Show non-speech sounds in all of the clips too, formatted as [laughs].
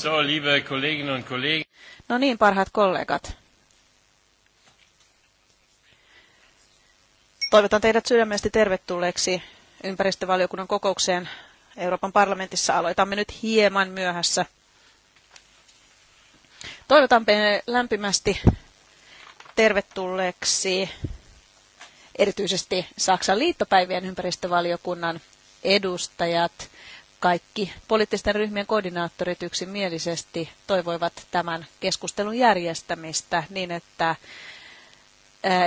So, liebe Kolleginnen und Kollegen. No niin, parhaat kollegat. Toivotan teidät sydämesti tervetulleeksi ympäristövaliokunnan kokoukseen Euroopan parlamentissa. Aloitamme nyt hieman myöhässä. Toivotan lämpimästi tervetulleeksi erityisesti Saksan liittopäivien ympäristövaliokunnan edustajat – kaikki poliittisten ryhmien koordinaattorit yksimielisesti toivoivat tämän keskustelun järjestämistä niin, että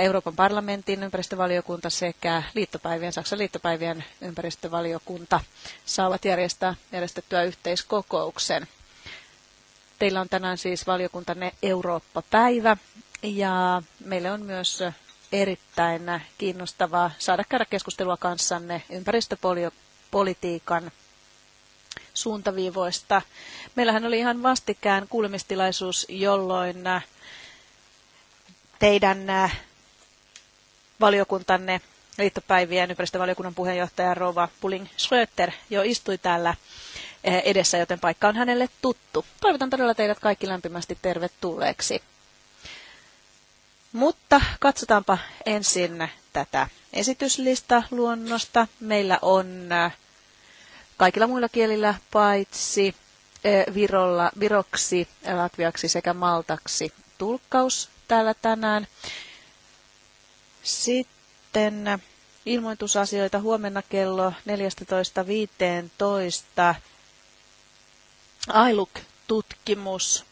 Euroopan parlamentin ympäristövaliokunta sekä liittopäivien, Saksan liittopäivien ympäristövaliokunta saavat järjestää järjestettyä yhteiskokouksen. Teillä on tänään siis valiokuntanne Eurooppa-päivä ja meille on myös erittäin kiinnostavaa saada käydä keskustelua kanssanne ympäristöpolitiikan suuntaviivoista. Meillähän oli ihan vastikään kuulemistilaisuus, jolloin äh, teidän äh, valiokuntanne liittopäivien ympäristövaliokunnan puheenjohtaja Rova Puling Schröter jo istui täällä äh, edessä, joten paikka on hänelle tuttu. Toivotan todella teidät kaikki lämpimästi tervetulleeksi. Mutta katsotaanpa ensin tätä esityslista luonnosta. Meillä on kaikilla muilla kielillä paitsi e, Virolla, Viroksi, Latviaksi sekä Maltaksi tulkkaus täällä tänään. Sitten ilmoitusasioita huomenna kello 14.15. Ailuk-tutkimus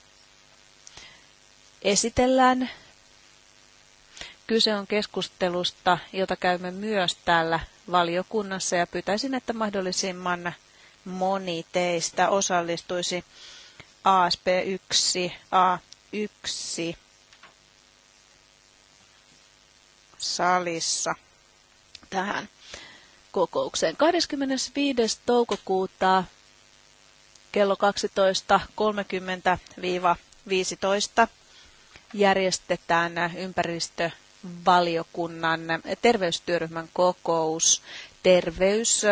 esitellään. Kyse on keskustelusta, jota käymme myös täällä valiokunnassa ja pyytäisin, että mahdollisimman moni teistä osallistuisi ASP1, A1 salissa tähän kokoukseen. 25. toukokuuta kello 12.30-15 järjestetään ympäristö- valiokunnan terveystyöryhmän kokous. Terveys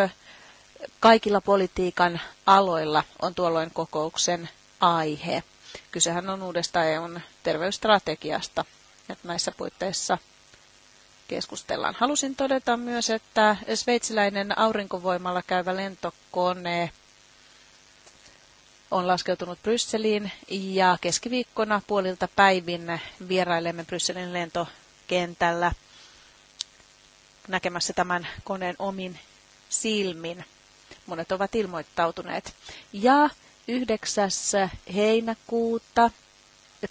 kaikilla politiikan aloilla on tuolloin kokouksen aihe. Kysehän on uudesta EUn terveysstrategiasta, että näissä puitteissa keskustellaan. Halusin todeta myös, että sveitsiläinen aurinkovoimalla käyvä lentokone on laskeutunut Brysseliin ja keskiviikkona puolilta päivin vierailemme Brysselin lento kentällä näkemässä tämän koneen omin silmin. Monet ovat ilmoittautuneet. Ja 9. heinäkuuta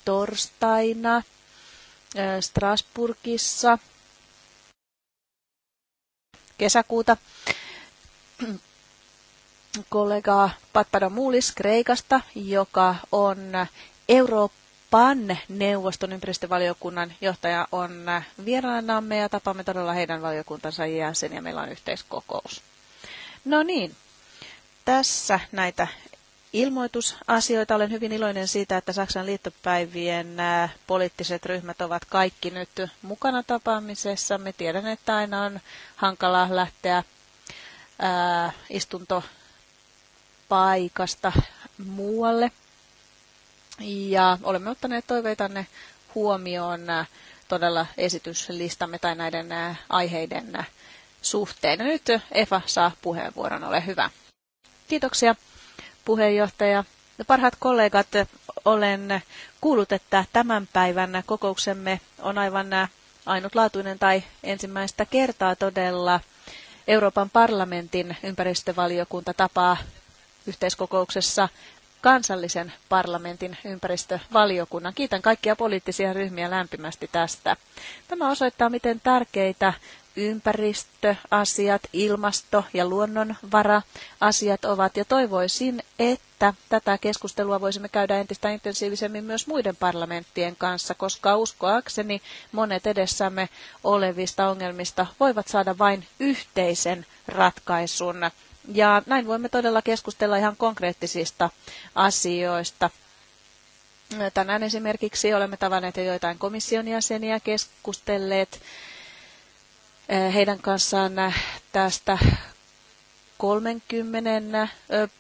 torstaina Strasburgissa kesäkuuta kollega Patpada Muulis Kreikasta, joka on Eurooppa PAN-neuvoston ympäristövaliokunnan johtaja on äh, vieraanamme ja tapaamme todella heidän valiokuntansa jäsen ja meillä on yhteiskokous. No niin, tässä näitä ilmoitusasioita. Olen hyvin iloinen siitä, että Saksan liittopäivien äh, poliittiset ryhmät ovat kaikki nyt mukana tapaamisessa. Me tiedän, että aina on hankalaa lähteä äh, istuntopaikasta muualle ja olemme ottaneet toiveitanne huomioon äh, todella esityslistamme tai näiden äh, aiheiden äh, suhteen. Ja nyt Efa saa puheenvuoron, ole hyvä. Kiitoksia puheenjohtaja. Parhaat kollegat, olen kuullut, että tämän päivän kokouksemme on aivan ainutlaatuinen tai ensimmäistä kertaa todella Euroopan parlamentin ympäristövaliokunta tapaa yhteiskokouksessa kansallisen parlamentin ympäristövaliokunnan. Kiitän kaikkia poliittisia ryhmiä lämpimästi tästä. Tämä osoittaa, miten tärkeitä ympäristöasiat, ilmasto- ja luonnonvara-asiat ovat, ja toivoisin, että tätä keskustelua voisimme käydä entistä intensiivisemmin myös muiden parlamenttien kanssa, koska uskoakseni monet edessämme olevista ongelmista voivat saada vain yhteisen ratkaisun ja näin voimme todella keskustella ihan konkreettisista asioista. Tänään esimerkiksi olemme tavanneet jo joitain komission jäseniä, keskustelleet eh, heidän kanssaan tästä 30 eh,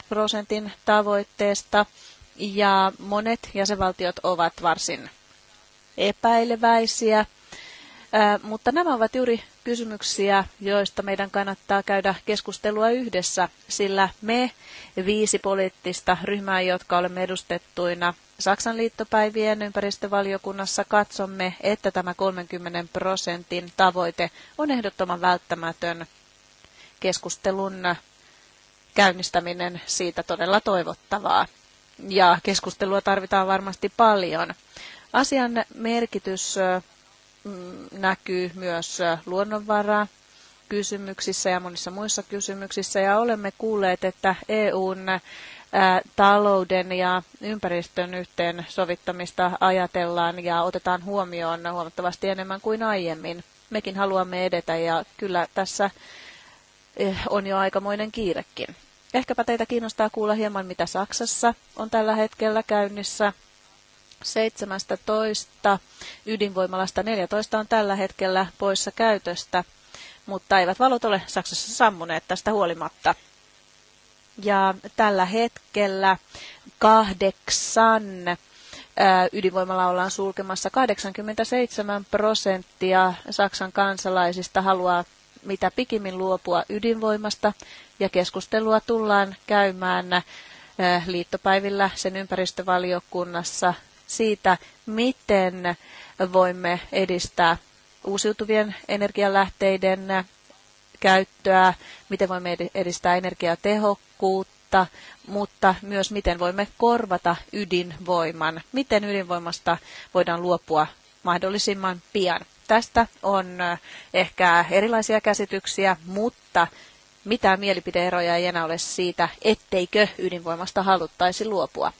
prosentin tavoitteesta ja monet jäsenvaltiot ovat varsin epäileväisiä. Eh, mutta nämä ovat juuri kysymyksiä, joista meidän kannattaa käydä keskustelua yhdessä, sillä me viisi poliittista ryhmää, jotka olemme edustettuina Saksan liittopäivien ympäristövaliokunnassa, katsomme, että tämä 30 prosentin tavoite on ehdottoman välttämätön keskustelun käynnistäminen siitä todella toivottavaa. Ja keskustelua tarvitaan varmasti paljon. Asian merkitys Mm, näkyy myös luonnonvaraa kysymyksissä ja monissa muissa kysymyksissä. Ja olemme kuulleet, että EUn talouden ja ympäristön yhteen sovittamista ajatellaan ja otetaan huomioon huomattavasti enemmän kuin aiemmin. Mekin haluamme edetä ja kyllä tässä on jo aikamoinen kiirekin. Ehkäpä teitä kiinnostaa kuulla hieman, mitä Saksassa on tällä hetkellä käynnissä 17 ydinvoimalasta 14 on tällä hetkellä poissa käytöstä, mutta eivät valot ole Saksassa sammuneet tästä huolimatta. Ja tällä hetkellä kahdeksan ydinvoimalla ollaan sulkemassa. 87 prosenttia Saksan kansalaisista haluaa mitä pikimmin luopua ydinvoimasta ja keskustelua tullaan käymään liittopäivillä sen ympäristövaliokunnassa siitä, miten voimme edistää uusiutuvien energialähteiden käyttöä, miten voimme edistää energiatehokkuutta, mutta myös miten voimme korvata ydinvoiman, miten ydinvoimasta voidaan luopua mahdollisimman pian. Tästä on eh, ehkä erilaisia käsityksiä, mutta mitään mielipideeroja ei enää ole siitä, etteikö ydinvoimasta haluttaisi luopua.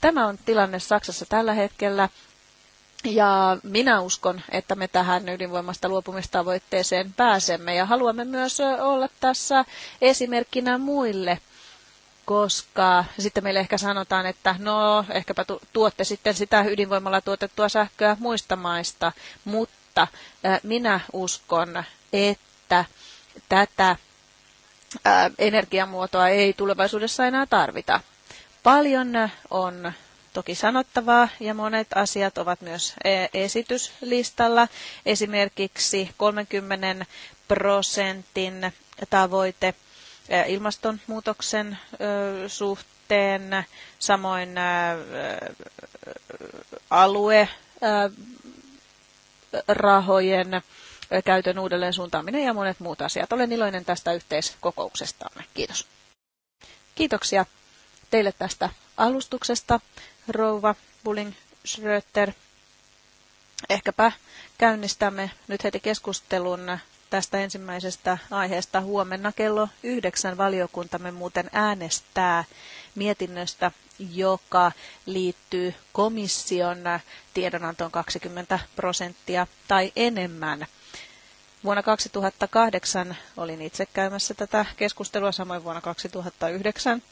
Tämä on tilanne Saksassa tällä hetkellä. Ja minä uskon, että me tähän ydinvoimasta luopumistavoitteeseen pääsemme ja haluamme myös olla tässä esimerkkinä muille, koska sitten meille ehkä sanotaan, että no ehkäpä tuotte sitten sitä ydinvoimalla tuotettua sähköä muista maista, mutta minä uskon, että tätä energiamuotoa ei tulevaisuudessa enää tarvita. Paljon on toki sanottavaa ja monet asiat ovat myös e- esityslistalla. Esimerkiksi 30 prosentin tavoite ilmastonmuutoksen suhteen, samoin alue rahojen käytön uudelleen suuntaaminen ja monet muut asiat. Olen iloinen tästä yhteiskokouksestamme. Kiitos. Kiitoksia teille tästä alustuksesta, rouva Bulling Schröter. Ehkäpä käynnistämme nyt heti keskustelun tästä ensimmäisestä aiheesta. Huomenna kello yhdeksän valiokuntamme muuten äänestää mietinnöstä, joka liittyy komission tiedonantoon 20 prosenttia tai enemmän. Vuonna 2008 olin itse käymässä tätä keskustelua, samoin vuonna 2009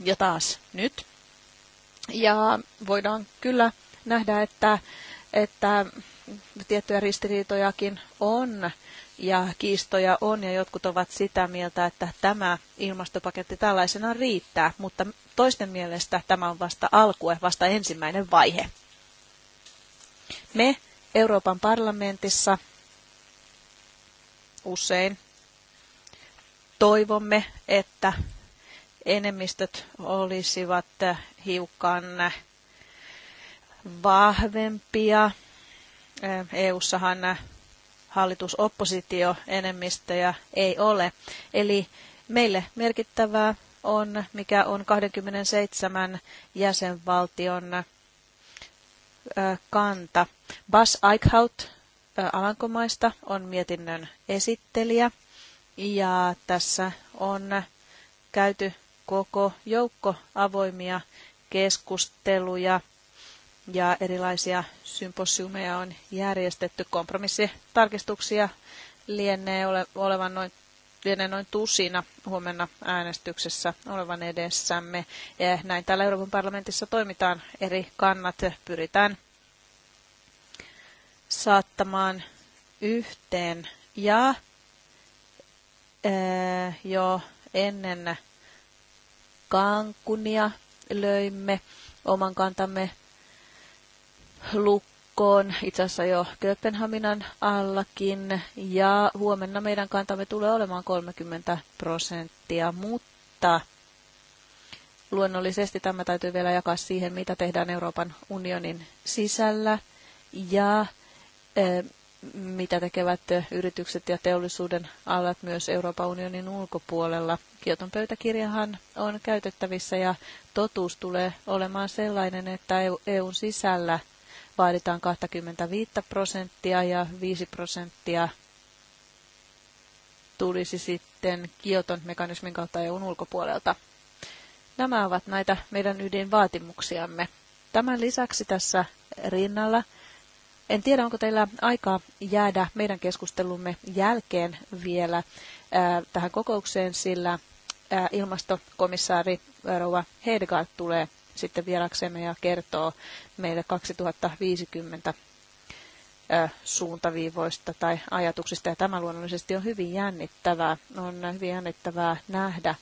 ja taas nyt. Ja voidaan kyllä nähdä, että, että tiettyjä ristiriitojakin on ja kiistoja on ja jotkut ovat sitä mieltä, että tämä ilmastopaketti tällaisena riittää, mutta toisten mielestä tämä on vasta alkue, vasta ensimmäinen vaihe. Me Euroopan parlamentissa usein toivomme, että enemmistöt olisivat hiukan vahvempia. EU-ssahan hallitus-oppositio-enemmistöjä ei ole. Eli meille merkittävää on, mikä on 27 jäsenvaltion kanta. Bas Eichhout Alankomaista on mietinnön esittelijä ja tässä on käyty koko joukko avoimia keskusteluja – ja erilaisia symposiumeja on järjestetty. Kompromissitarkistuksia lienee ole, olevan noin lienee noin tusina huomenna äänestyksessä olevan edessämme. Ja näin täällä Euroopan parlamentissa toimitaan eri kannat. Pyritään saattamaan yhteen ja ää, jo ennen Kankunia löimme oman kantamme lukkoon, itse asiassa jo Kööpenhaminan allakin, ja huomenna meidän kantamme tulee olemaan 30 prosenttia, mutta luonnollisesti tämä täytyy vielä jakaa siihen, mitä tehdään Euroopan unionin sisällä ja eh, mitä tekevät yritykset ja teollisuuden alat myös Euroopan unionin ulkopuolella. Kioton pöytäkirjahan on käytettävissä ja totuus tulee olemaan sellainen, että EUn e sisällä – vaaditaan 25 prosenttia ja 5 prosenttia tulisi sitten Kioton mekanismin kautta EUn ulkopuolelta. Nämä ovat näitä meidän ydinvaatimuksiamme. Tämän lisäksi tässä rinnalla, en tiedä onko teillä aikaa jäädä meidän keskustelumme jälkeen vielä ää, tähän kokoukseen, sillä ää, ilmastokomissaari Rova Hedegaard tulee sitten vieraksemme ja kertoo meille 2050 suuntaviivoista tai ajatuksista. Ja tämä luonnollisesti on hyvin jännittävää. On hyvin jännittävää nähdä,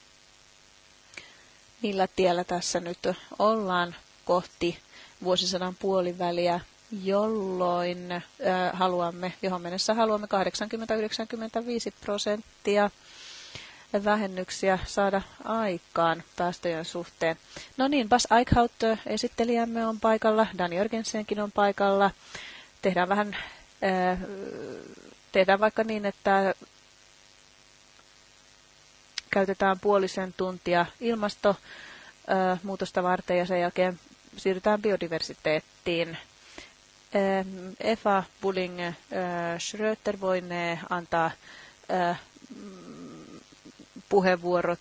millä tiellä tässä nyt ollaan kohti vuosisadan puoliväliä, jolloin haluamme, johon mennessä haluamme 80-95 prosenttia vähennyksiä saada aikaan päästöjen suhteen. No niin, Bas Eichhout, esittelijämme on paikalla, Dan Jörgensenkin on paikalla. Tehdään vähän, tehdään vaikka niin, että käytetään puolisen tuntia ilmastonmuutosta varten ja sen jälkeen siirrytään biodiversiteettiin. Eva Bulling Schröter voinee antaa puheenvuorot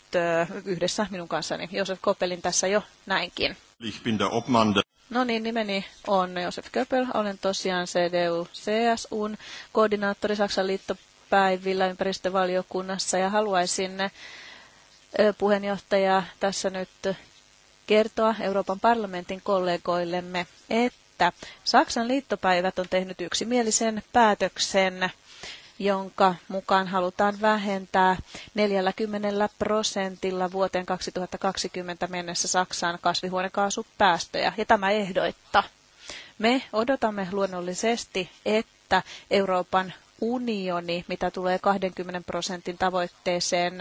yhdessä minun kanssani. Josef Koppelin tässä jo näinkin. Ich bin der Obmann der No niin, nimeni on Josef Köppel. Olen tosiaan CDU-CSUn koordinaattori Saksan liittopäivillä ympäristövaliokunnassa ja haluaisin puheenjohtaja tässä nyt kertoa Euroopan parlamentin kollegoillemme, että Saksan liittopäivät on tehnyt yksimielisen päätöksen jonka mukaan halutaan vähentää 40 prosentilla vuoteen 2020 mennessä Saksaan kasvihuonekaasupäästöjä, ja tämä ehdoitta. Me odotamme luonnollisesti, että Euroopan unioni, mitä tulee 20 prosentin tavoitteeseen,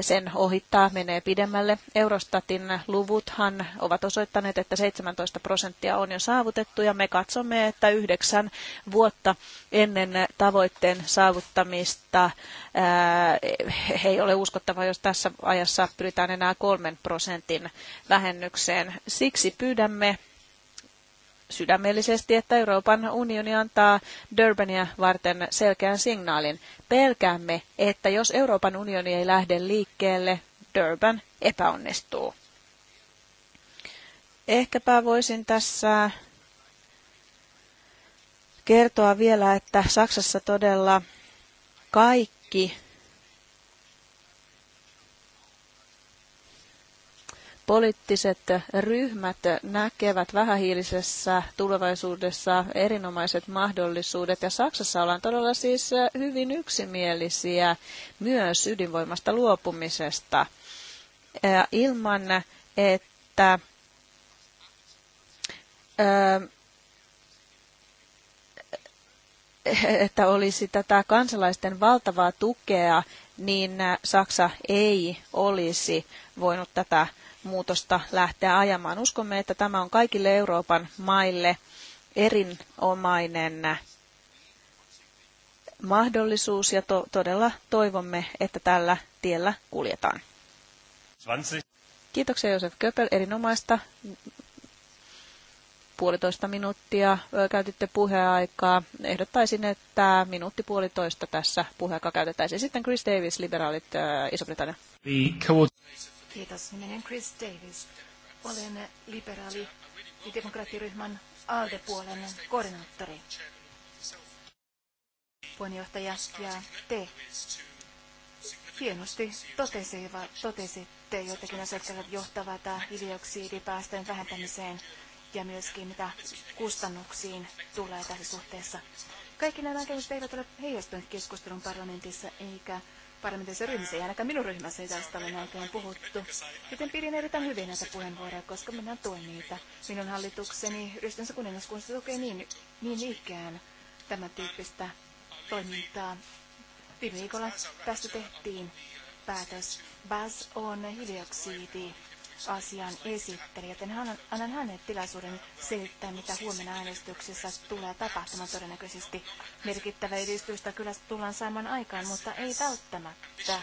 sen ohittaa, menee pidemmälle. Eurostatin luvuthan ovat osoittaneet, että 17 prosenttia on jo saavutettu ja me katsomme, että yhdeksän vuotta ennen tavoitteen saavuttamista ää, ei ole uskottava, jos tässä ajassa pyritään enää kolmen prosentin vähennykseen. Siksi pyydämme sydämellisesti, että Euroopan unioni antaa Durbania varten selkeän signaalin. Pelkäämme, että jos Euroopan unioni ei lähde liikkeelle, Durban epäonnistuu. Ehkäpä voisin tässä kertoa vielä, että Saksassa todella kaikki poliittiset ryhmät näkevät vähähiilisessä tulevaisuudessa erinomaiset mahdollisuudet. Ja Saksassa ollaan todella siis hyvin yksimielisiä myös ydinvoimasta luopumisesta ilman, että että olisi tätä kansalaisten valtavaa tukea, niin Saksa ei olisi voinut tätä muutosta lähteä ajamaan. Uskomme, että tämä on kaikille Euroopan maille erinomainen mahdollisuus ja to- todella toivomme, että tällä tiellä kuljetaan. 20. Kiitoksia Josef Köpel, erinomaista puolitoista minuuttia käytitte puheaikaa. Ehdottaisin, että minuutti puolitoista tässä puheaikaa käytettäisiin. Sitten Chris Davis, liberaalit Iso-Britannia. Kiitos. Nimeni Chris Davis. Olen liberaali- ja demokraattiryhmän ALDE-puolen koordinaattori. Puheenjohtaja ja te hienosti totesitte joitakin asioita, jotka johtavat hiilidioksidipäästöjen vähentämiseen ja myöskin mitä kustannuksiin tulee tässä suhteessa. Kaikki nämä näkemykset eivät ole heijastuneet keskustelun parlamentissa eikä parlamentissa ryhmässä, ei ainakaan minun ei tästä ole oikein puhuttu. Joten pidin erittäin hyvin näitä puheenvuoroja, koska minä tuen niitä. Minun hallitukseni ryhmässä kuningaskunnassa tukee niin, niin ikään tämän tyyppistä toimintaa. Viime viikolla tästä tehtiin päätös. BAS on hiilidioksidi asian esitteli, joten annan hänelle tilaisuuden selittää, mitä huomenna äänestyksessä tulee tapahtumaan todennäköisesti. Merkittävä edistystä kyllä tullaan saamaan aikaan, mutta ei välttämättä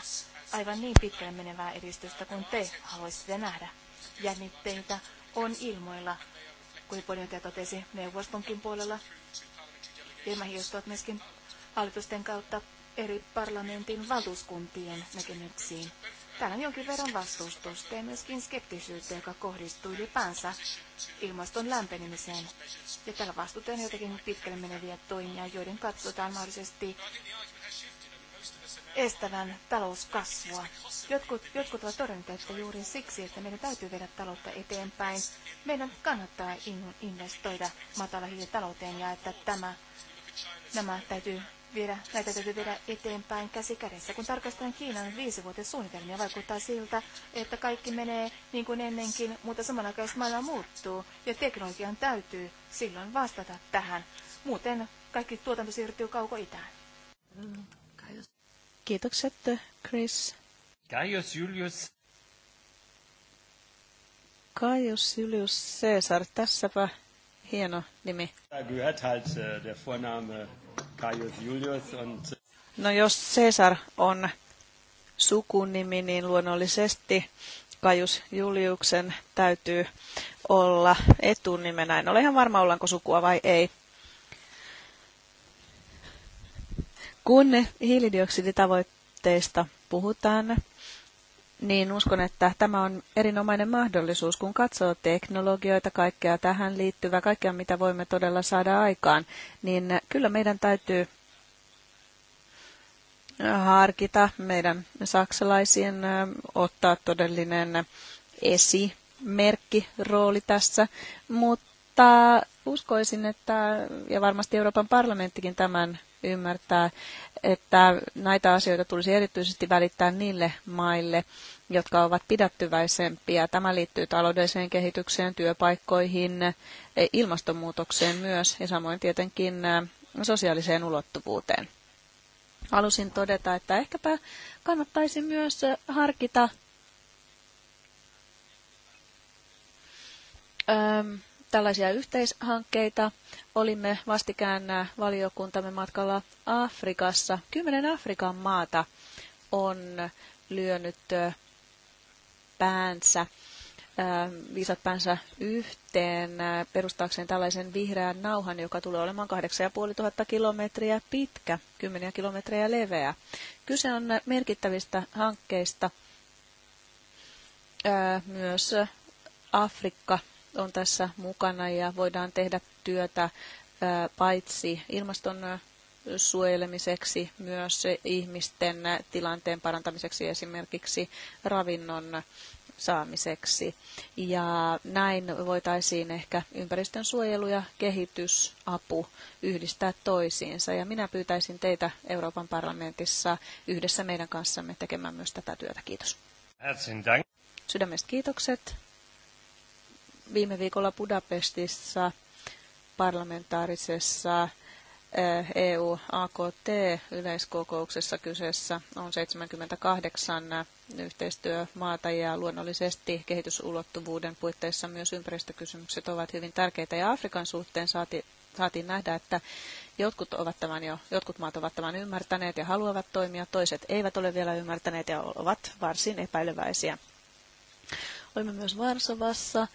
aivan niin pitkälle menevää edistystä kuin te haluaisitte nähdä. Jännitteitä on ilmoilla, kuin puheenjohtaja totesi neuvostonkin puolella. Ilmähi myöskin hallitusten kautta eri parlamentin valtuuskuntien näkemyksiin. Täällä on jonkin verran vastustusta ja myöskin skeptisyyttä, joka kohdistuu ylipäänsä ilmaston lämpenemiseen. Ja tällä vastuuteen jotenkin pitkälle meneviä toimia, joiden katsotaan mahdollisesti estävän talouskasvua. Jotkut, jotkut ovat todenneet, että juuri siksi, että meidän täytyy viedä taloutta eteenpäin, meidän kannattaa investoida hiilitalouteen ja että tämä, nämä täytyy viedä, näitä täytyy viedä eteenpäin käsi kädessä. Kun tarkastetaan Kiinan viisivuotisen suunnitelmia, vaikuttaa siltä, että kaikki menee niin kuin ennenkin, mutta samanaikaisesti maailma muuttuu ja teknologian täytyy silloin vastata tähän. Muuten kaikki tuotanto siirtyy kaukoitään. Kiitokset, Chris. Kaius Julius. Kaius Julius Caesar, tässäpä hieno nimi. Ja gehört halt äh, der Vorname Julius. No jos Caesar on sukunimi, niin luonnollisesti Kajus Juliuksen täytyy olla etunimenä. En ole ihan varma, ollaanko sukua vai ei. Kun hiilidioksiditavoitteista puhutaan, niin uskon, että tämä on erinomainen mahdollisuus, kun katsoo teknologioita, kaikkea tähän liittyvää, kaikkea mitä voimme todella saada aikaan, niin kyllä meidän täytyy harkita meidän saksalaisien ottaa todellinen esimerkki rooli tässä, mutta uskoisin, että ja varmasti Euroopan parlamenttikin tämän ymmärtää, että näitä asioita tulisi erityisesti välittää niille maille, jotka ovat pidättyväisempiä. Tämä liittyy taloudelliseen kehitykseen, työpaikkoihin, e, ilmastonmuutokseen myös ja samoin tietenkin e, sosiaaliseen ulottuvuuteen. Halusin todeta, että ehkäpä kannattaisi myös harkita tällaisia yhteishankkeita. Olimme vastikään valiokuntamme matkalla Afrikassa. Kymmenen Afrikan maata on lyönyt päänsä, viisat päänsä yhteen perustaakseen tällaisen vihreän nauhan, joka tulee olemaan 8500 kilometriä pitkä, 10 kilometriä leveä. Kyse on merkittävistä hankkeista myös Afrikka on tässä mukana ja voidaan tehdä työtä paitsi ilmaston suojelemiseksi, myös ihmisten tilanteen parantamiseksi esimerkiksi ravinnon saamiseksi. Ja näin voitaisiin ehkä ympäristön suojelu ja kehitysapu yhdistää toisiinsa. Ja minä pyytäisin teitä Euroopan parlamentissa yhdessä meidän kanssamme tekemään myös tätä työtä. Kiitos. Sydämestä kiitokset viime viikolla Budapestissa parlamentaarisessa EU-AKT-yleiskokouksessa kyseessä on 78 yhteistyömaata ja luonnollisesti kehitysulottuvuuden puitteissa myös ympäristökysymykset ovat hyvin tärkeitä ja Afrikan suhteen saati, saatiin nähdä, että jotkut, ovat tämän jo, jotkut maat ovat tämän ymmärtäneet ja haluavat toimia, toiset eivät ole vielä ymmärtäneet ja ovat varsin epäileväisiä. Olimme myös Varsovassa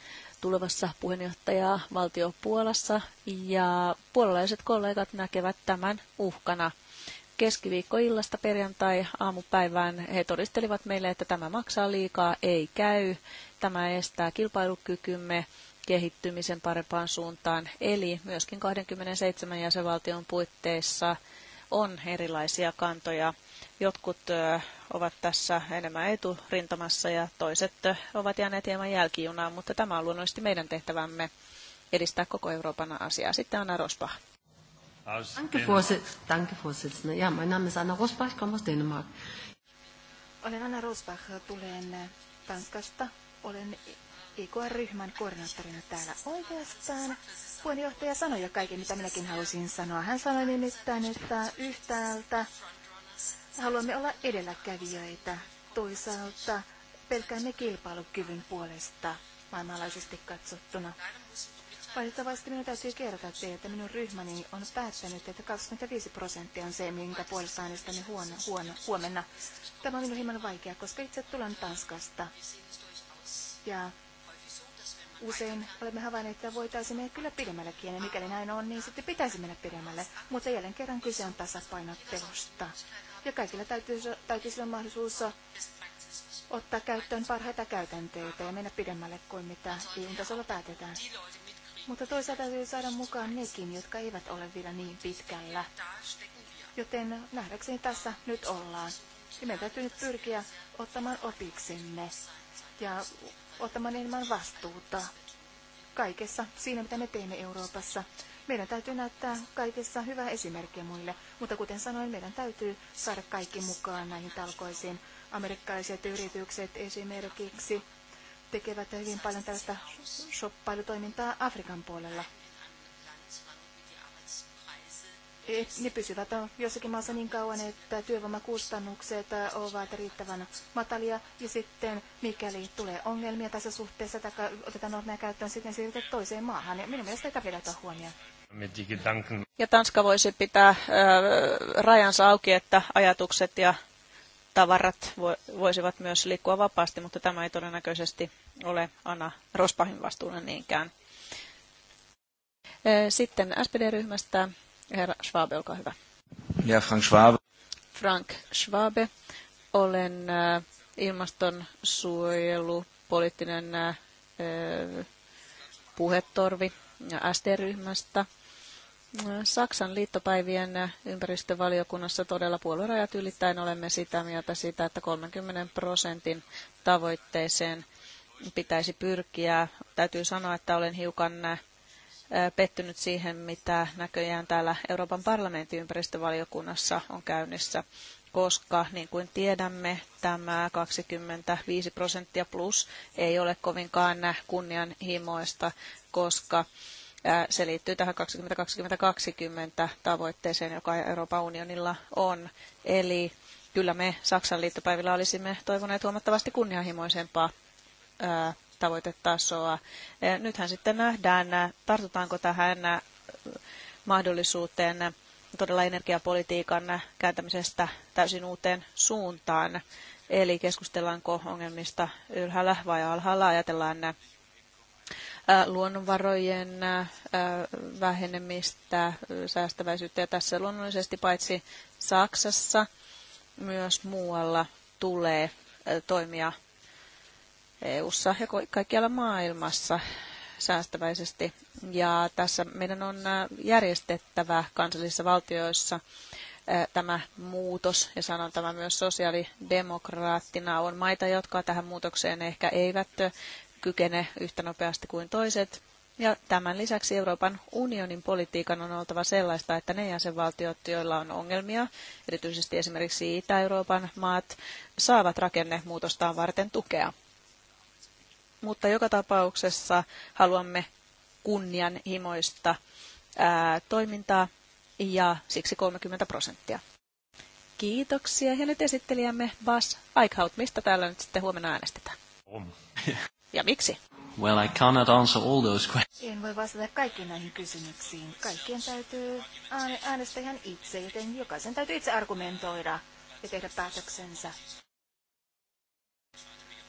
tulevassa puheenjohtajaa valtio Puolassa ja puolalaiset kollegat näkevät tämän uhkana. Keskiviikkoillasta perjantai aamupäivään he todistelivat meille, että tämä maksaa liikaa, ei käy, tämä estää kilpailukykymme kehittymisen parempaan suuntaan. Eli myöskin 27 jäsenvaltion puitteissa on erilaisia kantoja. Jotkut ovat tässä enemmän eturintamassa ja toiset ovat jääneet hieman jälkijunaan, mutta tämä on luonnollisesti meidän tehtävämme edistää koko Euroopan asiaa. Sitten Anna Rosbach. Anna Rosbach, Dänemark. Olen Anna Rosbach, tulen Tanskasta. Olen EKR-ryhmän koordinaattorina täällä oikeastaan puheenjohtaja sanoi jo kaiken, mitä minäkin halusin sanoa. Hän sanoi nimittäin, että yhtäältä haluamme olla edelläkävijöitä, toisaalta pelkäämme kilpailukyvyn puolesta maailmanlaajuisesti katsottuna. Valitettavasti minun täytyy kertoa teille, että minun ryhmäni on päättänyt, että 25 prosenttia on se, minkä puolesta äänestämme huono, huono, huomenna. Tämä on minun hieman vaikea, koska itse tulen Tanskasta. Ja usein olemme havainneet, että voitaisiin mennä kyllä pidemmällekin, ja mikäli näin on, niin sitten pitäisi mennä pidemmälle. Mutta jälleen kerran kyse on tasapainottelusta. Ja kaikilla täytyisi, täytyisi olla mahdollisuus ottaa käyttöön parhaita käytänteitä ja mennä pidemmälle kuin mitä viin e tasolla päätetään. Mutta toisaalta täytyy saada mukaan nekin, jotka eivät ole vielä niin pitkällä. Joten nähdäkseni tässä nyt ollaan. Ja meidän täytyy nyt pyrkiä ottamaan opiksemme ja ottamaan enemmän vastuuta kaikessa siinä, mitä me teemme Euroopassa. Meidän täytyy näyttää kaikessa hyvää esimerkkiä muille, mutta kuten sanoin, meidän täytyy saada kaikki mukaan näihin talkoisiin. Amerikkalaiset yritykset esimerkiksi tekevät hyvin paljon tällaista shoppailutoimintaa Afrikan puolella ne pysyvät jossakin maassa niin kauan, että työvoimakustannukset ovat riittävän matalia. Ja sitten mikäli tulee ongelmia tässä suhteessa tai otetaan normeja käyttöön, sitten siirrytään toiseen maahan. Ja minun mielestä ei tarvitse ottaa huomioon. Ja Tanska voisi pitää rajansa auki, että ajatukset ja tavarat voisivat myös liikkua vapaasti, mutta tämä ei todennäköisesti ole Anna Rospahin vastuulla niinkään. Sitten SPD-ryhmästä Herra Schwab, olkaa hyvä. Ja Frank Schwab. Frank Schwabe. Olen äh, ilmastonsuojelu, poliittinen äh, äh, puhetorvi ST-ryhmästä. Saksan liittopäivien ympäristövaliokunnassa todella puoluerajat ylittäen olemme sitä mieltä sitä, että 30 prosentin tavoitteeseen pitäisi pyrkiä. Täytyy sanoa, että olen hiukan pettynyt siihen, mitä näköjään täällä Euroopan parlamentin ympäristövaliokunnassa on käynnissä, koska niin kuin tiedämme, tämä 25 prosenttia plus ei ole kovinkaan kunnianhimoista, koska se liittyy tähän 2020-2020 tavoitteeseen, joka Euroopan unionilla on. Eli kyllä me Saksan liittopäivillä olisimme toivoneet huomattavasti kunnianhimoisempaa tavoitetasoa. Eh, nythän sitten nähdään, eh, tartutaanko tähän eh, mahdollisuuteen todella energiapolitiikan kääntämisestä täysin uuteen suuntaan. Eli keskustellaanko ongelmista ylhäällä vai alhaalla, ajatellaan luonnonvarojen vähenemistä, säästäväisyyttä ja tässä luonnollisesti paitsi Saksassa myös muualla tulee toimia EU-ssa ja kaikkialla maailmassa säästäväisesti. Ja tässä meidän on järjestettävä kansallisissa valtioissa tämä muutos, ja sanon tämä myös sosiaalidemokraattina, on maita, jotka tähän muutokseen ehkä eivät kykene yhtä nopeasti kuin toiset. Ja tämän lisäksi Euroopan unionin politiikan on oltava sellaista, että ne jäsenvaltiot, joilla on ongelmia, erityisesti esimerkiksi Itä-Euroopan maat, saavat rakennemuutostaan varten tukea mutta joka tapauksessa haluamme kunnianhimoista ää, toimintaa ja siksi 30 prosenttia. Kiitoksia. Ja nyt esittelijämme Bas Eichhout. Mistä täällä nyt sitten huomenna äänestetään? Ja miksi? Well, I cannot answer all those questions. En voi vastata kaikkiin näihin kysymyksiin. Kaikkien täytyy äänestää ihan itse, joten jokaisen täytyy itse argumentoida ja tehdä päätöksensä.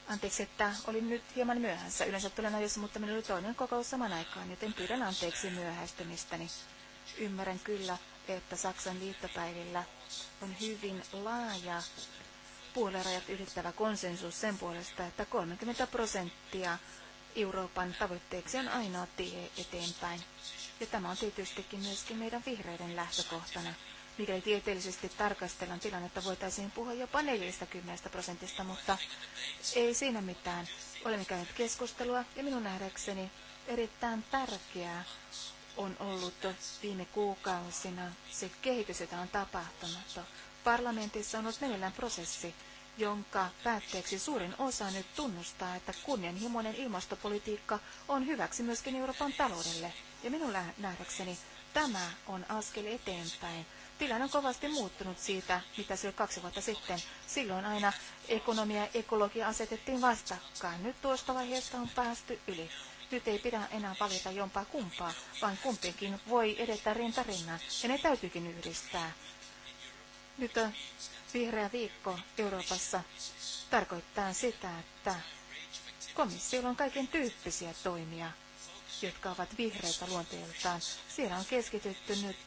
Anteeksi, että olin nyt hieman myöhässä. Yleensä tulen ajoissa, mutta minulla oli toinen kokous saman aikaan, joten pyydän anteeksi myöhästymistäni. Ymmärrän kyllä, että Saksan liittopäivillä on hyvin laaja puolerajat ylittävä konsensus sen puolesta, että 30 prosenttia Euroopan tavoitteeksi on ainoa tie eteenpäin. Ja tämä on tietystikin myöskin meidän vihreiden lähtökohtana mikäli tieteellisesti tarkastellaan tilannetta, voitaisiin puhua jopa 40 prosentista, mutta ei siinä mitään. Olemme käyneet keskustelua ja minun nähdäkseni erittäin tärkeää on ollut viime kuukausina se kehitys, jota on tapahtunut. Parlamentissa on ollut meneillään prosessi, jonka päätteeksi suurin osa nyt tunnustaa, että kunnianhimoinen ilmastopolitiikka on hyväksi myöskin Euroopan taloudelle. Ja minun nähdäkseni tämä on askel eteenpäin Tilanne on kovasti muuttunut siitä, mitä se oli kaksi vuotta sitten. Silloin aina ekonomia ja ekologia asetettiin vastakkain. Nyt tuosta vaiheesta on päästy yli. Nyt ei pidä enää valita jompaa kumpaa, vaan kumpikin voi edetä rinta rinnan, ja ne täytyykin yhdistää. Nyt äh, vihreä viikko Euroopassa tarkoittaa sitä, että komissiolla on kaiken tyyppisiä toimia jotka ovat vihreitä luonteeltaan. Siellä on keskitytty nyt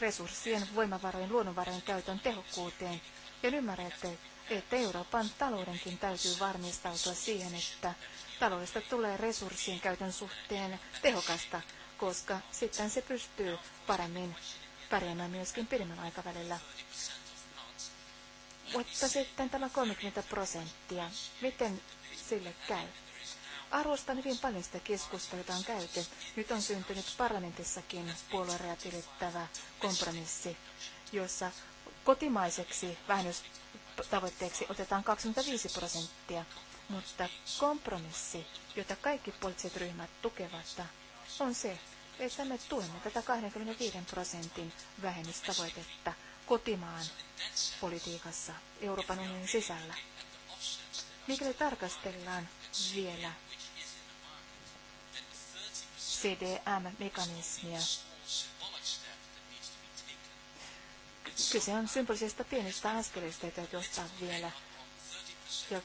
resurssien, voimavarojen, luonnonvarojen käytön tehokkuuteen. Ja ymmärrätte, että Euroopan taloudenkin täytyy varmistautua siihen, että taloudesta tulee resurssien käytön suhteen tehokasta, koska sitten se pystyy paremmin pärjäämään myöskin pidemmän aikavälillä. Mutta sitten tämä 30 prosenttia, miten sille käy? Arvostan hyvin paljon sitä keskustelua, jota on käyty. Nyt on syntynyt parlamentissakin puoluerajat ylittävä kompromissi, jossa kotimaiseksi vähennystavoitteeksi otetaan 25 prosenttia, mutta kompromissi, jota kaikki poliittiset ryhmät tukevat, on se, että me tuemme tätä 25 prosentin vähennystavoitetta kotimaan politiikassa Euroopan unionin sisällä. Mikäli tarkastellaan vielä CDM-mekanismia. Kyse on symbolisesta pienestä askeleista, joita täytyy ostaa vielä. Ja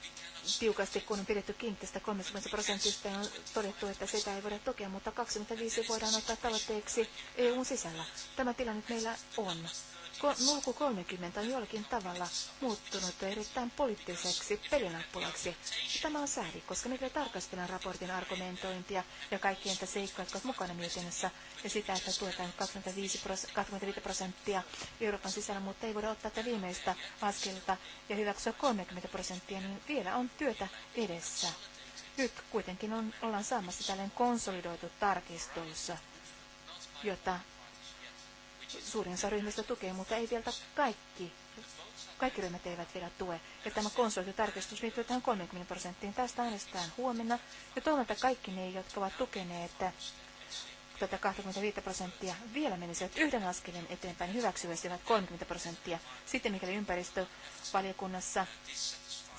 tiukasti, kun on pidetty kiinni tästä 30 prosentista, on todettu, että sitä ei voida tukea, mutta 25 voidaan ottaa tavoitteeksi EUn sisällä. Tämä tilanne meillä on. Nulku 30 on jollakin tavalla muuttunut erittäin poliittiseksi pelinappulaksi. Tämä on sääli, koska mikä tarkastellaan raportin argumentointia ja kaikki entä seikkoja, jotka ovat mukana mietinnössä, ja sitä, että tuetaan 25 prosenttia Euroopan sisällä, mutta ei voida ottaa tätä viimeistä askelta ja hyväksyä 30 prosenttia, niin vielä on työtä edessä. Nyt kuitenkin on, ollaan saamassa tällainen konsolidoitu tarkistus, jota suurin osa ryhmistä tukee, mutta ei vielä kaikki. Kaikki ryhmät eivät vielä tue. Ja tämä konsultitarkistus liittyy tähän 30 prosenttiin. Tästä äänestetään huomenna. Ja toivon, että kaikki ne, jotka ovat tukeneet tätä 25 prosenttia, vielä menisivät yhden askeleen eteenpäin hyväksyisivät 30 prosenttia. Sitten mikäli ympäristövaliokunnassa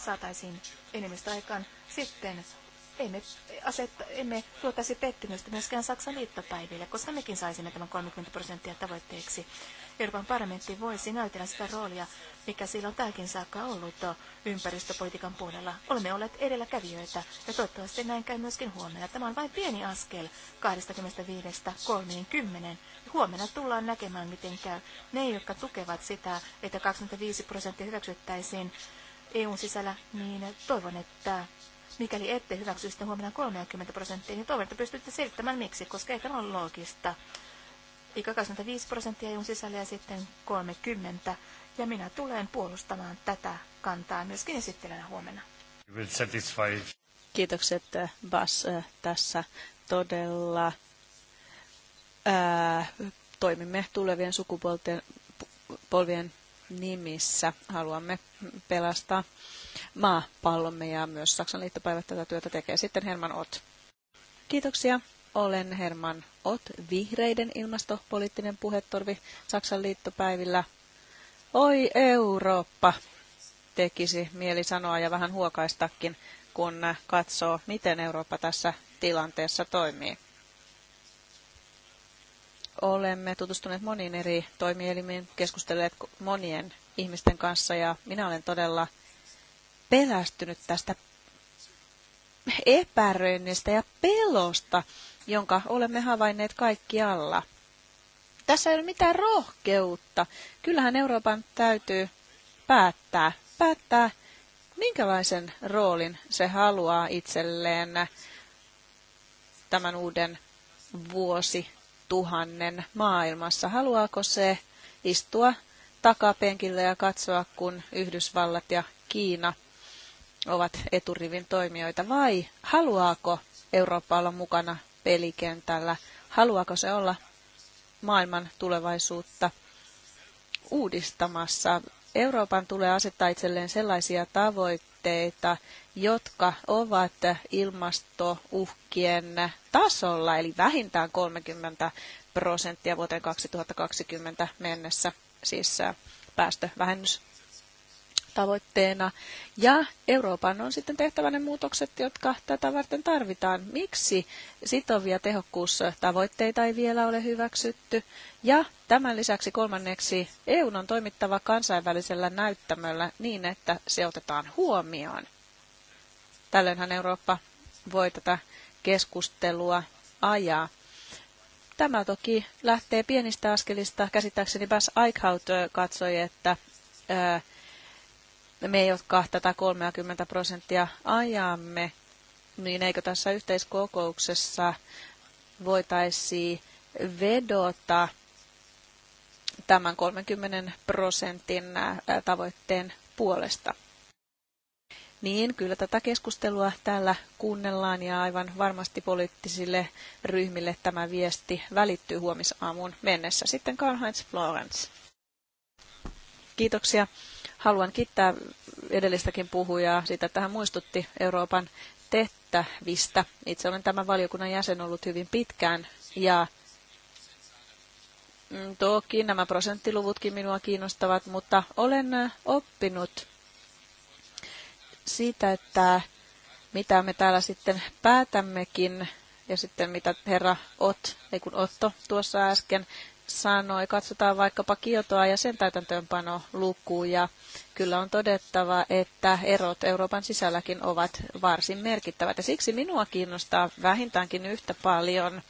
saataisiin enemmistö aikaan, sitten emme, asetta, emme tuotaisi pettymystä myöskään Saksan liittopäiville, koska mekin saisimme tämän 30 prosenttia tavoitteeksi. Euroopan parlamentti voisi näytellä sitä roolia, mikä sillä on tähänkin saakka ollut ympäristöpolitiikan puolella. Olemme olleet edelläkävijöitä ja toivottavasti näin käy myöskin huomenna. Tämä on vain pieni askel 25-30. Huomenna tullaan näkemään, miten käy. Ne, jotka tukevat sitä, että 25 prosenttia hyväksyttäisiin EUn sisällä, niin toivon, että Mikäli ette hyväksy sitä huomenna 30 prosenttia, niin toivon, että pystytte selittämään miksi, koska ei tämä ole loogista. Ikä 25 prosenttia jun sisällä ja sitten 30. Ja minä tulen puolustamaan tätä kantaa myöskin esittelenä huomenna. Kiitokset äh, Bas äh, tässä todella. Ää, äh, toimimme tulevien sukupolvien nimissä. Haluamme pelastaa maapallomme ja myös Saksan liittopäivät tätä työtä tekee. Sitten Herman Ott. Kiitoksia. Olen Herman Ott, vihreiden ilmastopoliittinen puhetorvi Saksan liittopäivillä. Oi Eurooppa, tekisi mieli sanoa ja vähän huokaistakin, kun katsoo, miten Eurooppa tässä tilanteessa toimii. Olemme tutustuneet moniin eri toimielimiin, keskustelleet monien ihmisten kanssa ja minä olen todella pelästynyt tästä epäröinnistä ja pelosta, jonka olemme havainneet kaikkialla. Tässä ei ole mitään rohkeutta. Kyllähän Euroopan täytyy päättää, päättää minkälaisen roolin se haluaa itselleen tämän uuden vuosituhannen maailmassa. Haluaako se istua takapenkillä ja katsoa, kun Yhdysvallat ja Kiina – ovat eturivin toimijoita vai haluaako Eurooppa olla mukana pelikentällä? Haluaako se olla maailman tulevaisuutta uudistamassa? Euroopan tulee asettaa itselleen sellaisia tavoitteita, jotka ovat ilmastouhkien tasolla, eli vähintään 30 prosenttia vuoteen 2020 mennessä, siis päästövähennys tavoitteena. Ja Euroopan on sitten tehtävä ne muutokset, jotka tätä varten tarvitaan. Miksi sitovia tehokkuustavoitteita ei vielä ole hyväksytty? Ja tämän lisäksi kolmanneksi EU on toimittava kansainvälisellä näyttämöllä niin, että se otetaan huomioon. Tällöinhän Eurooppa voi tätä keskustelua ajaa. Tämä toki lähtee pienistä askelista. Käsittääkseni Bas Eichhout katsoi, että me, jotka tätä 30 prosenttia ajamme, niin eikö tässä yhteiskokouksessa voitaisiin vedota tämän 30 prosentin tavoitteen puolesta. Niin, kyllä tätä keskustelua täällä kuunnellaan ja aivan varmasti poliittisille ryhmille tämä viesti välittyy huomisaamuun mennessä. Sitten Karl-Heinz Florence. Kiitoksia Haluan kiittää edellistäkin puhujaa siitä, että hän muistutti Euroopan tehtävistä. Itse olen tämän valiokunnan jäsen ollut hyvin pitkään ja mm, toki nämä prosenttiluvutkin minua kiinnostavat, mutta olen oppinut siitä, että mitä me täällä sitten päätämmekin ja sitten mitä herra Ot, ei kun Otto tuossa äsken sanoi, katsotaan vaikkapa Kiotoa ja sen täytäntöönpano lukuja. Kyllä on todettava, että erot Euroopan sisälläkin ovat varsin merkittävät. Ja siksi minua kiinnostaa vähintäänkin yhtä paljon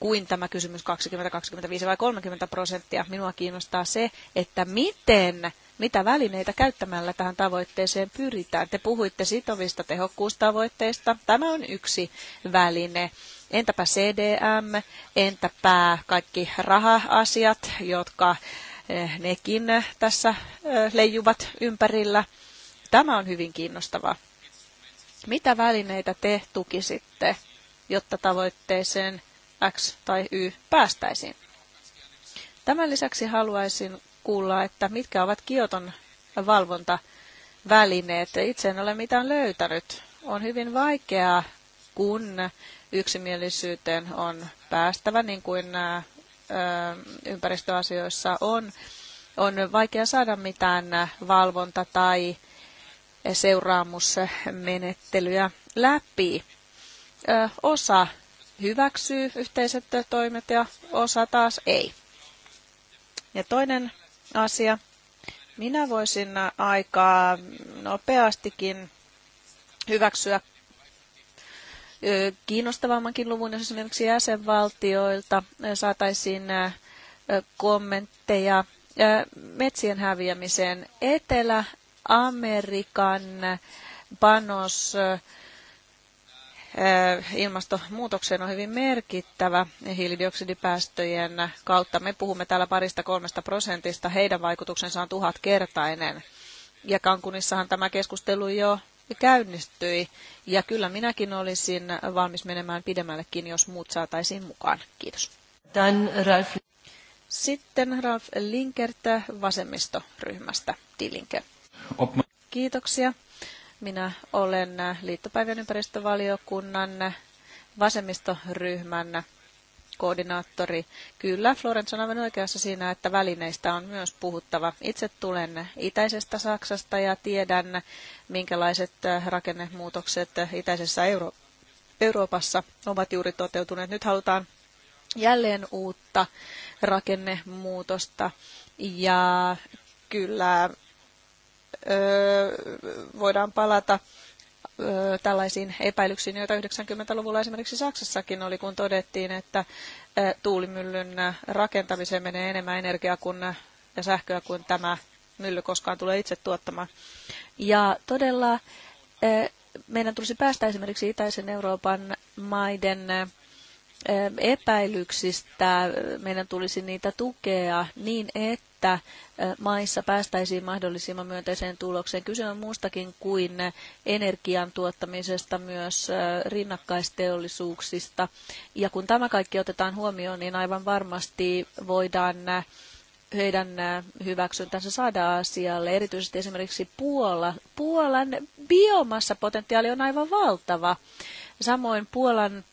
kuin tämä kysymys 20, 25 vai 30 prosenttia. Minua kiinnostaa se, että miten, mitä välineitä käyttämällä tähän tavoitteeseen pyritään. Te puhuitte sitovista tehokkuustavoitteista. Tämä on yksi väline Entäpä CDM, entäpä kaikki raha-asiat, jotka eh, nekin eh, tässä eh, leijuvat ympärillä. Tämä on hyvin kiinnostavaa. Mitä välineitä te tukisitte, jotta tavoitteeseen X tai Y päästäisiin? Tämän lisäksi haluaisin kuulla, että mitkä ovat Kioton valvontavälineet. Itse en ole mitään löytänyt. On hyvin vaikeaa, kun yksimielisyyteen on päästävä, niin kuin nämä ympäristöasioissa on. On vaikea saada mitään valvonta- tai seuraamusmenettelyä läpi. Osa hyväksyy yhteiset toimet ja osa taas ei. Ja toinen asia, minä voisin aika nopeastikin hyväksyä kiinnostavammankin luvun, jos esimerkiksi jäsenvaltioilta saataisiin kommentteja metsien häviämiseen. Etelä-Amerikan panos ilmastonmuutokseen on hyvin merkittävä hiilidioksidipäästöjen kautta. Me puhumme täällä parista kolmesta prosentista, heidän vaikutuksensa on tuhatkertainen. Ja Kankunissahan tämä keskustelu jo käynnistyi. Ja kyllä minäkin olisin valmis menemään pidemmällekin, jos muut saataisiin mukaan. Kiitos. Dan Ralf. Sitten Ralf Linkert vasemmistoryhmästä. Tilinke. Kiitoksia. Minä olen liittopäivän ympäristövaliokunnan vasemmistoryhmän koordinaattori. Kyllä, Florence on aivan oikeassa siinä, että välineistä on myös puhuttava. Itse tulen itäisestä Saksasta ja tiedän, minkälaiset äh, rakennemuutokset äh, itäisessä Euro- Euroopassa ovat juuri toteutuneet. Nyt halutaan jälleen uutta rakennemuutosta ja kyllä öö, voidaan palata tällaisiin epäilyksiin, joita 90-luvulla esimerkiksi Saksassakin oli, kun todettiin, että tuulimyllyn rakentamiseen menee enemmän energiaa kuin, ja sähköä kuin tämä mylly koskaan tulee itse tuottamaan. Ja todella meidän tulisi päästä esimerkiksi Itäisen Euroopan maiden epäilyksistä. Meidän tulisi niitä tukea niin, että että maissa päästäisiin mahdollisimman myönteiseen tulokseen. Kyse on muustakin kuin energian tuottamisesta, myös rinnakkaisteollisuuksista. Ja kun tämä kaikki otetaan huomioon, niin aivan varmasti voidaan heidän hyväksyntänsä saada asialle. Erityisesti esimerkiksi Puola. Puolan biomassapotentiaali on aivan valtava. Samoin Puolan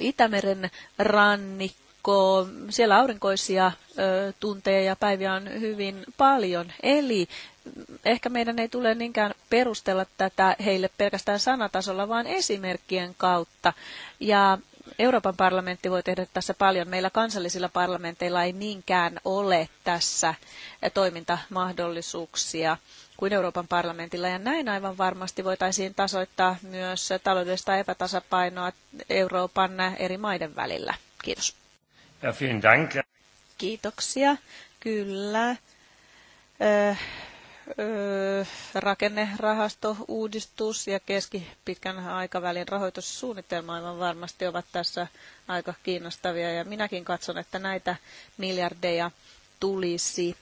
Itämeren rannikko aurinko, siellä aurinkoisia tunteja ja päiviä on hyvin paljon. Eli ehkä meidän ei tule niinkään perustella tätä heille pelkästään sanatasolla, vaan esimerkkien kautta. Ja Euroopan parlamentti voi tehdä tässä paljon. Meillä kansallisilla parlamenteilla ei niinkään ole tässä toimintamahdollisuuksia kuin Euroopan parlamentilla. Ja näin aivan varmasti voitaisiin tasoittaa myös taloudellista epätasapainoa Euroopan eri maiden välillä. Kiitos. Ja, vielen Dank. Kiitoksia. Kyllä. Öö, öö, rakennerahasto-uudistus ja keskipitkän aikavälin rahoitussuunnitelma aivan varmasti ovat tässä aika kiinnostavia. Ja minäkin katson, että näitä miljardeja tulisi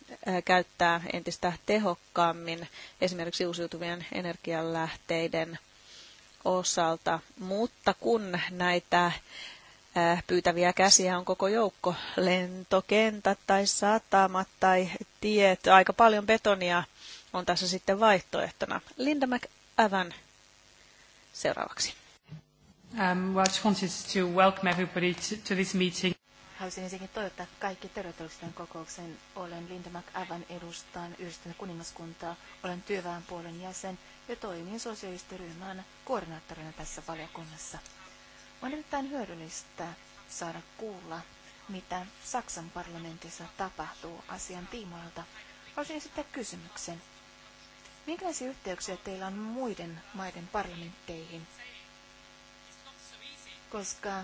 käyttää entistä tehokkaammin esimerkiksi uusiutuvien energianlähteiden osalta. Mutta kun näitä Äh, pyytäviä käsiä on koko joukko. Lentokentät tai satamat tai tiet. Aika paljon betonia on tässä sitten vaihtoehtona. Linda McAvan seuraavaksi. Um, well, I just wanted to welcome everybody to, to this meeting. Haluaisin ensinnäkin toivottaa kaikki tervetulleeksi tämän kokouksen. Olen Linda McAvan edustan yhdistynyt kuningaskuntaa. Olen työväenpuolen jäsen ja toimin ryhmän koordinaattorina tässä valiokunnassa. On erittäin hyödyllistä saada kuulla, mitä Saksan parlamentissa tapahtuu asian tiimoilta. Haluaisin esittää kysymyksen. Minkälaisia yhteyksiä teillä on muiden maiden parlamentteihin? Koska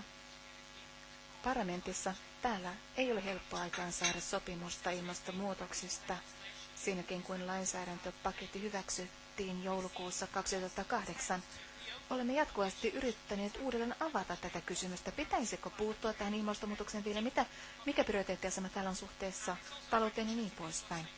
parlamentissa täällä ei ole helppo aikaan saada sopimusta ilmastonmuutoksista siinäkin, kuin lainsäädäntöpaketti hyväksyttiin joulukuussa 2008 Olemme jatkuvasti yrittäneet uudelleen avata tätä kysymystä. Pitäisikö puuttua tähän ilmastonmuutokseen vielä? Mitä, mikä prioriteettiasema täällä on suhteessa talouteen ja niin poispäin?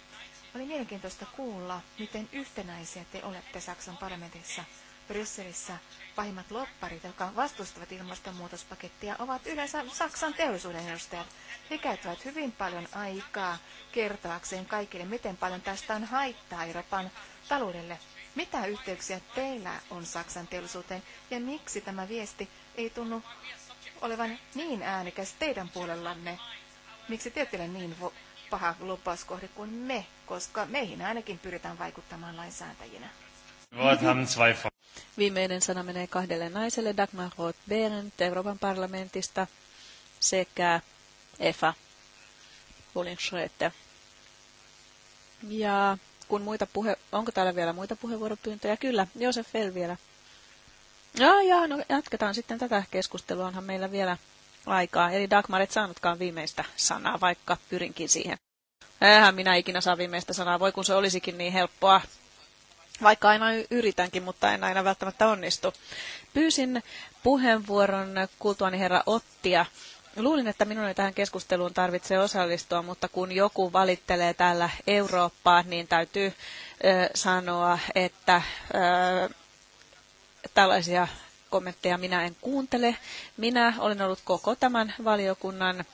Oli mielenkiintoista kuulla, miten yhtenäisiä te olette Saksan parlamentissa. Brysselissä pahimmat lopparit, jotka vastustavat ilmastonmuutospakettia, ovat yleensä Saksan teollisuuden edustajat. He käyttävät hyvin paljon aikaa kertoakseen kaikille, miten paljon tästä on haittaa Euroopan taloudelle. Mitä yhteyksiä teillä on Saksan teollisuuteen ja miksi tämä viesti ei tunnu olevan niin äänekäs teidän puolellanne? Miksi te ette niin paha lupauskohde kuin me, koska meihin ainakin pyritään vaikuttamaan lainsäätäjinä? Viimeinen sana menee kahdelle naiselle, Dagmar Roth-Berendt Euroopan parlamentista sekä EFA Olin Schröter. Ja kun muita puhe... Onko täällä vielä muita puheenvuoropyyntöjä? Kyllä, Josef Fell vielä. No joo, no jatketaan sitten tätä keskustelua, onhan meillä vielä aikaa. Eli Dagmar et saanutkaan viimeistä sanaa, vaikka pyrinkin siihen. Eihän minä ikinä saa viimeistä sanaa, voi kun se olisikin niin helppoa. Vaikka aina yritänkin, mutta en aina välttämättä onnistu. Pyysin puheenvuoron kuultuani herra Ottia Luulin, että minun ei tähän keskusteluun tarvitse osallistua, mutta kun joku valittelee täällä Eurooppaa, niin täytyy ö, sanoa, että ö, tällaisia kommentteja minä en kuuntele. Minä olen ollut koko tämän valiokunnan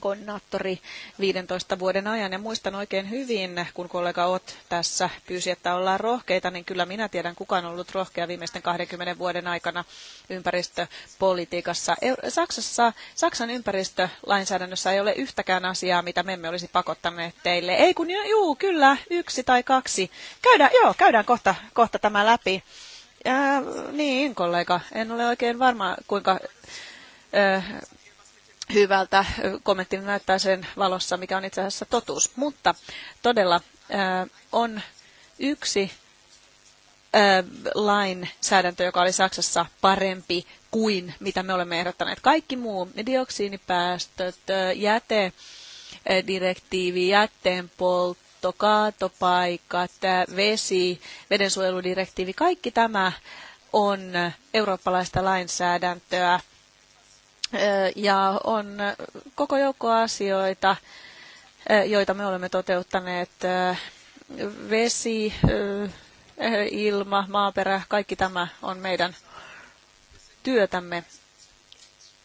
koordinaattori 15 vuoden ajan. Ja muistan oikein hyvin, kun kollega Ot tässä pyysi, että ollaan rohkeita, niin kyllä minä tiedän, kuka on ollut rohkea viimeisten 20 vuoden aikana ympäristöpolitiikassa. Saksassa, Saksan ympäristölainsäädännössä ei ole yhtäkään asiaa, mitä me emme olisi pakottaneet teille. Ei kun juu, kyllä, yksi tai kaksi. Käydään, joo, käydään kohta, kohta tämä läpi. Ää, äh, niin, kollega, en ole oikein varma, kuinka... Ää, äh, hyvältä. Kommentti näyttää sen valossa, mikä on itse asiassa totuus. Mutta todella on yksi lainsäädäntö, joka oli Saksassa parempi kuin mitä me olemme ehdottaneet. Kaikki muu, ne dioksiinipäästöt, jäte, direktiivi, jätteen poltto, kaatopaikat, vesi, vedensuojeludirektiivi, kaikki tämä on eurooppalaista lainsäädäntöä ja on koko joukko asioita, joita me olemme toteuttaneet. Vesi, ilma, maaperä, kaikki tämä on meidän työtämme.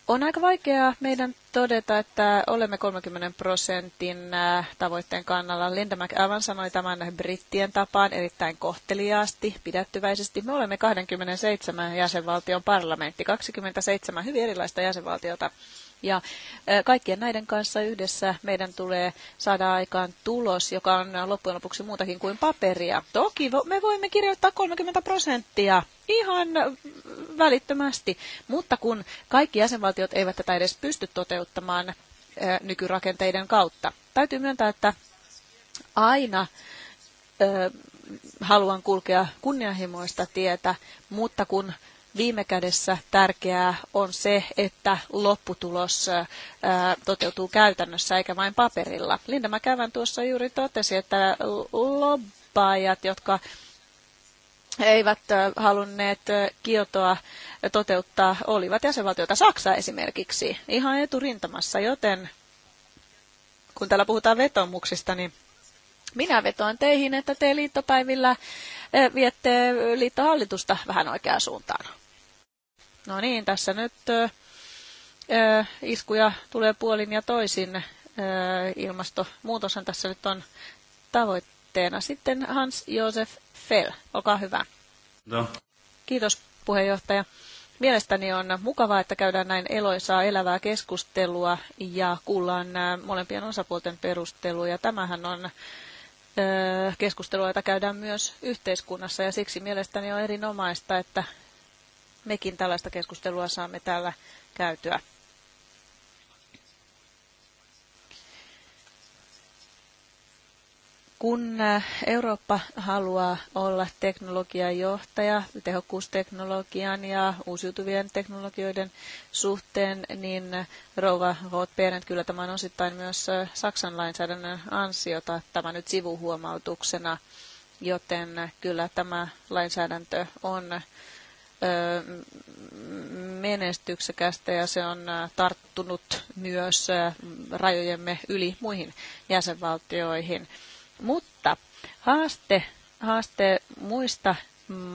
On aika vaikeaa meidän todeta, että olemme 30 prosentin äh, tavoitteen kannalla. Linda McAvan sanoi tämän brittien tapaan erittäin kohteliaasti, pidättyväisesti. Me olemme 27 jäsenvaltion parlamentti, 27 hyvin erilaista jäsenvaltiota ja kaikkien näiden kanssa yhdessä meidän tulee saada aikaan tulos, joka on loppujen lopuksi muutakin kuin paperia. Toki me voimme kirjoittaa 30 prosenttia ihan välittömästi, mutta kun kaikki jäsenvaltiot eivät tätä edes pysty toteuttamaan nykyrakenteiden kautta. Täytyy myöntää, että aina haluan kulkea kunnianhimoista tietä, mutta kun viime kädessä tärkeää on se, että lopputulos toteutuu käytännössä eikä vain paperilla. Linda Mäkävän tuossa juuri totesi, että lobbaajat, jotka eivät halunneet Kiotoa toteuttaa, olivat jäsenvaltioita Saksa esimerkiksi ihan eturintamassa, joten kun täällä puhutaan vetomuksista, niin minä vetoan teihin, että te liittopäivillä viette liittohallitusta vähän oikeaan suuntaan. No niin, tässä nyt ö, iskuja tulee puolin ja toisin. Ö, ilmastonmuutoshan tässä nyt on tavoitteena. Sitten Hans-Josef Fell, olkaa hyvä. No. Kiitos puheenjohtaja. Mielestäni on mukavaa, että käydään näin eloisaa elävää keskustelua ja kuullaan molempien osapuolten perusteluja. Tämähän on keskustelua, jota käydään myös yhteiskunnassa ja siksi mielestäni on erinomaista, että mekin tällaista keskustelua saamme täällä käytyä. kun äh, Eurooppa haluaa olla teknologiajohtaja tehokkuusteknologian ja uusiutuvien teknologioiden suhteen, niin äh, Rouva Rothberg, kyllä tämä on osittain myös äh, Saksan lainsäädännön ansiota, tämä nyt sivuhuomautuksena, joten kyllä tämä lainsäädäntö on menestyksekästä ja se on tarttunut myös rajojemme yli muihin jäsenvaltioihin. Mutta haaste, haaste muista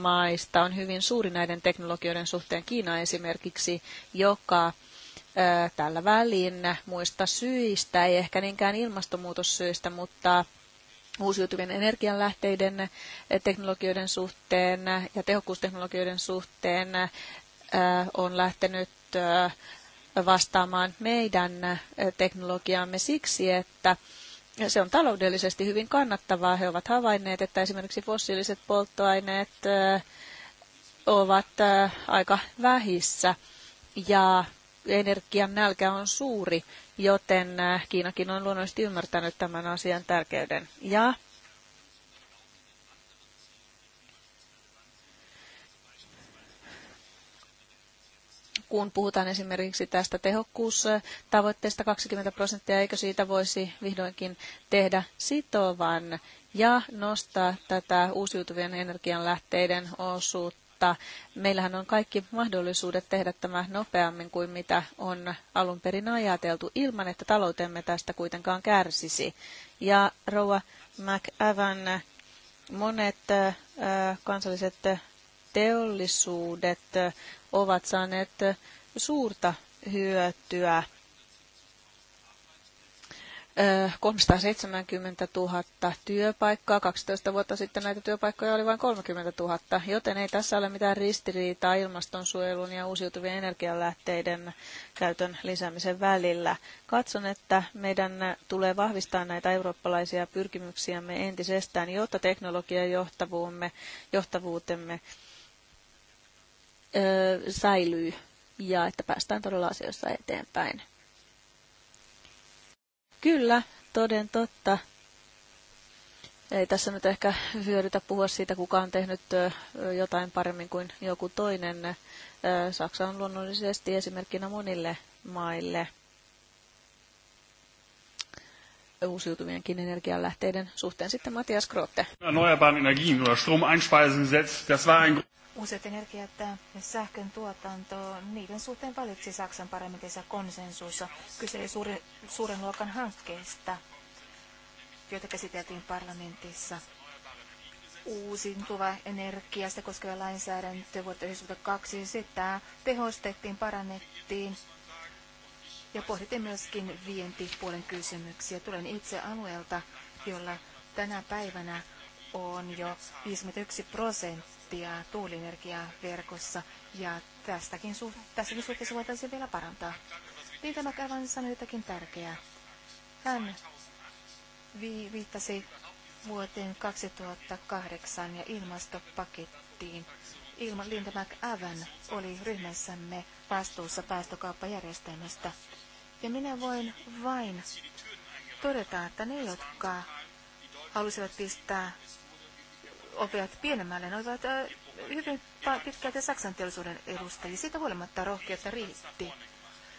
maista on hyvin suuri näiden teknologioiden suhteen. Kiina esimerkiksi, joka tällä välin muista syistä, ei ehkä niinkään ilmastonmuutossyistä, mutta uusiutuvien energianlähteiden eh, teknologioiden suhteen ja tehokkuusteknologioiden suhteen eh, on lähtenyt eh, vastaamaan meidän teknologiaamme siksi, että se on taloudellisesti hyvin kannattavaa. He ovat havainneet, että esimerkiksi fossiiliset polttoaineet ovat aika vähissä ja energian nälkä on suuri, joten äh, Kiinakin on luonnollisesti ymmärtänyt tämän asian tärkeyden. Ja kun puhutaan esimerkiksi tästä tehokkuustavoitteesta 20 prosenttia, eikö siitä voisi vihdoinkin tehdä sitovan ja nostaa tätä uusiutuvien energianlähteiden osuutta mutta meillähän on kaikki mahdollisuudet tehdä tämä nopeammin kuin mitä on alun perin ajateltu, ilman että taloutemme tästä kuitenkaan kärsisi. Ja Rouva McAvan monet kansalliset teollisuudet ovat saaneet suurta hyötyä 370 000 työpaikkaa. 12 vuotta sitten näitä työpaikkoja oli vain 30 000, joten ei tässä ole mitään ristiriitaa ilmastonsuojelun ja uusiutuvien energialähteiden käytön lisäämisen välillä. Katson, että meidän tulee vahvistaa näitä eurooppalaisia pyrkimyksiämme entisestään, jotta teknologian johtavuutemme, johtavuutemme säilyy ja että päästään todella asioissa eteenpäin. Kyllä, toden totta. Ei tässä nyt ehkä hyödytä puhua siitä, kuka on tehnyt jotain paremmin kuin joku toinen. Saksa on luonnollisesti esimerkkinä monille maille uusiutuvienkin energialähteiden suhteen. Sitten Matias Grote. Erneuerbaren Energien oder Strom einspeisen das war ein uusiut energiat ja sähkön tuotanto, niiden suhteen valitsi Saksan parlamentissa konsensuussa. Kyse oli suuri, suuren luokan hankkeesta, joita käsiteltiin parlamentissa. Uusintuva energiasta koskeva lainsäädäntö vuotta 1992, sitä tehostettiin, parannettiin ja pohdittiin myöskin vientipuolen kysymyksiä. Tulen itse alueelta, jolla tänä päivänä on jo 51 prosenttia prosenttia tuulienergiaa verkossa ja tästäkin su- tässäkin suhteessa voitaisiin vielä parantaa. Niitä McAvan sanoi jotakin tärkeää. Hän vi- viittasi vuoteen 2008 ja ilmastopakettiin. Ilma Linda McAvan oli ryhmässämme vastuussa päästökauppajärjestelmästä. Ja minä voin vain todeta, että ne, jotka halusivat pistää oppivat pienemmälle, ne olivat hyvin pitkälti Saksan teollisuuden edustajia. Siitä huolimatta rohkeutta riitti.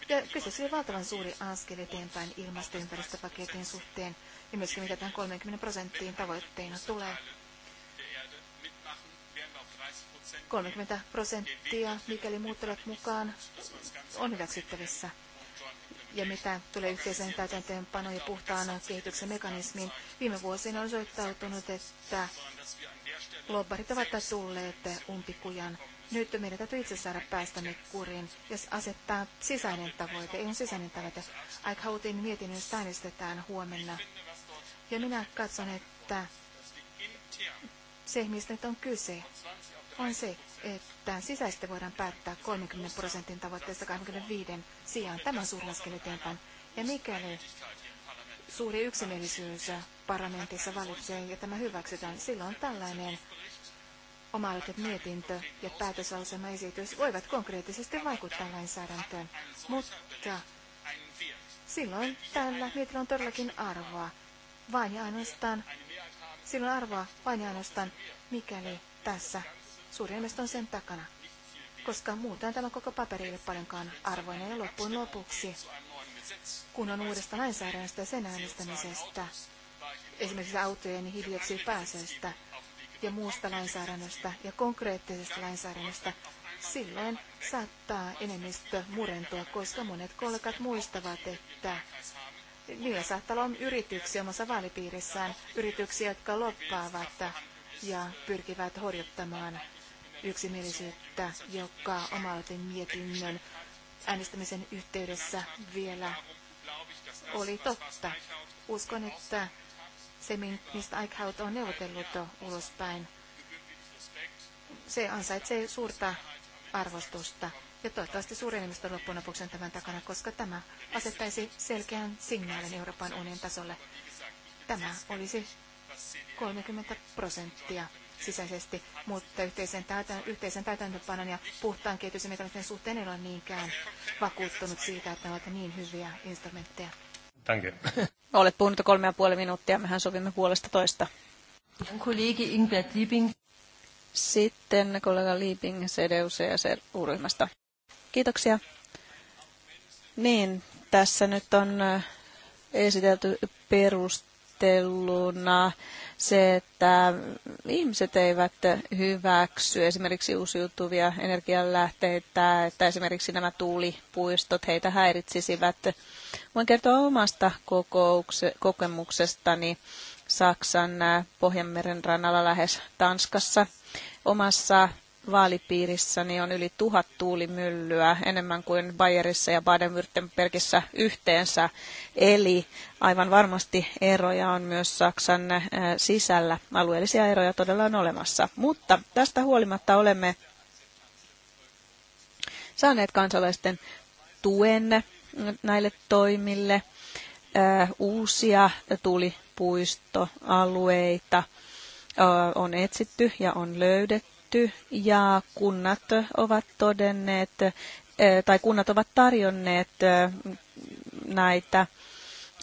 Ja kyseessä oli valtavan suuri askel eteenpäin ilmastoympäristöpaketin suhteen ja myöskin mitä tämän 30 prosenttiin tavoitteena tulee. 30 prosenttia, mikäli muut mukaan, on hyväksyttävissä. Ja mitä tulee yhteiseen täytäntöönpanoon ja puhtaan kehityksen mekanismiin, viime vuosina on osoittautunut, että Lobbarit ovat tulleet umpikujan. Nyt meidän täytyy itse saada ne kuriin, jos asettaa sisäinen tavoite, ei sisäinen tavoite. Aikhautin mietinnöstä äänestetään huomenna. Ja minä katson, että se, mistä nyt on kyse, on se, että sisäistä voidaan päättää 30 prosentin tavoitteesta 25 sijaan. tämän suurin askel eteenpäin. Ja mikäli suuri yksimielisyys parlamentissa valitsee ja tämä hyväksytään, silloin tällainen oma mietintö ja päätösasemaesitys voivat konkreettisesti vaikuttaa lainsäädäntöön, mutta silloin tällä mietinnöllä on todellakin arvoa. Vain ja ainoastaan, silloin arvoa vain ja ainoastaan, mikäli tässä suuri enemmistö on sen takana. Koska muuten tämä koko paperi ei ole paljonkaan arvoinen ja loppujen lopuksi, kun on uudesta lainsäädännöstä ja sen äänestämisestä, esimerkiksi autojen hiilidioksidipäästöistä, päästöistä, ja muusta lainsäädännöstä ja konkreettisesta lainsäädännöstä, silloin saattaa enemmistö murentua, koska monet kollegat muistavat, että niillä saattaa olla yrityksiä omassa vaalipiirissään, yrityksiä, jotka loppaavat ja pyrkivät horjuttamaan yksimielisyyttä, joka omalaten mietinnön äänestämisen yhteydessä vielä oli totta. Uskon, että se, mistä ICAOT on neuvotellut ulospäin, se ansaitsee suurta arvostusta. Ja toivottavasti suuri enemmistö loppujen lopuksi on tämän takana, koska tämä asettaisi selkeän signaalin Euroopan unionin tasolle. Tämä olisi 30 prosenttia sisäisesti, mutta yhteisen, täytän, yhteisen täytäntöpanon ja puhtaan ja suhteen ei ole niinkään vakuuttunut siitä, että ne ovat niin hyviä instrumentteja. [laughs] Olet puhunut kolme ja puoli minuuttia, mehän sovimme puolesta toista. Kollegi Ingrid Liebing. Sitten kollega Liebing CDU-CSR-ryhmästä. Kiitoksia. Niin, tässä nyt on äh, esitelty perust perusteluna se, että ihmiset eivät hyväksy esimerkiksi uusiutuvia energianlähteitä, että esimerkiksi nämä tuulipuistot heitä häiritsisivät. Voin kertoa omasta kokemuksestani Saksan Pohjanmeren rannalla lähes Tanskassa omassa vaalipiirissäni niin on yli tuhat tuulimyllyä, enemmän kuin Bayerissa ja Baden-Württembergissä yhteensä. Eli aivan varmasti eroja on myös Saksan äh, sisällä. Alueellisia eroja todella on olemassa. Mutta tästä huolimatta olemme saaneet kansalaisten tuen näille toimille äh, uusia tuulipuistoalueita äh, on etsitty ja on löydetty tehty ja kunnat ovat todenneet tai kunnat ovat tarjonneet näitä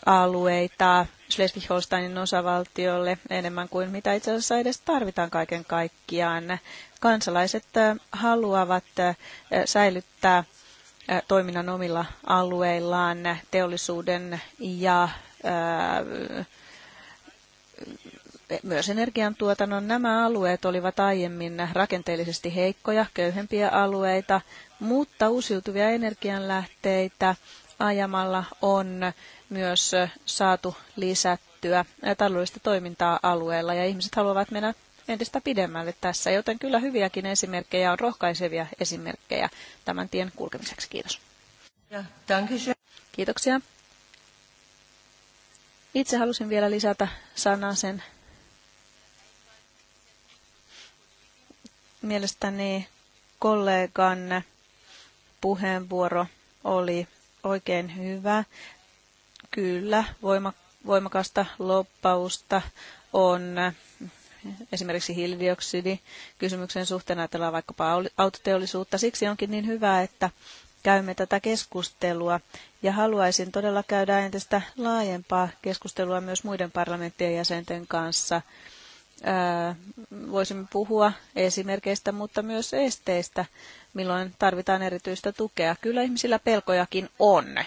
alueita Schleswig-Holsteinin osavaltiolle enemmän kuin mitä itse asiassa edes tarvitaan kaiken kaikkiaan. Kansalaiset haluavat säilyttää toiminnan omilla alueillaan teollisuuden ja myös energiantuotannon nämä alueet olivat aiemmin rakenteellisesti heikkoja, köyhempiä alueita, mutta uusiutuvia energianlähteitä ajamalla on myös saatu lisättyä taloudellista toimintaa alueella ja ihmiset haluavat mennä entistä pidemmälle tässä, joten kyllä hyviäkin esimerkkejä on rohkaisevia esimerkkejä tämän tien kulkemiseksi. Kiitos. Kiitoksia. Itse halusin vielä lisätä sanan sen Mielestäni kollegan puheenvuoro oli oikein hyvä. Kyllä, voimakasta loppausta on esimerkiksi hiilidioksidi kysymyksen suhteen ajatellaan vaikkapa autoteollisuutta. Siksi onkin niin hyvä, että käymme tätä keskustelua ja haluaisin todella käydä entistä laajempaa keskustelua myös muiden parlamenttien jäsenten kanssa – voisimme puhua esimerkkeistä, mutta myös esteistä, milloin tarvitaan erityistä tukea. Kyllä ihmisillä pelkojakin on.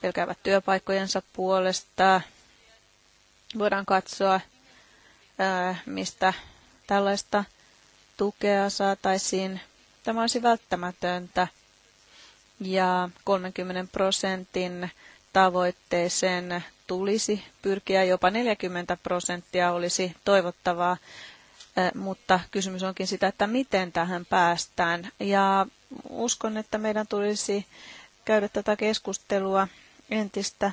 Pelkäävät työpaikkojensa puolesta. Voidaan katsoa, mistä tällaista tukea saataisiin. Tämä olisi välttämätöntä. Ja 30 prosentin tavoitteeseen tulisi pyrkiä jopa 40 prosenttia olisi toivottavaa, mutta kysymys onkin sitä, että miten tähän päästään. Ja uskon, että meidän tulisi käydä tätä keskustelua entistä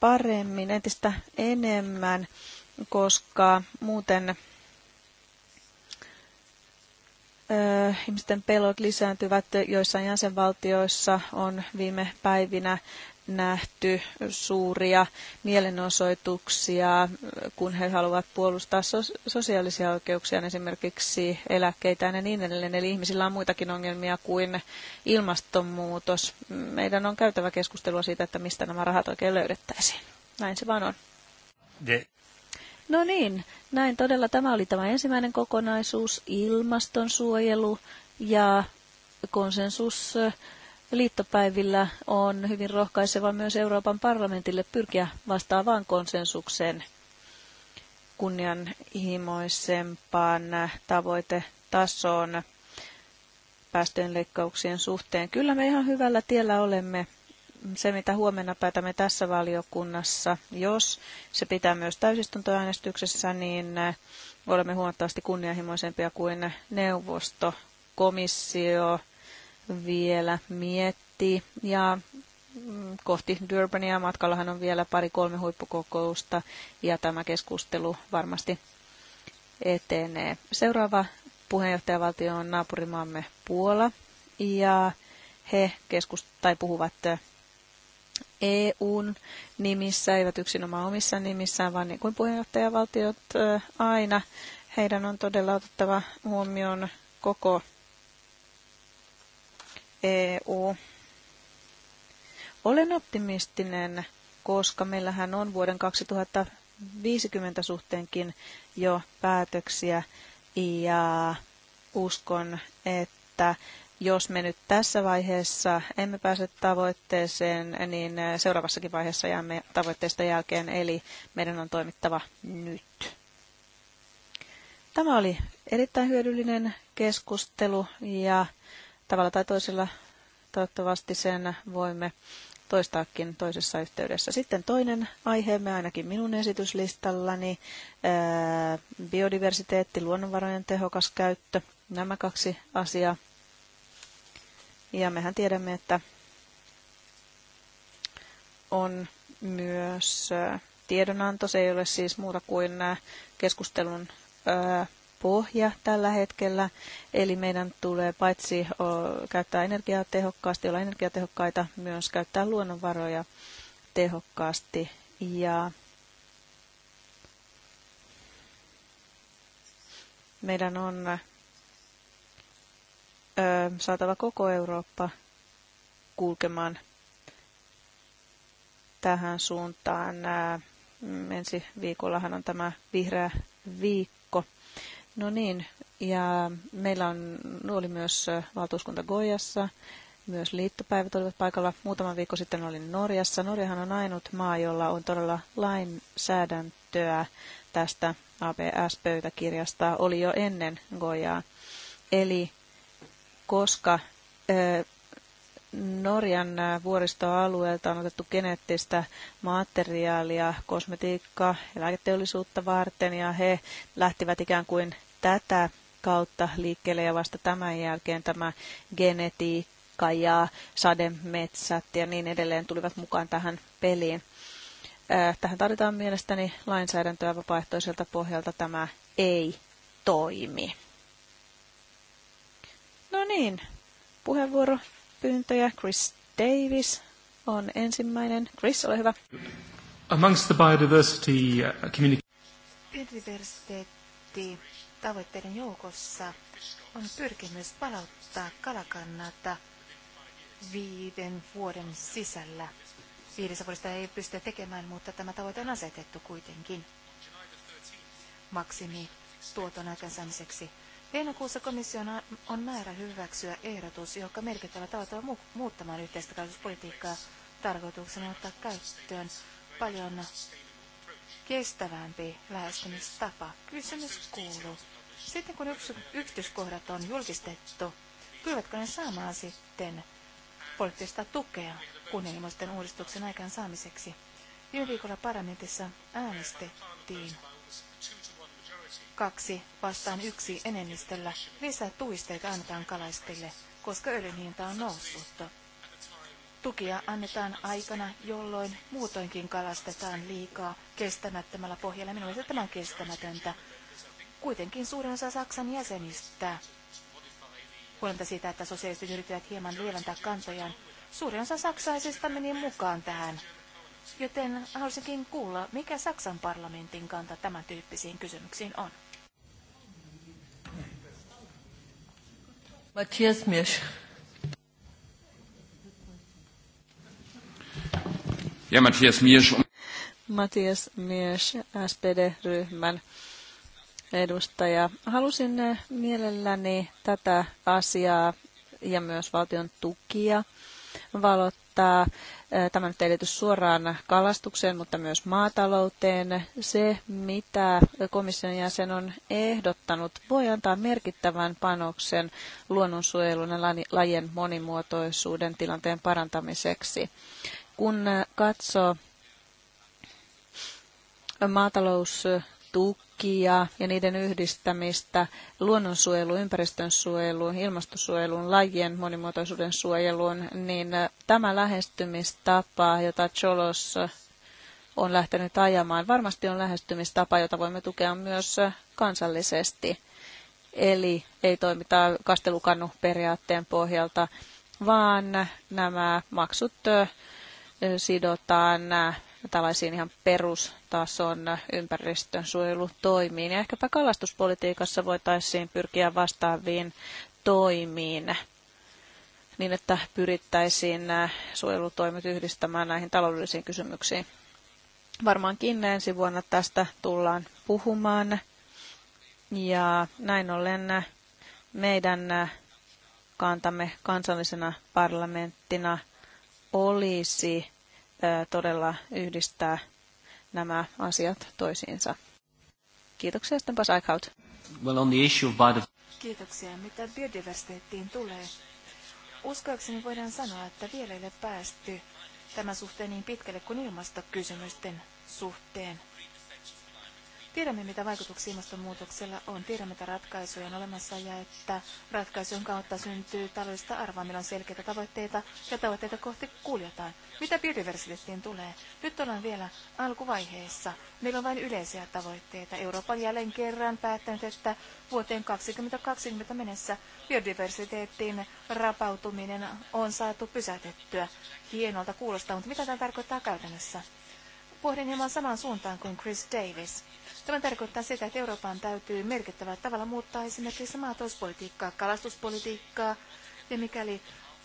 paremmin, entistä enemmän, koska muuten ihmisten pelot lisääntyvät. Joissain jäsenvaltioissa on viime päivinä nähty suuria mielenosoituksia, kun he haluavat puolustaa sosiaalisia oikeuksia, esimerkiksi eläkkeitään ja niin edelleen. Eli ihmisillä on muitakin ongelmia kuin ilmastonmuutos. Meidän on käytävä keskustelua siitä, että mistä nämä rahat oikein löydettäisiin. Näin se vaan on. De. No niin, näin todella tämä oli tämä ensimmäinen kokonaisuus, ilmastonsuojelu ja konsensus liittopäivillä on hyvin rohkaiseva myös Euroopan parlamentille pyrkiä vastaavaan konsensukseen kunnianhimoisempaan tavoitetasoon päästöjen leikkauksien suhteen. Kyllä me ihan hyvällä tiellä olemme. Se, mitä huomenna päätämme tässä valiokunnassa, jos se pitää myös täysistuntoäänestyksessä, niin olemme huomattavasti kunnianhimoisempia kuin neuvosto, komissio, vielä miettii. Ja mm, kohti Durbania matkallahan on vielä pari-kolme huippukokousta ja tämä keskustelu varmasti etenee. Seuraava puheenjohtajavaltio on naapurimaamme Puola ja he keskust- tai puhuvat äh, EUn nimissä, eivät yksinomaan omissa nimissään, vaan niin kuin puheenjohtajavaltiot äh, aina, heidän on todella otettava huomioon koko EU. Olen optimistinen, koska meillähän on vuoden 2050 suhteenkin jo päätöksiä ja uskon, että jos me nyt tässä vaiheessa emme pääse tavoitteeseen, niin seuraavassakin vaiheessa jäämme tavoitteesta jälkeen, eli meidän on toimittava nyt. Tämä oli erittäin hyödyllinen keskustelu ja Tavalla tai toisella toivottavasti sen voimme toistaakin toisessa yhteydessä. Sitten toinen aiheemme ainakin minun esityslistallani, biodiversiteetti, luonnonvarojen tehokas käyttö, nämä kaksi asiaa. Ja mehän tiedämme, että on myös tiedonanto, se ei ole siis muuta kuin keskustelun pohja tällä hetkellä, eli meidän tulee paitsi käyttää energiaa tehokkaasti, olla energiatehokkaita, myös käyttää luonnonvaroja tehokkaasti. Ja meidän on saatava koko Eurooppa kulkemaan tähän suuntaan. Ensi viikollahan on tämä vihreä viikko No niin, ja meillä on, oli myös valtuuskunta Gojassa, myös liittopäivät olivat paikalla. Muutama viikko sitten olin Norjassa. Norjahan on ainut maa, jolla on todella lainsäädäntöä tästä ABS-pöytäkirjasta, oli jo ennen Gojaa. Eli koska Norjan vuoristoalueelta on otettu geneettistä materiaalia, kosmetiikkaa ja lääketeollisuutta varten, ja he lähtivät ikään kuin tätä kautta liikkeelle ja vasta tämän jälkeen tämä genetiikka ja sademetsät ja niin edelleen tulivat mukaan tähän peliin. Tähän tarvitaan mielestäni lainsäädäntöä vapaaehtoiselta pohjalta tämä ei toimi. No niin, puheenvuoropyyntöjä. Chris Davis on ensimmäinen. Chris, ole hyvä. Amongst the biodiversity uh, community... Biodiversiteetti tavoitteiden joukossa on pyrkimys palauttaa kalakannata viiden vuoden sisällä. Viidessä vuodesta ei pysty tekemään, mutta tämä tavoite on asetettu kuitenkin maksimi tuoton aikaansaamiseksi. Heinäkuussa komission on määrä hyväksyä ehdotus, joka merkittävä on muuttamaan yhteistä kalastuspolitiikkaa tarkoituksena ottaa käyttöön paljon kestävämpi lähestymistapa. Kysymys kuuluu, sitten kun yks, yksityiskohdat on julkistettu, pyydätkö ne saamaan sitten poliittista tukea kunnianhimoisten uudistuksen aikaan saamiseksi? Viime viikolla parlamentissa äänestettiin kaksi vastaan yksi enemmistöllä lisää tuisteita annetaan kalaistille, koska öljyn hinta on noussut. Tukia annetaan aikana, jolloin muutoinkin kalastetaan liikaa kestämättömällä pohjalla. Minulle se tämä on kestämätöntä. Kuitenkin suurin osa Saksan jäsenistä, huolimatta siitä, että sosiaalistit yrittävät hieman lieventää kantojaan, suurin osa saksaisista meni mukaan tähän. Joten haluaisinkin kuulla, mikä Saksan parlamentin kanta tämän tyyppisiin kysymyksiin on. Matthias Miesch. Ja, Matthias Miesch. Matias Mies, SPD-ryhmän edustaja. Halusin eh, mielelläni tätä asiaa ja myös valtion tukia valottaa. Eh, tämä nyt ei suoraan kalastukseen, mutta myös maatalouteen. Se, mitä komission jäsen on ehdottanut, voi antaa merkittävän panoksen luonnonsuojelun ja lajien monimuotoisuuden tilanteen parantamiseksi. Kun eh, katsoo maataloustukia ja niiden yhdistämistä luonnonsuojeluun, ympäristönsuojeluun, ilmastosuojeluun, lajien monimuotoisuuden suojeluun, niin tämä lähestymistapa, jota Cholos on lähtenyt ajamaan, varmasti on lähestymistapa, jota voimme tukea myös kansallisesti. Eli ei toimita kastelukannuperiaatteen pohjalta, vaan nämä maksut sidotaan tällaisiin ihan perustason ympäristön suojelutoimiin. Ja ehkäpä kalastuspolitiikassa voitaisiin pyrkiä vastaaviin toimiin niin, että pyrittäisiin nämä suojelutoimet yhdistämään näihin taloudellisiin kysymyksiin. Varmaankin ensi vuonna tästä tullaan puhumaan. Ja näin ollen meidän kantamme kansallisena parlamenttina olisi todella yhdistää nämä asiat toisiinsa. Kiitoksia sitten Eichhout. Well, on the issue of biodiversity. Kiitoksia. Mitä biodiversiteettiin tulee? Uskoakseni voidaan sanoa, että vielä ei ole päästy tämän suhteen niin pitkälle kuin ilmastokysymysten suhteen. Tiedämme, mitä vaikutuksia ilmastonmuutoksella on. Tiedämme, että ratkaisuja on olemassa ja että ratkaisujen kautta syntyy taloudellista arvoa, Meillä on selkeitä tavoitteita ja tavoitteita kohti kuljetaan. Mitä biodiversiteettiin tulee? Nyt ollaan vielä alkuvaiheessa. Meillä on vain yleisiä tavoitteita. Euroopan jälleen kerran päättänyt, että vuoteen 2020 mennessä biodiversiteettiin rapautuminen on saatu pysäytettyä. Hienolta kuulostaa, mutta mitä tämä tarkoittaa käytännössä? Pohdin hieman samaan suuntaan kuin Chris Davis. Tämä tarkoittaa sitä, että Euroopan täytyy merkittävällä tavalla muuttaa esimerkiksi maatalouspolitiikkaa, kalastuspolitiikkaa, ja mikäli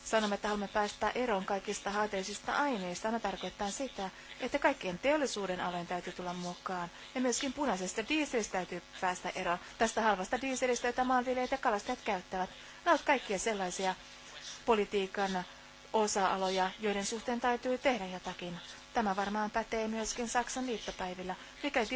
sanomme, että haluamme päästä eroon kaikista haateellisista aineista, tämä tarkoittaa sitä, että kaikkien teollisuuden alojen täytyy tulla mukaan. Ja myöskin punaisesta dieselistä täytyy päästä eroon. Tästä halvasta dieselistä, jota maanviljelijät ja kalastajat käyttävät. Nämä ovat kaikkia sellaisia politiikan osa-aloja, joiden suhteen täytyy tehdä jotakin. Tämä varmaan pätee myöskin Saksan liittopäivillä. Mikäli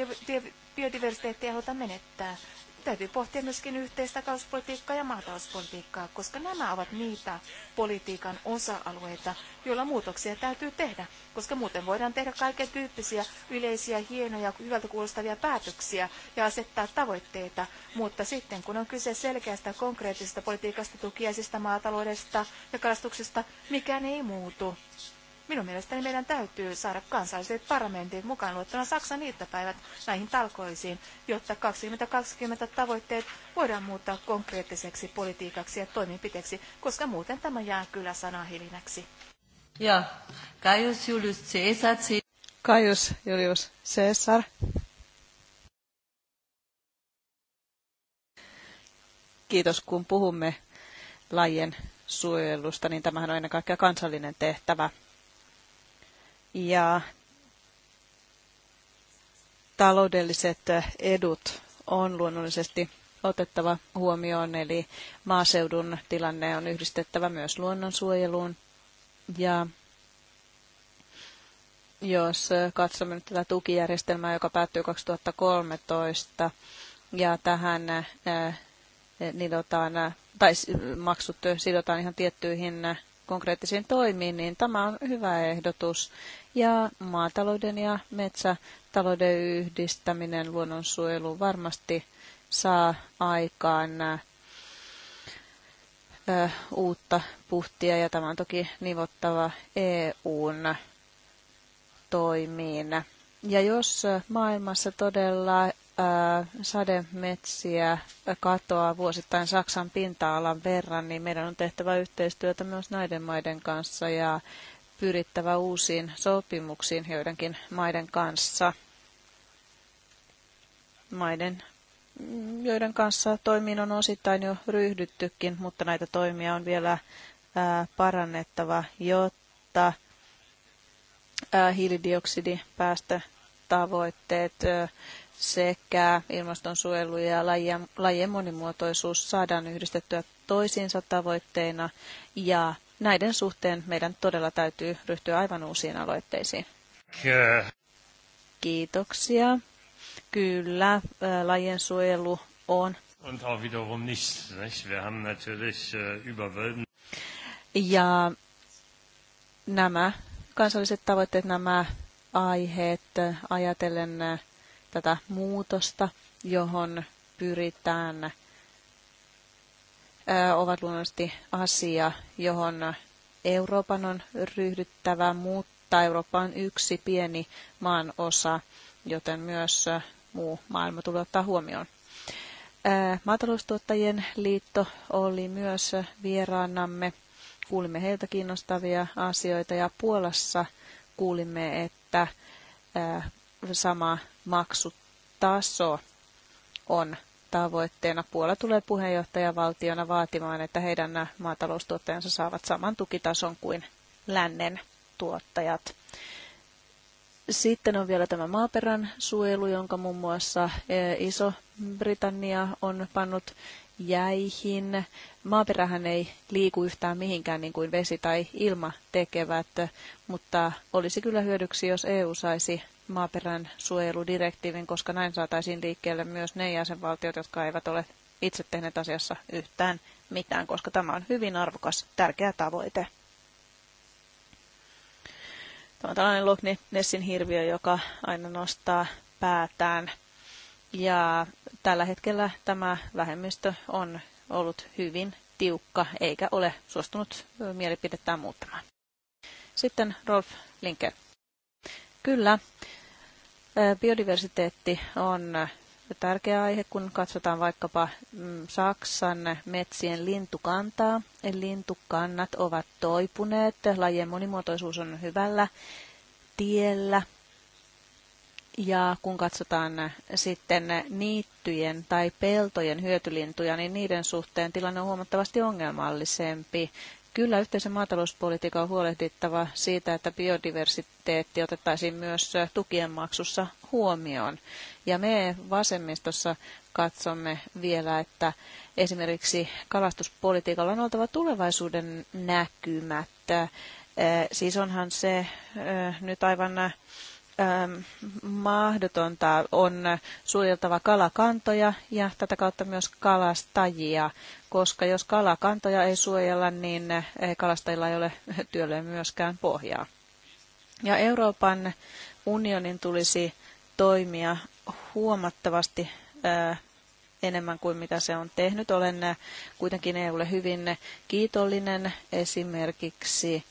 biodiversiteettiä haluta menettää, täytyy pohtia myöskin yhteistä kauspolitiikkaa ja maatalouspolitiikkaa, koska nämä ovat niitä politiikan osa-alueita, joilla muutoksia täytyy tehdä, koska muuten voidaan tehdä kaiken tyyppisiä yleisiä, hienoja, hyvältä kuulostavia päätöksiä ja asettaa tavoitteita, mutta sitten kun on kyse selkeästä konkreettisesta politiikasta, tukiaisista maataloudesta ja kalastuksesta, mikään ei muutu. Minun mielestäni meidän täytyy saada kansalliset parlamentit mukaan luettuna Saksan iltapäivät näihin talkoisiin, jotta 2020 tavoitteet voidaan muuttaa konkreettiseksi politiikaksi ja toimenpiteeksi, koska muuten tämä jää kyllä sanahilinäksi. Ja, Julius Caesar. Julius Caesar. Kiitos, kun puhumme lajien suojelusta, niin tämähän on ennen kaikkea kansallinen tehtävä ja taloudelliset edut on luonnollisesti otettava huomioon, eli maaseudun tilanne on yhdistettävä myös luonnonsuojeluun. Ja jos katsomme nyt tätä tukijärjestelmää, joka päättyy 2013, ja tähän nidotaan, tai maksut sidotaan ihan tiettyihin konkreettisiin toimiin, niin tämä on hyvä ehdotus. Ja maatalouden ja metsätalouden yhdistäminen luonnonsuojeluun varmasti saa aikaan uutta puhtia ja tämä on toki nivottava EUn toimiin. Ja jos maailmassa todella sademetsiä katoaa vuosittain Saksan pinta-alan verran, niin meidän on tehtävä yhteistyötä myös näiden maiden kanssa ja pyrittävä uusiin sopimuksiin joidenkin maiden kanssa. Maiden, joiden kanssa toimiin on osittain jo ryhdyttykin, mutta näitä toimia on vielä parannettava, jotta hiilidioksidipäästötavoitteet tavoitteet sekä ilmastonsuojelu ja lajien, lajien monimuotoisuus saadaan yhdistettyä toisiinsa tavoitteina ja näiden suhteen meidän todella täytyy ryhtyä aivan uusiin aloitteisiin. Kiitoksia. Kyllä, lajien suojelu on. Und auch wiederum nicht, nicht? Wir haben natürlich äh, Ja nämä kansalliset tavoitteet, nämä aiheet äh, ajatellen äh, tätä muutosta, johon pyritään, ovat luonnollisesti asia, johon Euroopan on ryhdyttävä, mutta Eurooppa on yksi pieni maan osa, joten myös muu maailma tulee ottaa huomioon. Maataloustuottajien liitto oli myös vieraanamme. Kuulimme heiltä kiinnostavia asioita ja Puolassa kuulimme, että sama maksutaso on tavoitteena. Puola tulee puheenjohtajavaltiona vaatimaan, että heidän maataloustuottajansa saavat saman tukitason kuin lännen tuottajat. Sitten on vielä tämä maaperän suojelu, jonka muun muassa eh, Iso-Britannia on pannut jäihin. Maaperähän ei liiku yhtään mihinkään niin kuin vesi tai ilma tekevät, mutta olisi kyllä hyödyksi, jos EU saisi maaperän suojeludirektiivin, koska näin saataisiin liikkeelle myös ne jäsenvaltiot, jotka eivät ole itse tehneet asiassa yhtään mitään, koska tämä on hyvin arvokas, tärkeä tavoite. Tämä on tällainen Loch Nessin hirviö, joka aina nostaa päätään ja tällä hetkellä tämä vähemmistö on ollut hyvin tiukka eikä ole suostunut mielipidettään muuttamaan. Sitten Rolf Linke. Kyllä, biodiversiteetti on tärkeä aihe, kun katsotaan vaikkapa mm, Saksan metsien lintukantaa. Lintukannat ovat toipuneet, lajien monimuotoisuus on hyvällä tiellä ja kun katsotaan sitten niittyjen tai peltojen hyötylintuja, niin niiden suhteen tilanne on huomattavasti ongelmallisempi. Kyllä yhteisen maatalouspolitiikan on huolehdittava siitä, että biodiversiteetti otettaisiin myös tukien maksussa huomioon. Ja me vasemmistossa katsomme vielä, että esimerkiksi kalastuspolitiikalla on oltava tulevaisuuden näkymät. Siis onhan se nyt aivan Ähm, mahdotonta on suojeltava kalakantoja ja tätä kautta myös kalastajia, koska jos kalakantoja ei suojella, niin eh, kalastajilla ei ole [laughs] työlle myöskään pohjaa. Ja Euroopan unionin tulisi toimia huomattavasti eh, enemmän kuin mitä se on tehnyt. Olen eh, kuitenkin EUlle hyvin kiitollinen esimerkiksi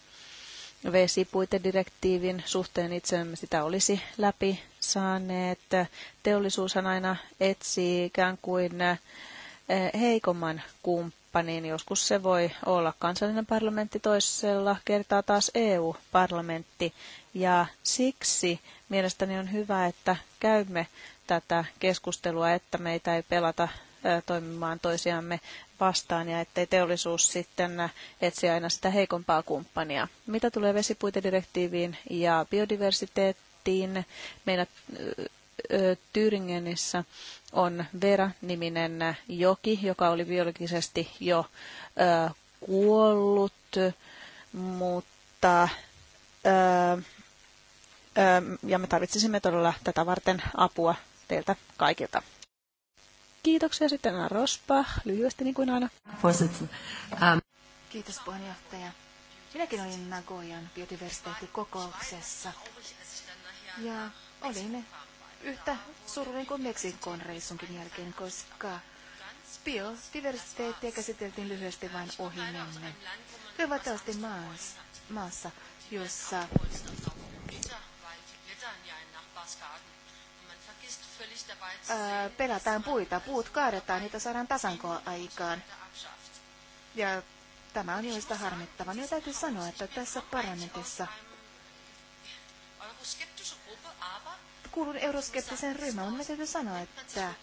vesipuitedirektiivin suhteen itsemme sitä olisi läpi saaneet. Teollisuushan aina etsii ikään kuin eh, heikomman kumppanin. Joskus se voi olla kansallinen parlamentti toisella kertaa taas EU-parlamentti. Ja siksi mielestäni on hyvä, että käymme tätä keskustelua, että meitä ei pelata toimimaan toisiamme vastaan ja ettei teollisuus sitten etsi aina sitä heikompaa kumppania. Mitä tulee vesipuitedirektiiviin ja biodiversiteettiin, meillä Tyringenissä on Vera-niminen joki, joka oli biologisesti jo kuollut, mutta ja me tarvitsisimme todella tätä varten apua teiltä kaikilta. Kiitoksia sitten Anna Rospa, lyhyesti niin kuin aina. Um, Kiitos puheenjohtaja. Minäkin olin Nagoyan biodiversiteettikokouksessa ja olin yhtä surullinen kuin Meksikon reissunkin jälkeen, koska biodiversiteettiä käsiteltiin lyhyesti vain ohi menne. Hyvätävästi maassa, maassa, jossa pelataan puita, puut kaadetaan, niitä saadaan tasankoa aikaan. Ja tämä on joista harmittava. Niin täytyy sanoa, että tässä parlamentissa kuulun euroskeptisen ryhmään, mutta täytyy sanoa, että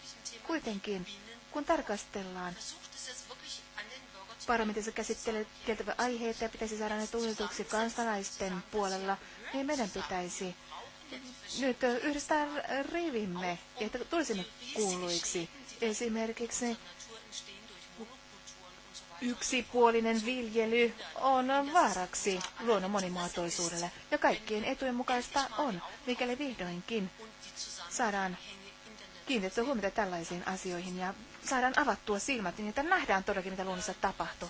kuitenkin kun tarkastellaan parlamentissa käsittelevä aiheita ja pitäisi saada ne tunnetuksi kansalaisten puolella, niin meidän pitäisi nyt yhdistää rivimme, että tulisimme kuuluiksi. Esimerkiksi yksipuolinen viljely on vaaraksi luonnon monimuotoisuudelle ja kaikkien etujen mukaista on, mikäli vihdoinkin saadaan kiinnitetty huomiota tällaisiin asioihin ja saadaan avattua silmät niin, että nähdään todellakin, mitä luonnossa tapahtuu.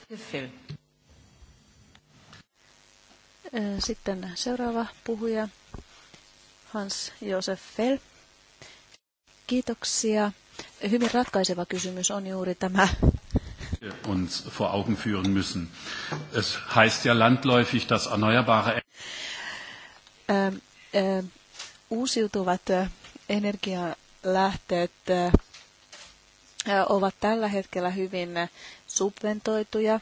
Sitten seuraava puhuja. Hans-Josef Fell. Kiitoksia. Hyvin ratkaiseva kysymys on juuri tämä uns vor Augen führen müssen. Es heißt ja landläufig, dass erneuerbare ähm, ähm äh, uusiutuvat energialähteet äh, äh, ovat tällä hetkellä hyvin äh, subventoituja. Äh,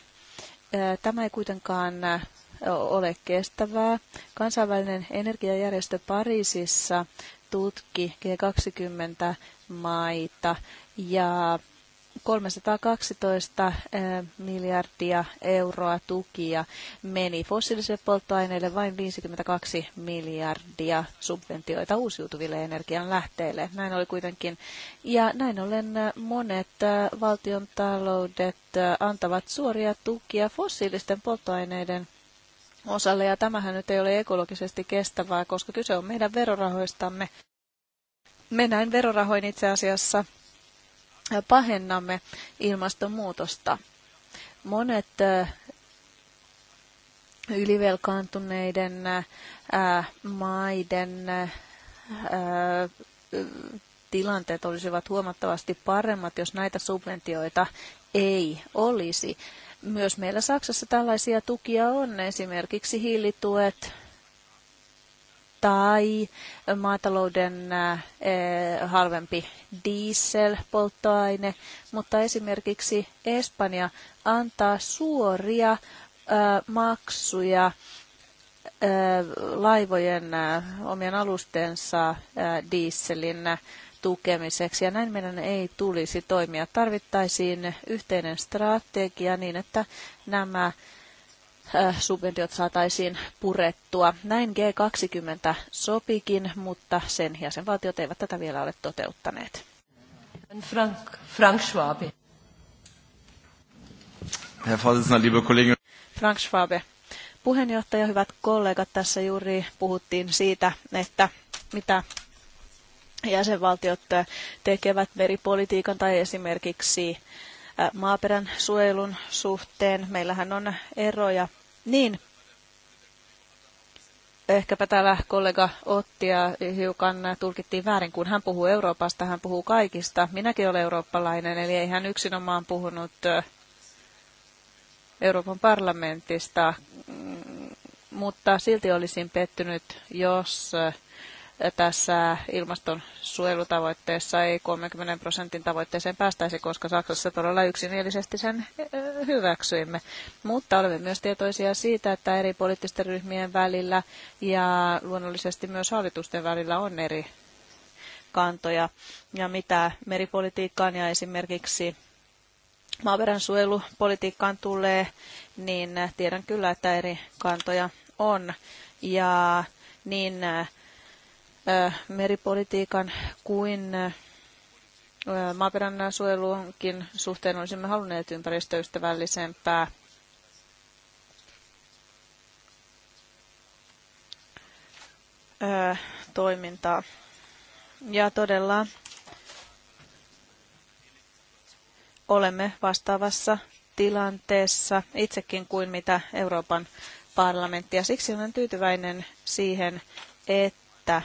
tämä ei kuitenkaan ole kestävää. Kansainvälinen energiajärjestö Pariisissa tutki G20 maita ja 312 eh, miljardia euroa tukia meni fossiilisille polttoaineille, vain 52 miljardia subventioita uusiutuville energianlähteille. Näin oli kuitenkin. Ja näin ollen eh, monet eh, valtion taloudet antavat suoria tukia fossiilisten polttoaineiden osalle, ja tämähän nyt ei ole ekologisesti kestävää, koska kyse on meidän verorahoistamme. Me näin verorahoin itse asiassa pahennamme ilmastonmuutosta. Monet ylivelkaantuneiden maiden tilanteet olisivat huomattavasti paremmat, jos näitä subventioita ei olisi myös meillä Saksassa tällaisia tukia on, esimerkiksi hiilituet tai maatalouden eh, halvempi dieselpolttoaine, mutta esimerkiksi Espanja antaa suoria eh, maksuja eh, laivojen omien alustensa dieselin tukemiseksi. Ja näin meidän ei tulisi toimia. Tarvittaisiin yhteinen strategia niin, että nämä äh, subventiot saataisiin purettua. Näin G20 sopikin, mutta sen jäsenvaltiot eivät tätä vielä ole toteuttaneet. Frank, Frank Schwab. Herr Vorsitzender, liebe Kollegen. Frank Schwabe. Puheenjohtaja, hyvät kollegat, tässä juuri puhuttiin siitä, että mitä jäsenvaltiot äh, tekevät meripolitiikan tai esimerkiksi äh, maaperän suojelun suhteen. Meillähän on eroja. Niin, ehkäpä täällä kollega otti ja hiukan tulkittiin väärin, kun hän puhuu Euroopasta, hän puhuu kaikista. Minäkin olen eurooppalainen, eli ei hän yksinomaan puhunut äh, Euroopan parlamentista, mm, mutta silti olisin pettynyt, jos tässä ilmastonsuojelutavoitteessa ei 30 prosentin tavoitteeseen päästäisi, koska Saksassa todella yksimielisesti sen hyväksyimme. Mutta olemme myös tietoisia siitä, että eri poliittisten ryhmien välillä ja luonnollisesti myös hallitusten välillä on eri kantoja. Ja mitä meripolitiikkaan ja esimerkiksi maaperän suojelupolitiikkaan tulee, niin tiedän kyllä, että eri kantoja on. Ja niin meripolitiikan kuin maaperän suojelunkin suhteen olisimme halunneet ympäristöystävällisempää. toimintaa. Ja todella olemme vastaavassa tilanteessa itsekin kuin mitä Euroopan parlamentti. Ja siksi olen tyytyväinen siihen, että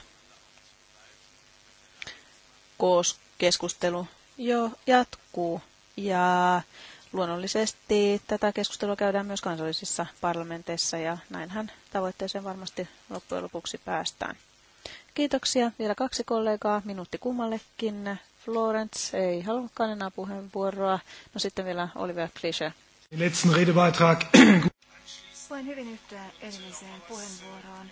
keskustelu jo jatkuu ja luonnollisesti tätä keskustelua käydään myös kansallisissa parlamenteissa ja näinhän tavoitteeseen varmasti loppujen lopuksi päästään. Kiitoksia. Vielä kaksi kollegaa, minuutti kummallekin. Florence ei halunnutkaan enää puheenvuoroa. No sitten vielä Oliver Fischer. Voin hyvin yhtyä edelliseen puheenvuoroon.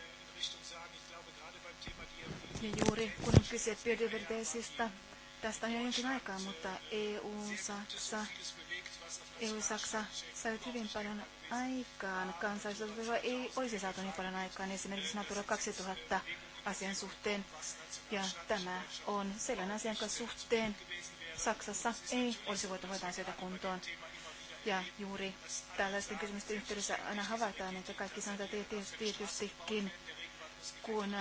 Niin juuri kun on kyse biodiversiteetistä, tästä on jo jonkin aikaa, mutta EU-Saksa, EU-Saksa sai hyvin paljon aikaan. Kansallisuudella ei olisi saatu niin paljon aikaan esimerkiksi Natura 2000 asian suhteen. Ja tämä on sellainen asian kanssa suhteen. Saksassa ei olisi voitu hoitaa sitä kuntoon. Ja juuri tällaisten kysymysten yhteydessä aina havaitaan, että kaikki sanotaan tietystikin, kun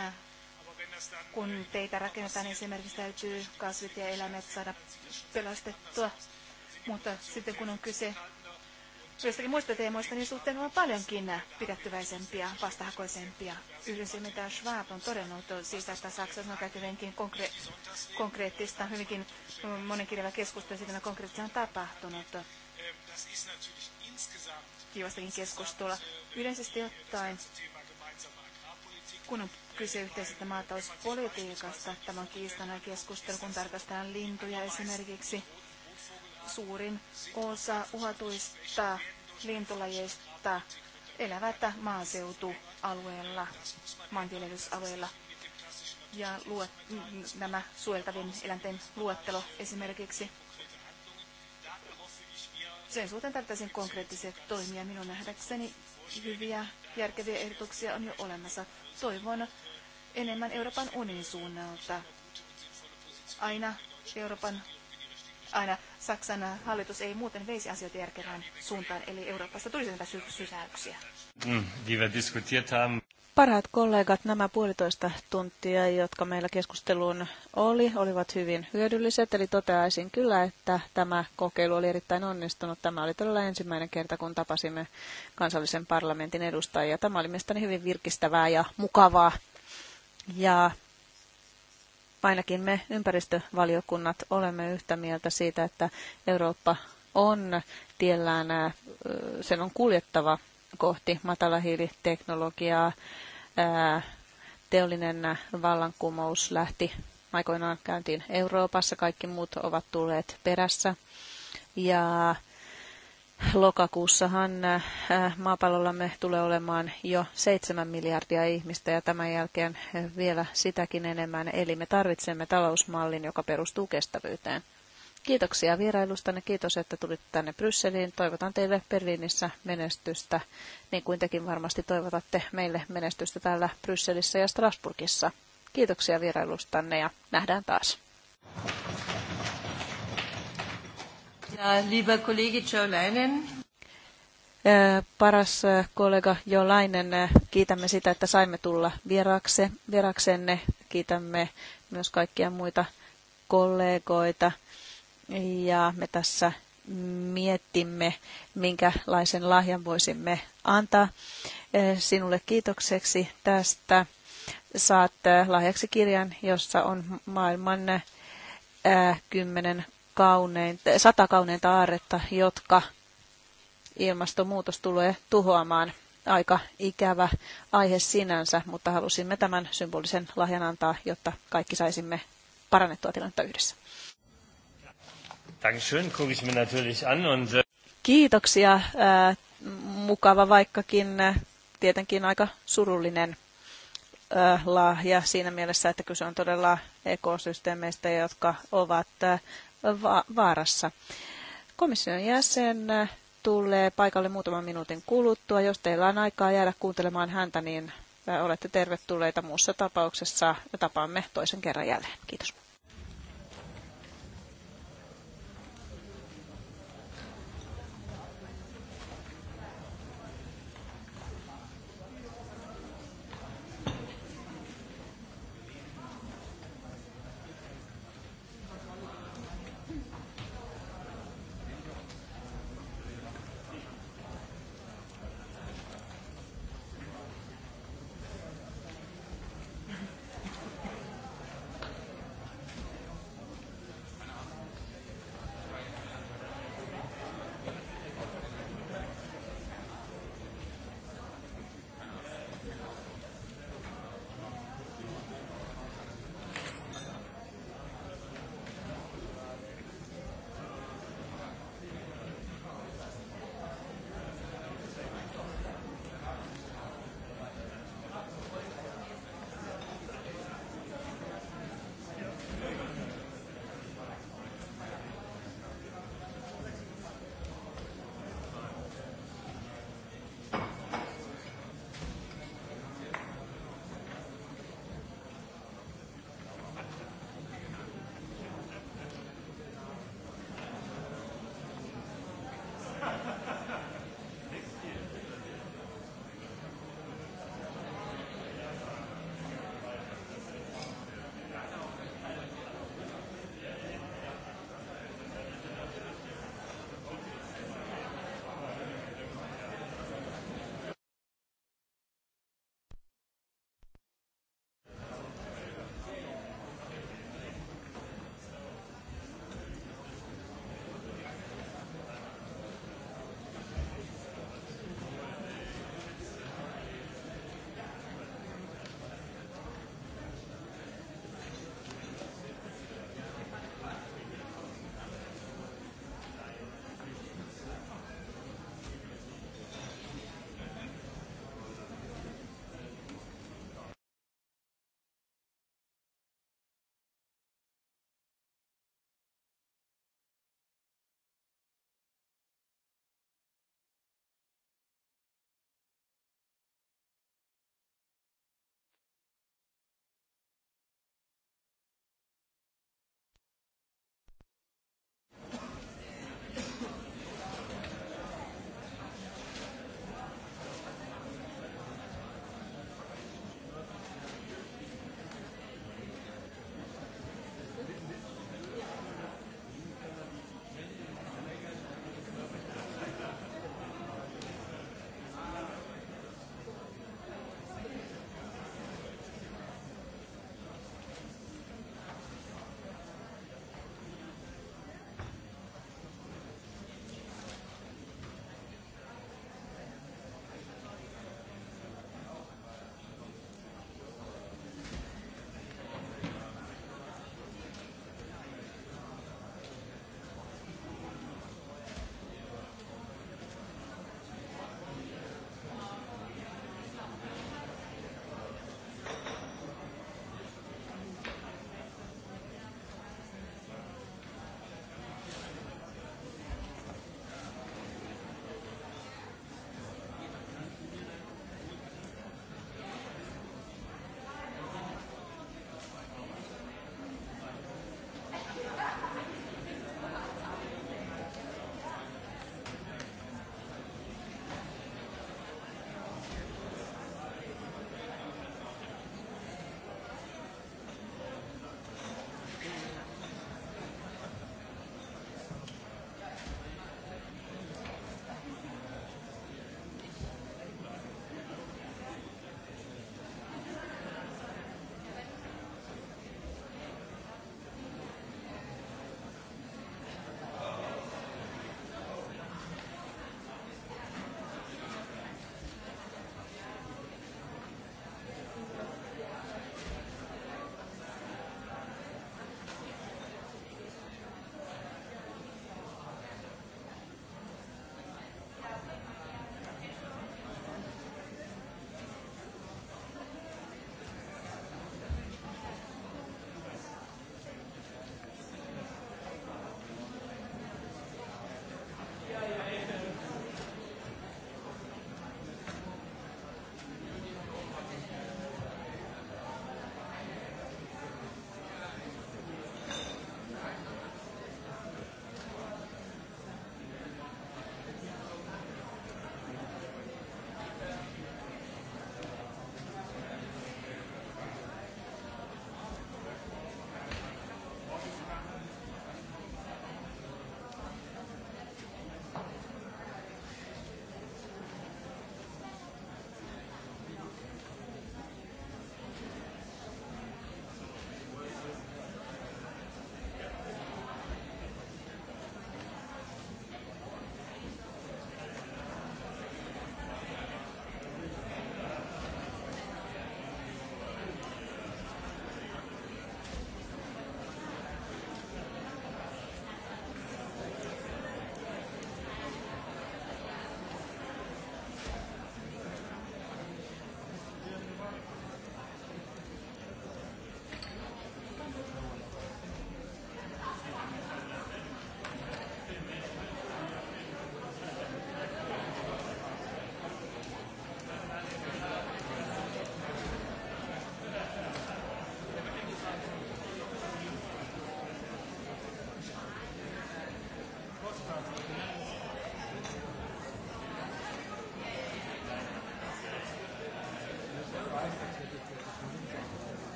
kun teitä rakennetaan, niin esimerkiksi täytyy kasvit ja eläimet saada pelastettua. Mutta sitten kun on kyse joistakin muista teemoista, niin suhteen on paljonkin pidättyväisempiä, vastahakoisempia. Yhdyn mitä Schwab on todennut siitä, että Saksassa on käyty hyvinkin konkre- konkreettista, hyvinkin kirjalla keskustelua siitä, mitä konkreettisesti on tapahtunut. Kiivastakin keskustella. Yleisesti ottaen, kun on kyse yhteisestä maatalouspolitiikasta. Tämän on kiistana keskustelu, kun tarkastellaan lintuja esimerkiksi. Suurin osa uhatuista lintulajeista elävät maaseutualueella, maanviljelysalueella. Ja luet, nämä suojeltavien eläinten luettelo esimerkiksi. Sen suhteen tarvittaisiin konkreettisia toimia minun nähdäkseni hyviä, järkeviä ehdotuksia on jo olemassa. Toivon, enemmän Euroopan unionin suunnalta. Aina Euroopan aina Saksan hallitus ei muuten veisi asioita järkevään suuntaan, eli Euroopasta tulisi näitä sy- sysäyksiä. Mm, Parhaat kollegat, nämä puolitoista tuntia, jotka meillä keskusteluun oli, olivat hyvin hyödylliset. Eli toteaisin kyllä, että tämä kokeilu oli erittäin onnistunut. Tämä oli todella ensimmäinen kerta, kun tapasimme kansallisen parlamentin edustajia. Tämä oli mielestäni hyvin virkistävää ja mukavaa ja ainakin me ympäristövaliokunnat olemme yhtä mieltä siitä, että Eurooppa on tiellään, sen on kuljettava kohti matalahiiliteknologiaa. Teollinen vallankumous lähti aikoinaan käyntiin Euroopassa, kaikki muut ovat tulleet perässä. Ja Lokakuussahan äh, maapallollamme tulee olemaan jo 7 miljardia ihmistä ja tämän jälkeen äh, vielä sitäkin enemmän. Eli me tarvitsemme talousmallin, joka perustuu kestävyyteen. Kiitoksia vierailustanne, kiitos, että tulitte tänne Brysseliin. Toivotan teille Berliinissä menestystä, niin kuin tekin varmasti toivotatte meille menestystä täällä Brysselissä ja Strasburgissa. Kiitoksia vierailustanne ja nähdään taas. Ja, lieber Kollege Jolainen. Paras kollega Jolainen, kiitämme sitä, että saimme tulla vierakse, vieraksenne. Kiitämme myös kaikkia muita kollegoita. Ja me tässä miettimme, minkälaisen lahjan voisimme antaa sinulle kiitokseksi tästä. Saat lahjaksi kirjan, jossa on maailman kymmenen kaunein, sata kauneinta aaretta, jotka ilmastonmuutos tulee tuhoamaan. Aika ikävä aihe sinänsä, mutta halusimme tämän symbolisen lahjan antaa, jotta kaikki saisimme parannettua tilannetta yhdessä. Äh, Kiitoksia. Äh, mukava vaikkakin äh, tietenkin aika surullinen lahja siinä mielessä, että kyse on todella ekosysteemeistä, jotka ovat va- vaarassa. Komission jäsen tulee paikalle muutaman minuutin kuluttua. Jos teillä on aikaa jäädä kuuntelemaan häntä, niin olette tervetulleita. Muussa tapauksessa tapaamme toisen kerran jälleen. Kiitos.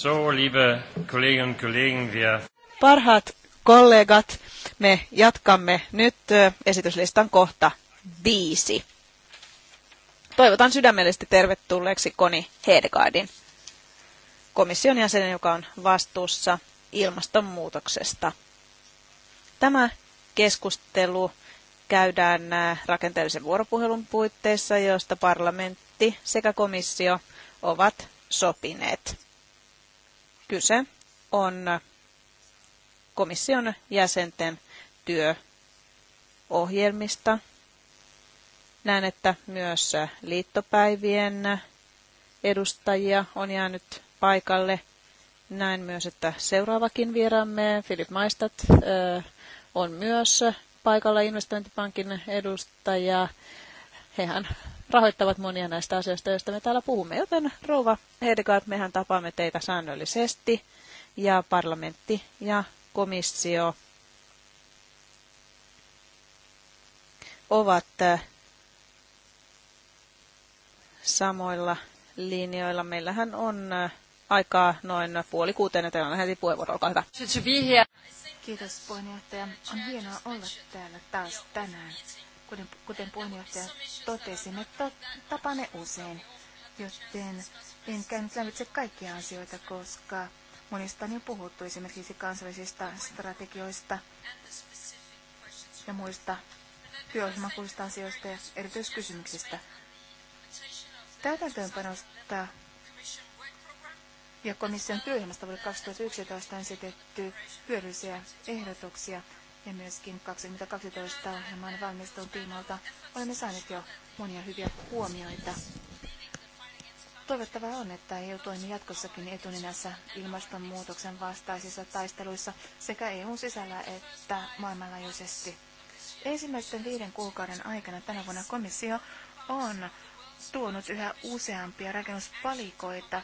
So, liebe Kolleginnen und Kollegen, wir... Parhaat kollegat, me jatkamme nyt esityslistan kohta viisi. Toivotan sydämellisesti tervetulleeksi Koni Hedegaardin, komission jäsenen, joka on vastuussa ilmastonmuutoksesta. Tämä keskustelu käydään rakenteellisen vuoropuhelun puitteissa, josta parlamentti sekä komissio ovat sopineet. Kyse on komission jäsenten työohjelmista. Näen, että myös liittopäivien edustajia on jäänyt paikalle. Näen myös, että seuraavakin vieraamme, Filip Maistat, on myös paikalla investointipankin edustaja. Hehän rahoittavat monia näistä asioista, joista me täällä puhumme. Joten rouva Hedegaard, mehän tapaamme teitä säännöllisesti ja parlamentti ja komissio ovat äh, samoilla linjoilla. Meillähän on äh, aikaa noin puoli kuuteen, ja teillä on heti puheenvuoro, olkaa hyvä. Kiitos puheenjohtaja. On hienoa olla täällä taas tänään kuten, kuten puheenjohtaja totesi, me to, tapaamme usein, joten en käynyt lävitse kaikkia asioita, koska monista on jo puhuttu esimerkiksi kansallisista strategioista ja muista työohjelmakuista asioista ja erityiskysymyksistä. Täytäntöönpanosta ja komission työohjelmasta vuodelle 2011 on esitetty hyödyllisiä ehdotuksia ja myöskin 2012 ohjelman valmistelun tiimoilta olemme saaneet jo monia hyviä huomioita. Toivottavaa on, että EU toimii jatkossakin etunenässä ilmastonmuutoksen vastaisissa taisteluissa sekä EUn sisällä että maailmanlaajuisesti. Ensimmäisten viiden kuukauden aikana tänä vuonna komissio on tuonut yhä useampia rakennuspalikoita,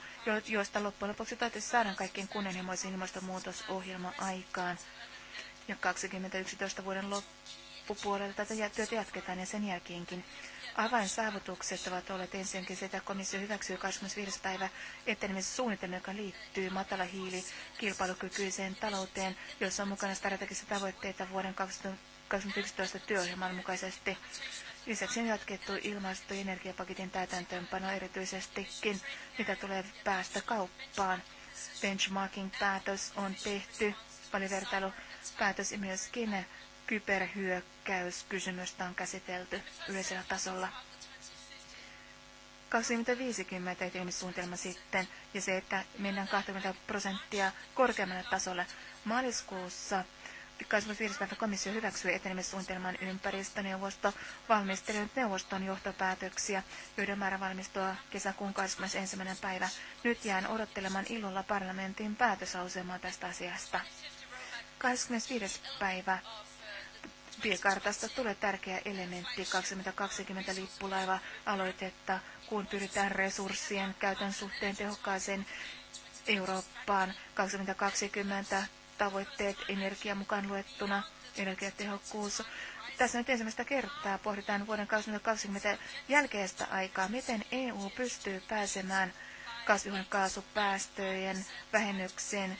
joista loppujen lopuksi täytyisi saada kaikkien kunnianhimoisen ilmastonmuutosohjelma aikaan ja 2011 vuoden loppupuolella tätä työtä jatketaan ja sen jälkeenkin. Avainsaavutukset ovat olleet ensinnäkin sitä, että komissio hyväksyy 25. päivä suunnitelma, joka liittyy hiili, kilpailukykyiseen talouteen, jossa on mukana strategisia tavoitteita vuoden 2011 työohjelman mukaisesti. Lisäksi on jatkettu ilmasto- ja energiapaketin täytäntöönpano erityisestikin, mitä tulee päästä kauppaan. Benchmarking-päätös on tehty, paljon vertailu päätös ja myöskin kyberhyökkäyskysymystä on käsitelty yleisellä tasolla. 2050 suunnitelma sitten ja se, että mennään 20 prosenttia korkeammalle tasolle. Maaliskuussa 25. päivä komissio hyväksyi etenemissuunnitelman ympäristöneuvosto valmistelut neuvoston johtopäätöksiä, joiden määrä valmistua kesäkuun 21. päivä. Nyt jään odottelemaan illalla parlamentin päätöslauselmaa tästä asiasta. 25. päivä tiekartasta tulee tärkeä elementti 2020 lippulaiva aloitetta, kun pyritään resurssien käytön suhteen tehokkaaseen Eurooppaan 2020 tavoitteet energia mukaan luettuna, energiatehokkuus. Tässä nyt ensimmäistä kertaa pohditaan vuoden 2020 jälkeistä aikaa, miten EU pystyy pääsemään kasvihuonekaasupäästöjen vähennykseen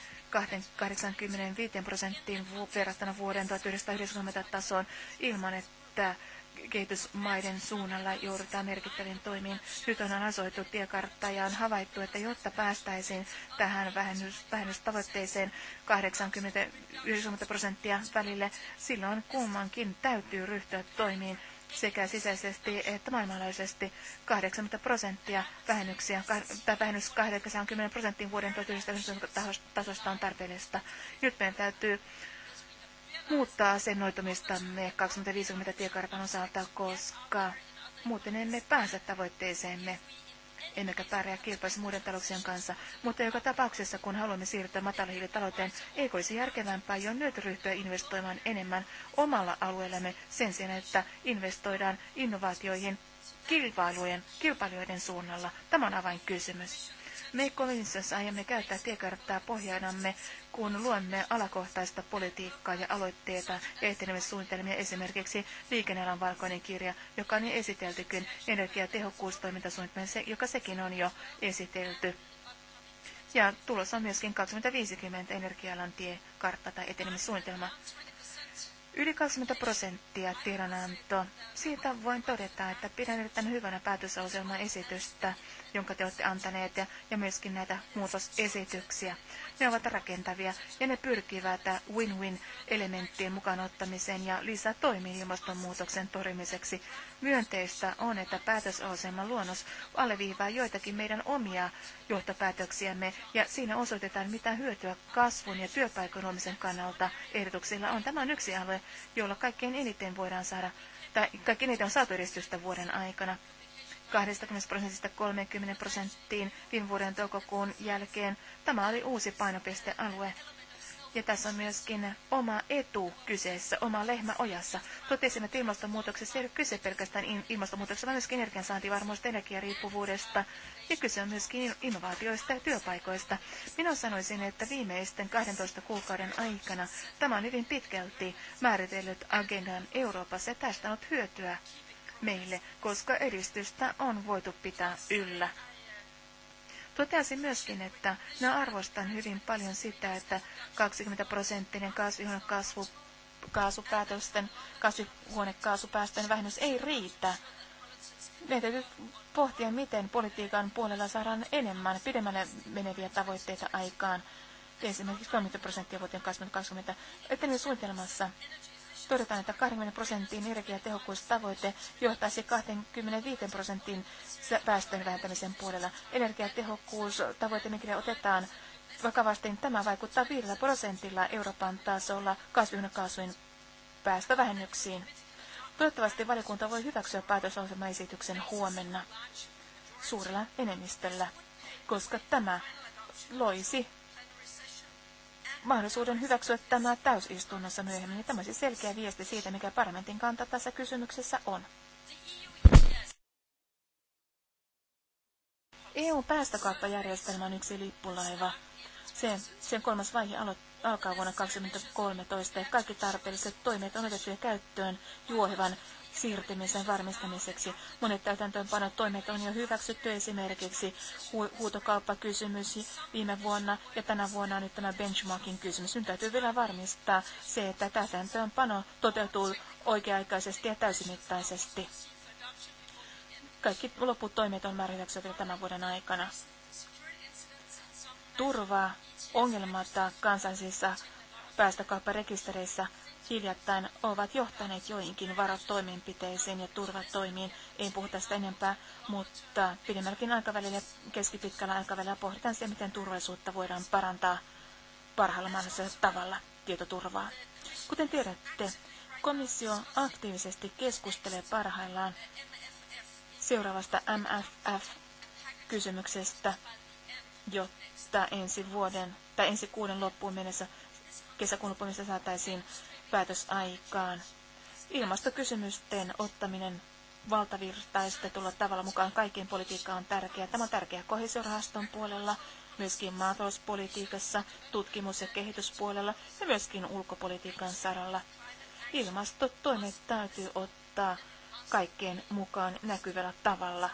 85 prosenttiin verrattuna vuoden 1990 tasoon ilman, että kehitysmaiden suunnalla joudutaan merkittäviin toimiin. Nyt on asoitu tiekartta ja on havaittu, että jotta päästäisiin tähän vähennys, vähennystavoitteeseen 80-90 prosenttia välille, silloin kummankin täytyy ryhtyä toimiin sekä sisäisesti että maailmanlaajuisesti 80 prosenttia vähennyksiä, tai vähennys 80 prosenttiin vuoden 1990 tasosta on tarpeellista. Nyt meidän täytyy muuttaa sen asennoitumistamme 2050 tiekartan osalta, koska muuten emme pääse tavoitteeseemme emmekä pärjää kilpailisi muiden talouksien kanssa. Mutta joka tapauksessa, kun haluamme siirtyä matalahiilitalouteen, ei olisi järkevämpää jo nyt ryhtyä investoimaan enemmän omalla alueellamme sen sijaan, että investoidaan innovaatioihin kilpailujen, kilpailijoiden suunnalla. Tämä on avainkysymys. Me komissiossa aiemme käyttää tiekarttaa pohjaanamme, kun luomme alakohtaista politiikkaa ja aloitteita ja suunnitelmia esimerkiksi liikennealan valkoinen kirja, joka on jo esiteltykin, energiatehokkuustoimintasuunnitelma, joka sekin on jo esitelty. Ja tulossa on myöskin 2050 energialan tiekartta tai etenemissuunnitelma. Yli 20 prosenttia tiedonanto. Siitä voin todeta, että pidän erittäin hyvänä päätösohjelman esitystä jonka te olette antaneet, ja, ja myöskin näitä muutosesityksiä. Ne ovat rakentavia, ja ne pyrkivät win-win-elementtien mukaan ottamiseen ja lisätoimiin ilmastonmuutoksen torjumiseksi. Myönteistä on, että päätösaseman luonnos alleviivaa joitakin meidän omia johtopäätöksiämme, ja siinä osoitetaan, mitä hyötyä kasvun ja työpaikan kannalta ehdotuksilla on. Tämä on yksi alue, jolla kaikkein eniten voidaan saada, tai kaikkein eniten on saatu edistystä vuoden aikana. 20 prosentista 30 prosenttiin viime vuoden toukokuun jälkeen. Tämä oli uusi painopistealue. Ja tässä on myöskin oma etu kyseessä, oma lehmä ojassa. Totesimme, että ilmastonmuutoksessa ei ole kyse pelkästään ilmastonmuutoksesta, vaan myöskin energiansaantivarmuudesta, energiariippuvuudesta. Ja kyse on myöskin innovaatioista ja työpaikoista. Minä sanoisin, että viimeisten 12 kuukauden aikana tämä on hyvin pitkälti määritellyt agendan Euroopassa ja tästä on ollut hyötyä meille, koska edistystä on voitu pitää yllä. Toteasin myöskin, että minä arvostan hyvin paljon sitä, että 20 prosenttinen kasvihuonekasvu kaasupäätösten, kasvihuonekaasupäästöjen vähennys ei riitä. Meidän täytyy pohtia, miten politiikan puolella saadaan enemmän, pidemmälle meneviä tavoitteita aikaan. Esimerkiksi 30 prosenttia vuoteen 2020 suunnitelmassa todetaan, että 20 prosentin energiatehokkuustavoite johtaisi 25 prosentin päästöjen vähentämisen puolella. Energiatehokkuustavoite, mikä otetaan vakavasti, niin tämä vaikuttaa 5 prosentilla Euroopan tasolla kasvihuonekaasujen päästövähennyksiin. Toivottavasti valiokunta voi hyväksyä päätöslauselmaesityksen huomenna suurella enemmistöllä, koska tämä loisi mahdollisuuden hyväksyä tämä täysistunnossa myöhemmin. Tämä on siis selkeä viesti siitä, mikä parlamentin kanta tässä kysymyksessä on. EU-päästökauppajärjestelmä on yksi lippulaiva. Sen, sen kolmas vaihe aloittaa alkaa vuonna 2013 ja kaikki tarpeelliset toimet on otettu käyttöön juohevan siirtymisen varmistamiseksi. Monet täytäntöönpanot toimet on jo hyväksytty esimerkiksi hu- huutokauppakysymys viime vuonna ja tänä vuonna on nyt tämä benchmarkin kysymys. Nyt täytyy vielä varmistaa se, että täytäntöönpano toteutuu oikea-aikaisesti ja täysimittaisesti. Kaikki loput toimet on määritelty vielä tämän vuoden aikana. Turva, ongelmat kansallisissa päästökaupparekistereissä hiljattain ovat johtaneet joihinkin varatoimenpiteisiin ja turvatoimiin. En puhu tästä enempää, mutta pidemmälläkin aikavälillä, keskipitkällä aikavälillä pohditaan se, miten turvallisuutta voidaan parantaa parhaalla mahdollisella tavalla tietoturvaa. Kuten tiedätte, komissio aktiivisesti keskustelee parhaillaan seuraavasta MFF-kysymyksestä, jotta ensi vuoden tai ensi kuuden loppuun mennessä kesäkuun loppuun mennessä saataisiin päätös aikaan. Ilmastokysymysten ottaminen valtavirtaistetulla tavalla mukaan kaikkeen politiikkaan on tärkeää. Tämä on tärkeää kohesiorahaston puolella, myöskin maatalouspolitiikassa, tutkimus- ja kehityspuolella ja myöskin ulkopolitiikan saralla. Ilmastotoimet täytyy ottaa kaikkeen mukaan näkyvällä tavalla.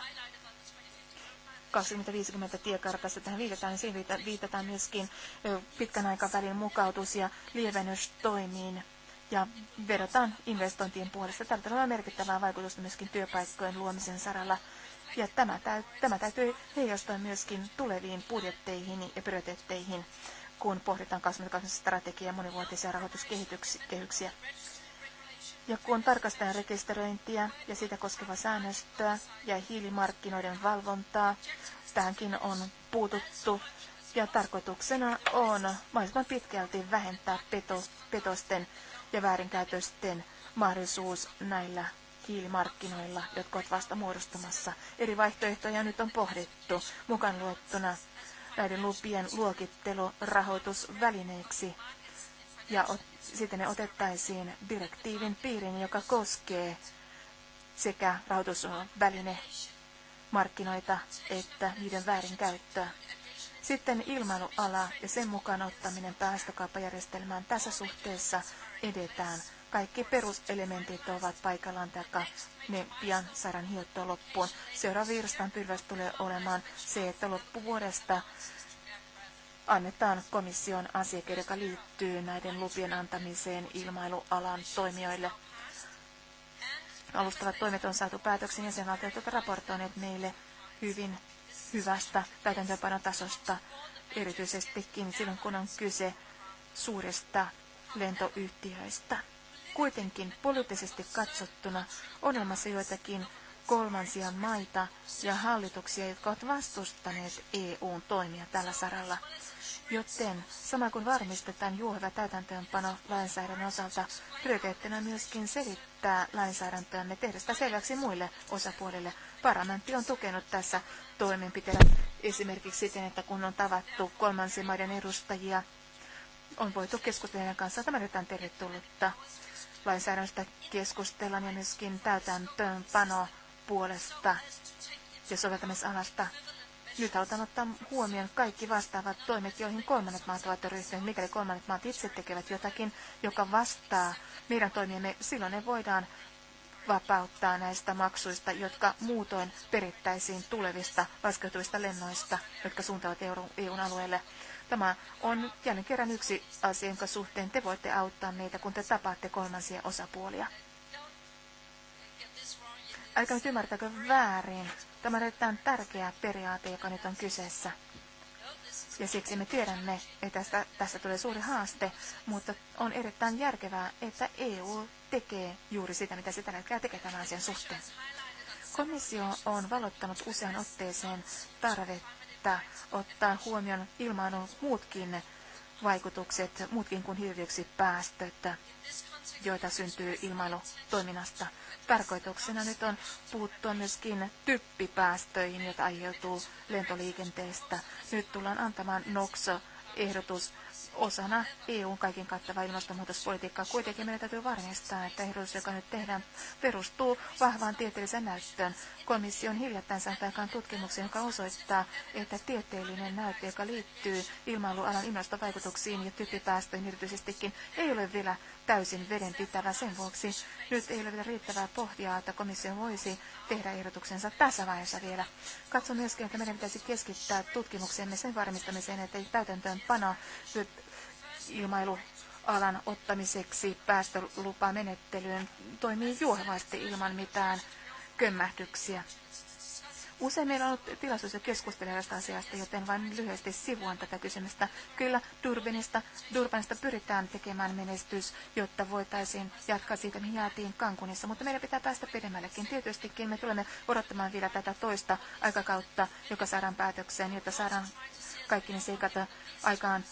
2050 tiekartassa tähän viitataan, niin viitataan myöskin pitkän aikavälin mukautus- ja lievennystoimiin ja vedotaan investointien puolesta. Tällä on merkittävää vaikutusta myöskin työpaikkojen luomisen saralla. Ja tämä, tämä täytyy heijastaa myöskin tuleviin budjetteihin ja prioriteetteihin, kun pohditaan kasvatuksen strategia ja monivuotisia rahoituskehyksiä. Ja kun tarkastetaan rekisteröintiä ja sitä koskevaa säännöstöä ja hiilimarkkinoiden valvontaa, tähänkin on puututtu. Ja tarkoituksena on mahdollisimman pitkälti vähentää peto, petosten ja väärinkäytösten mahdollisuus näillä hiilimarkkinoilla, jotka ovat vasta muodostumassa. Eri vaihtoehtoja nyt on pohdittu, mukaan luettuna näiden lupien luokittelu rahoitusvälineeksi. Ja sitten ne otettaisiin direktiivin piirin, joka koskee sekä rahoitusväline markkinoita että niiden väärinkäyttöä. Sitten ilmailuala ja sen mukaan ottaminen päästökauppajärjestelmään tässä suhteessa edetään. Kaikki peruselementit ovat paikallaan taikka ne pian saadaan hiottua loppuun. Seuraava virstan pylväs tulee olemaan se, että loppuvuodesta annetaan komission asiakirja, joka liittyy näiden lupien antamiseen ilmailualan toimijoille. Alustavat toimet on saatu päätöksen sen ovat tuota raportoineet meille hyvin hyvästä täytäntöönpanotasosta, erityisestikin silloin kun on kyse suuresta lentoyhtiöistä. Kuitenkin poliittisesti katsottuna on olemassa joitakin kolmansia maita ja hallituksia, jotka ovat vastustaneet EUn toimia tällä saralla. Joten sama kuin varmistetaan juohva täytäntöönpano lainsäädännön osalta, prioriteettina myöskin selittää lainsäädäntöämme tehdä sitä selväksi muille osapuolille. Parlamentti on tukenut tässä toimenpiteellä esimerkiksi siten, että kun on tavattu kolmansien maiden edustajia on voitu keskustella heidän kanssaan. Tämä on erittäin tervetullutta. Lainsäädännöstä keskustella ja myöskin täytäntöönpano puolesta ja soveltamisalasta. Nyt halutaan ottaa huomioon kaikki vastaavat toimet, joihin kolmannet maat ovat ryhtyneet. Mikäli kolmannet maat itse tekevät jotakin, joka vastaa meidän toimiemme silloin ne voidaan vapauttaa näistä maksuista, jotka muutoin perittäisiin tulevista laskeutuvista lennoista, jotka suuntaavat eu alueelle. Tämä on jälleen kerran yksi asia, jonka suhteen te voitte auttaa meitä, kun te tapaatte kolmansia osapuolia. Älkää nyt ymmärtäkö väärin. Tämä on erittäin tärkeä periaate, joka nyt on kyseessä. Ja siksi me tiedämme, että tästä, tästä tulee suuri haaste, mutta on erittäin järkevää, että EU tekee juuri sitä, mitä se tällä hetkellä tekee tämän asian suhteen. Komissio on valottanut usean otteeseen tarvetta että ottaa huomioon ilmailun muutkin vaikutukset, muutkin kuin hiilidioksidipäästöt, joita syntyy ilmailutoiminnasta. Tarkoituksena nyt on puuttua myöskin typpipäästöihin, joita aiheutuu lentoliikenteestä. Nyt tullaan antamaan NOXO-ehdotus osana EUn kaiken kattavaa ilmastonmuutospolitiikkaa. Kuitenkin meidän täytyy varmistaa, että ehdotus, joka nyt tehdään, perustuu vahvaan tieteelliseen näyttöön. Komissio on hiljattain saanut aikaan tutkimuksen, joka osoittaa, että tieteellinen näyttö, joka liittyy ilmailualan ilmastovaikutuksiin ja typipäästöihin erityisestikin, ei ole vielä täysin vedenpitävä. Sen vuoksi nyt ei ole vielä riittävää pohjaa, että komissio voisi tehdä ehdotuksensa tässä vaiheessa vielä. Katson myöskin, että meidän pitäisi keskittää tutkimuksemme sen varmistamiseen, että täytäntöönpano ilmailu alan ottamiseksi päästölupamenettelyyn toimii juohevasti ilman mitään kömmähdyksiä. Usein meillä on ollut tilaisuus keskustella tästä asiasta, joten vain lyhyesti sivuan tätä kysymystä. Kyllä Durbanista, Durbanista pyritään tekemään menestys, jotta voitaisiin jatkaa siitä, mihin jäätiin Kankunissa. Mutta meidän pitää päästä pidemmällekin. Tietystikin me tulemme odottamaan vielä tätä toista aikakautta, joka saadaan päätökseen, jotta saadaan kaikki ne seikat aikaan,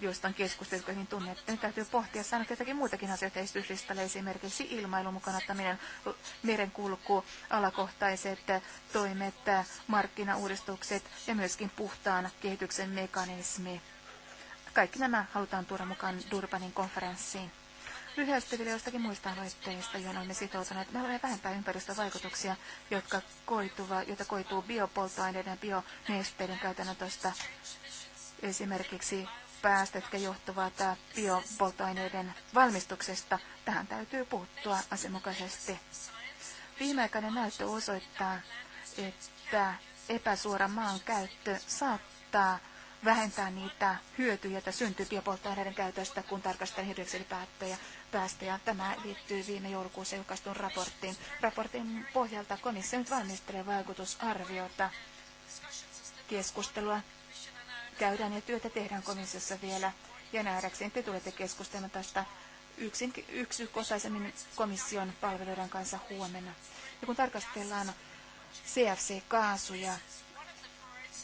joista on keskusteltu, jotka hyvin niin tunnette. Nyt niin täytyy pohtia saanut jotakin muitakin asioita esityslistalle, esimerkiksi ilmailun mukaan ottaminen, merenkulku, alakohtaiset toimet, markkinauudistukset ja myöskin puhtaan kehityksen mekanismi. Kaikki nämä halutaan tuoda mukaan Durbanin konferenssiin. Lyhyesti vielä jostakin muista aloitteista, joihin olemme sitoutuneet. Me haluamme vähentää ympäristövaikutuksia, jotka koituva, joita koituu biopolttoaineiden ja käytännön tuosta esimerkiksi päästöt, jotka johtuvat äh, biopoltoaineiden valmistuksesta. Tähän täytyy puuttua asianmukaisesti. Viimeaikainen näyttö osoittaa, että epäsuora maan käyttö saattaa vähentää niitä hyötyjä, joita syntyy biopolttoaineiden käytöstä, kun tarkastetaan hiilidioksidipäästöjä. Päästöjä. Tämä liittyy viime joulukuussa julkaistuun raporttiin. Raportin pohjalta komissio nyt valmistelee vaikutusarviota keskustelua käydään ja työtä tehdään komissiossa vielä. Ja nähdäkseni te tulette keskustelemaan tästä yksin, yksityiskohtaisemmin komission palveluiden kanssa huomenna. Ja kun tarkastellaan CFC-kaasuja,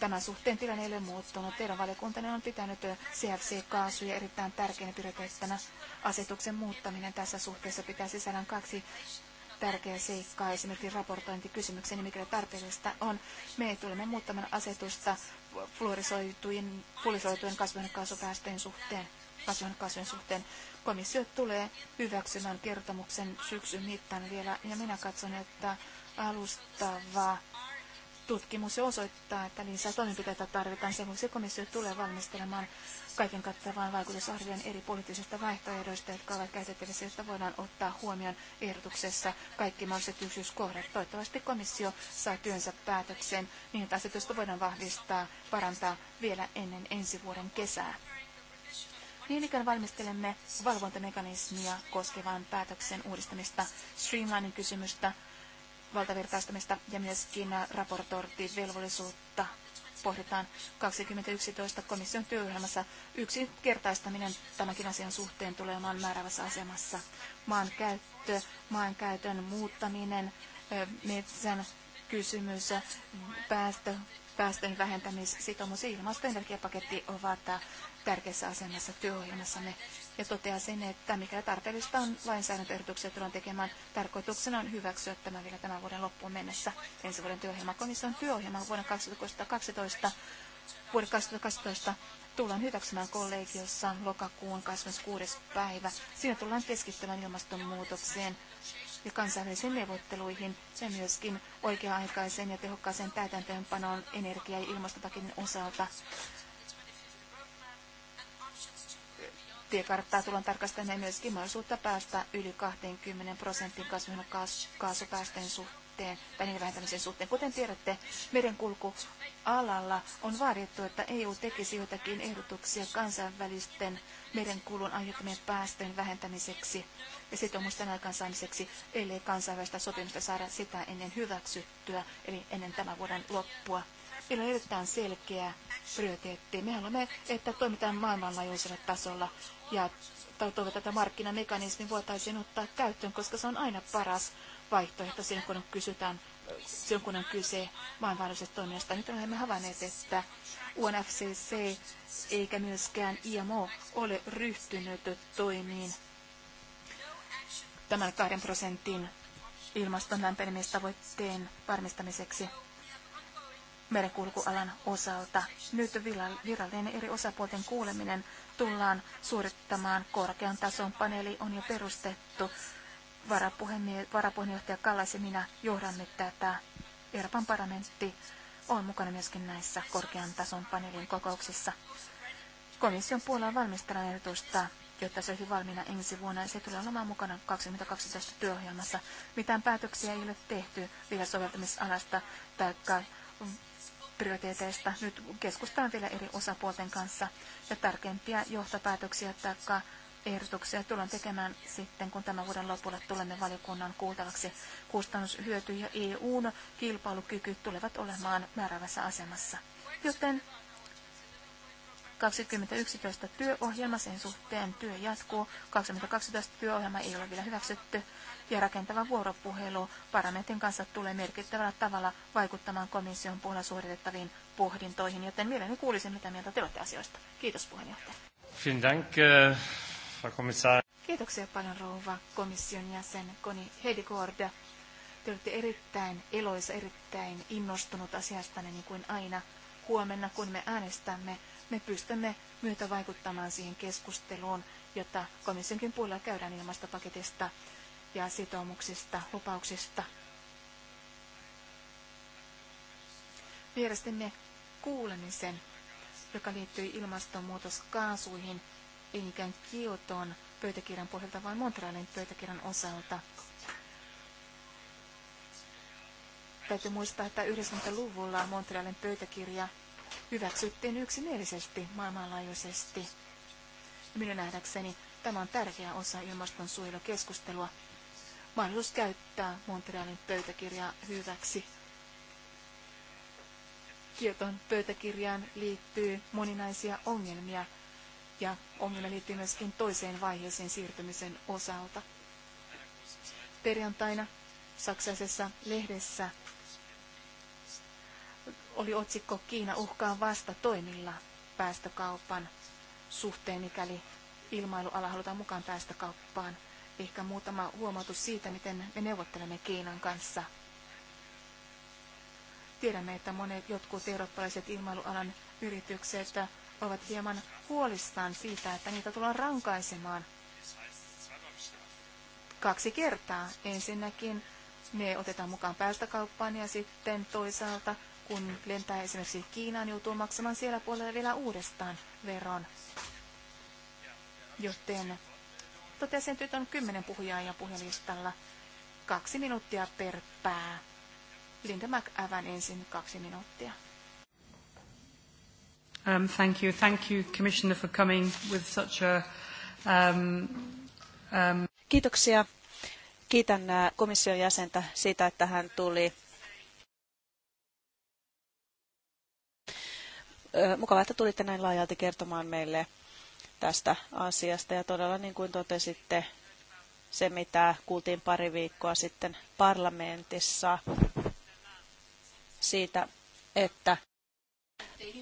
tämän suhteen tilanne ei ole muuttunut. Teidän valiokuntanne on pitänyt CFC-kaasuja erittäin tärkeänä prioriteettina. Asetuksen muuttaminen tässä suhteessa pitää sisällään kaksi tärkeä seikka, esimerkiksi raportointikysymykseen, niin mikä tarpeellista on. Me tulemme muuttamaan asetusta fluorisoitujen, fluorisoitujen kasvihuonekaasupäästöjen suhteen, kasvihuonekaasujen suhteen. Komissio tulee hyväksymään kertomuksen syksyn mittaan vielä, ja minä katson, että alustava tutkimus osoittaa, että lisää toimenpiteitä tarvitaan. Sen vuoksi komissio tulee valmistelemaan kaiken kattavaan vaikutusarvion eri poliittisista vaihtoehdoista, jotka ovat käytettävissä, josta voidaan ottaa huomioon ehdotuksessa kaikki mahdolliset yksityiskohdat. Toivottavasti komissio saa työnsä päätökseen niin, että asetusta voidaan vahvistaa, parantaa vielä ennen ensi vuoden kesää. Niin ikään valmistelemme valvontamekanismia koskevan päätöksen uudistamista, streamlining kysymystä, valtavirtaistamista ja myöskin raportointivelvollisuutta pohditaan 2011 komission työohjelmassa. Yksinkertaistaminen tämänkin asian suhteen tulee olemaan määrävässä asemassa. Maankäyttö, maankäytön muuttaminen, metsän kysymys, päästö, päästöjen vähentämissitoumus ja ilmasto- ja energiapaketti ovat tärkeässä asemassa työohjelmassamme ja toteaa sen, että mikä tarpeellista on lainsäädäntöehdotuksia tullaan tekemään. Tarkoituksena on hyväksyä tämä vielä tämän vuoden loppuun mennessä. Ensi vuoden työohjelma. Komission työohjelma vuonna 2012, vuoden 2012 tullaan hyväksymään kollegiossa lokakuun 26. päivä. Siinä tullaan keskittymään ilmastonmuutokseen ja kansainvälisiin neuvotteluihin ja myöskin oikea-aikaiseen ja tehokkaaseen täytäntöönpanoon energia- ja ilmastopaketin osalta. tiekarttaa tullaan tarkastamaan myöskin mahdollisuutta päästä yli 20 prosentin kasvihuonekaasupäästöjen suhteen tai niiden vähentämisen suhteen. Kuten tiedätte, merenkulkualalla on vaadittu, että EU tekisi jotakin ehdotuksia kansainvälisten merenkulun aiheuttamien päästöjen vähentämiseksi ja sitoumusten aikaansaamiseksi, ellei kansainvälistä sopimusta saada sitä ennen hyväksyttyä, eli ennen tämän vuoden loppua. Meillä on erittäin selkeä prioriteetti. Me haluamme, että toimitaan maailmanlaajuisella tasolla ja toivotaan, että markkinamekanismi voitaisiin ottaa käyttöön, koska se on aina paras vaihtoehto silloin, kun kysytään silloin kun on kyse maailmanlaajuisesta toiminnasta. Nyt olemme havainneet, että UNFCC eikä myöskään IMO ole ryhtynyt toimiin tämän kahden prosentin ilmaston lämpenemistavoitteen varmistamiseksi merenkulkualan osalta. Nyt virallinen eri osapuolten kuuleminen tullaan suorittamaan korkean tason paneeli on jo perustettu. Varapuheenjohtaja Kallais ja minä johdamme tätä. Euroopan parlamentti on mukana myöskin näissä korkean tason paneelin kokouksissa. Komission puolella valmistellaan ehdotusta, jotta se olisi valmiina ensi vuonna. Se tulee olemaan mukana 2012 työohjelmassa. Mitään päätöksiä ei ole tehty vielä soveltamisalasta tai prioriteeteista. Nyt keskustellaan vielä eri osapuolten kanssa ja tarkempia johtopäätöksiä tai ehdotuksia tullaan tekemään sitten, kun tämän vuoden lopulle tulemme valiokunnan kuultavaksi. Kustannushyöty ja EUn kilpailukyky tulevat olemaan määrävässä asemassa. Joten 2011 työohjelma, sen suhteen työ jatkuu. 2012 työohjelma ei ole vielä hyväksytty ja rakentava vuoropuhelu parlamentin kanssa tulee merkittävällä tavalla vaikuttamaan komission puolella suoritettaviin pohdintoihin, joten mielelläni kuulisin, mitä mieltä te olette asioista. Kiitos puheenjohtaja. Äh, Kiitoksia paljon rouva komission jäsen Koni Hedegaard. Te olette erittäin eloisa, erittäin innostunut asiasta, niin kuin aina. Huomenna, kun me äänestämme, me pystymme myötä vaikuttamaan siihen keskusteluun, jota komissionkin puolella käydään ilmastopaketista ja sitoumuksista, lupauksista. Vierestämme kuulemisen, joka liittyi ilmastonmuutoskaasuihin, ei niinkään Kioton pöytäkirjan pohjalta, vaan Montrealin pöytäkirjan osalta. Täytyy muistaa, että 90-luvulla Montrealin pöytäkirja hyväksyttiin yksimielisesti maailmanlaajuisesti. Minun nähdäkseni tämä on tärkeä osa ilmastonsuojelukeskustelua mahdollisuus käyttää Montrealin pöytäkirjaa hyväksi. Kioton pöytäkirjaan liittyy moninaisia ongelmia ja ongelma liittyy myöskin toiseen vaiheeseen siirtymisen osalta. Perjantaina saksaisessa lehdessä oli otsikko Kiina uhkaa vasta toimilla päästökaupan suhteen, mikäli ilmailuala halutaan mukaan päästökauppaan ehkä muutama huomautus siitä, miten me neuvottelemme Kiinan kanssa. Tiedämme, että monet jotkut eurooppalaiset ilmailualan yritykset ovat hieman huolissaan siitä, että niitä tullaan rankaisemaan kaksi kertaa. Ensinnäkin ne otetaan mukaan päästökauppaan ja sitten toisaalta, kun lentää esimerkiksi Kiinaan, joutuu maksamaan siellä puolella vielä uudestaan veron. Joten Totesin, että nyt on kymmenen puhujaa ja puhelistalla kaksi minuuttia per pää. Linda McAvan ensin kaksi minuuttia. Um, thank you. Thank you, Commissioner, for coming with such a... Um, um... Kiitoksia. Kiitän komission jäsentä siitä, että hän tuli mukavaa, että tulitte näin laajalti kertomaan meille tästä asiasta. Ja todella niin kuin totesitte, se mitä kuultiin pari viikkoa sitten parlamentissa siitä, että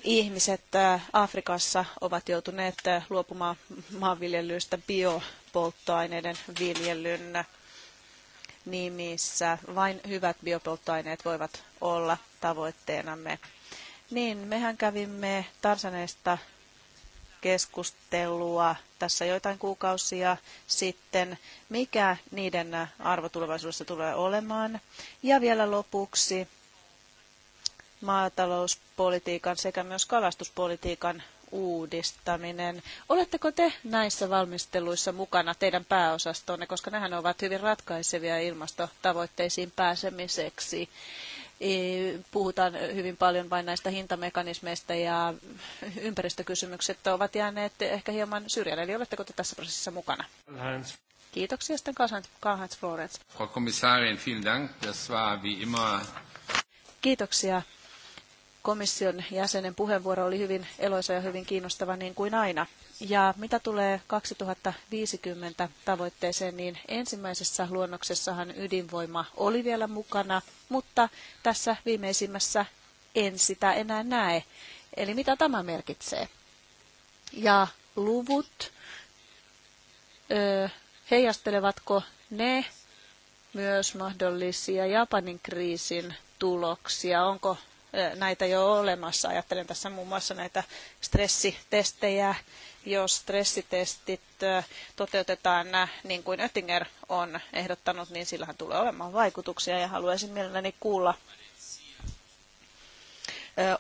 ihmiset Afrikassa ovat joutuneet luopumaan maanviljelystä biopolttoaineiden viljelyn nimissä. Vain hyvät biopolttoaineet voivat olla tavoitteenamme. Niin, mehän kävimme Tarsaneesta keskustelua tässä joitain kuukausia sitten, mikä niiden arvo tulevaisuudessa tulee olemaan. Ja vielä lopuksi maatalouspolitiikan sekä myös kalastuspolitiikan uudistaminen. Oletteko te näissä valmisteluissa mukana teidän pääosastonne, koska nehän ovat hyvin ratkaisevia ilmastotavoitteisiin pääsemiseksi? puhutaan hyvin paljon vain näistä hintamekanismeista ja ympäristökysymykset ovat jääneet ehkä hieman syrjälle. Eli oletteko te tässä prosessissa mukana? Kiitoksia sitten Karl-Heinz Florenz. Frau Kommissarin, vielen Dank. Das war wie immer... Kiitoksia. Komission jäsenen puheenvuoro oli hyvin eloisa ja hyvin kiinnostava niin kuin aina. Ja mitä tulee 2050 tavoitteeseen, niin ensimmäisessä luonnoksessahan ydinvoima oli vielä mukana, mutta tässä viimeisimmässä en sitä enää näe. Eli mitä tämä merkitsee? Ja luvut, ö, heijastelevatko ne myös mahdollisia Japanin kriisin tuloksia? Onko näitä jo olemassa? Ajattelen tässä muun muassa näitä stressitestejä jos stressitestit toteutetaan äh, niin kuin Oettinger on ehdottanut, niin sillähän tulee olemaan vaikutuksia ja haluaisin mielelläni kuulla,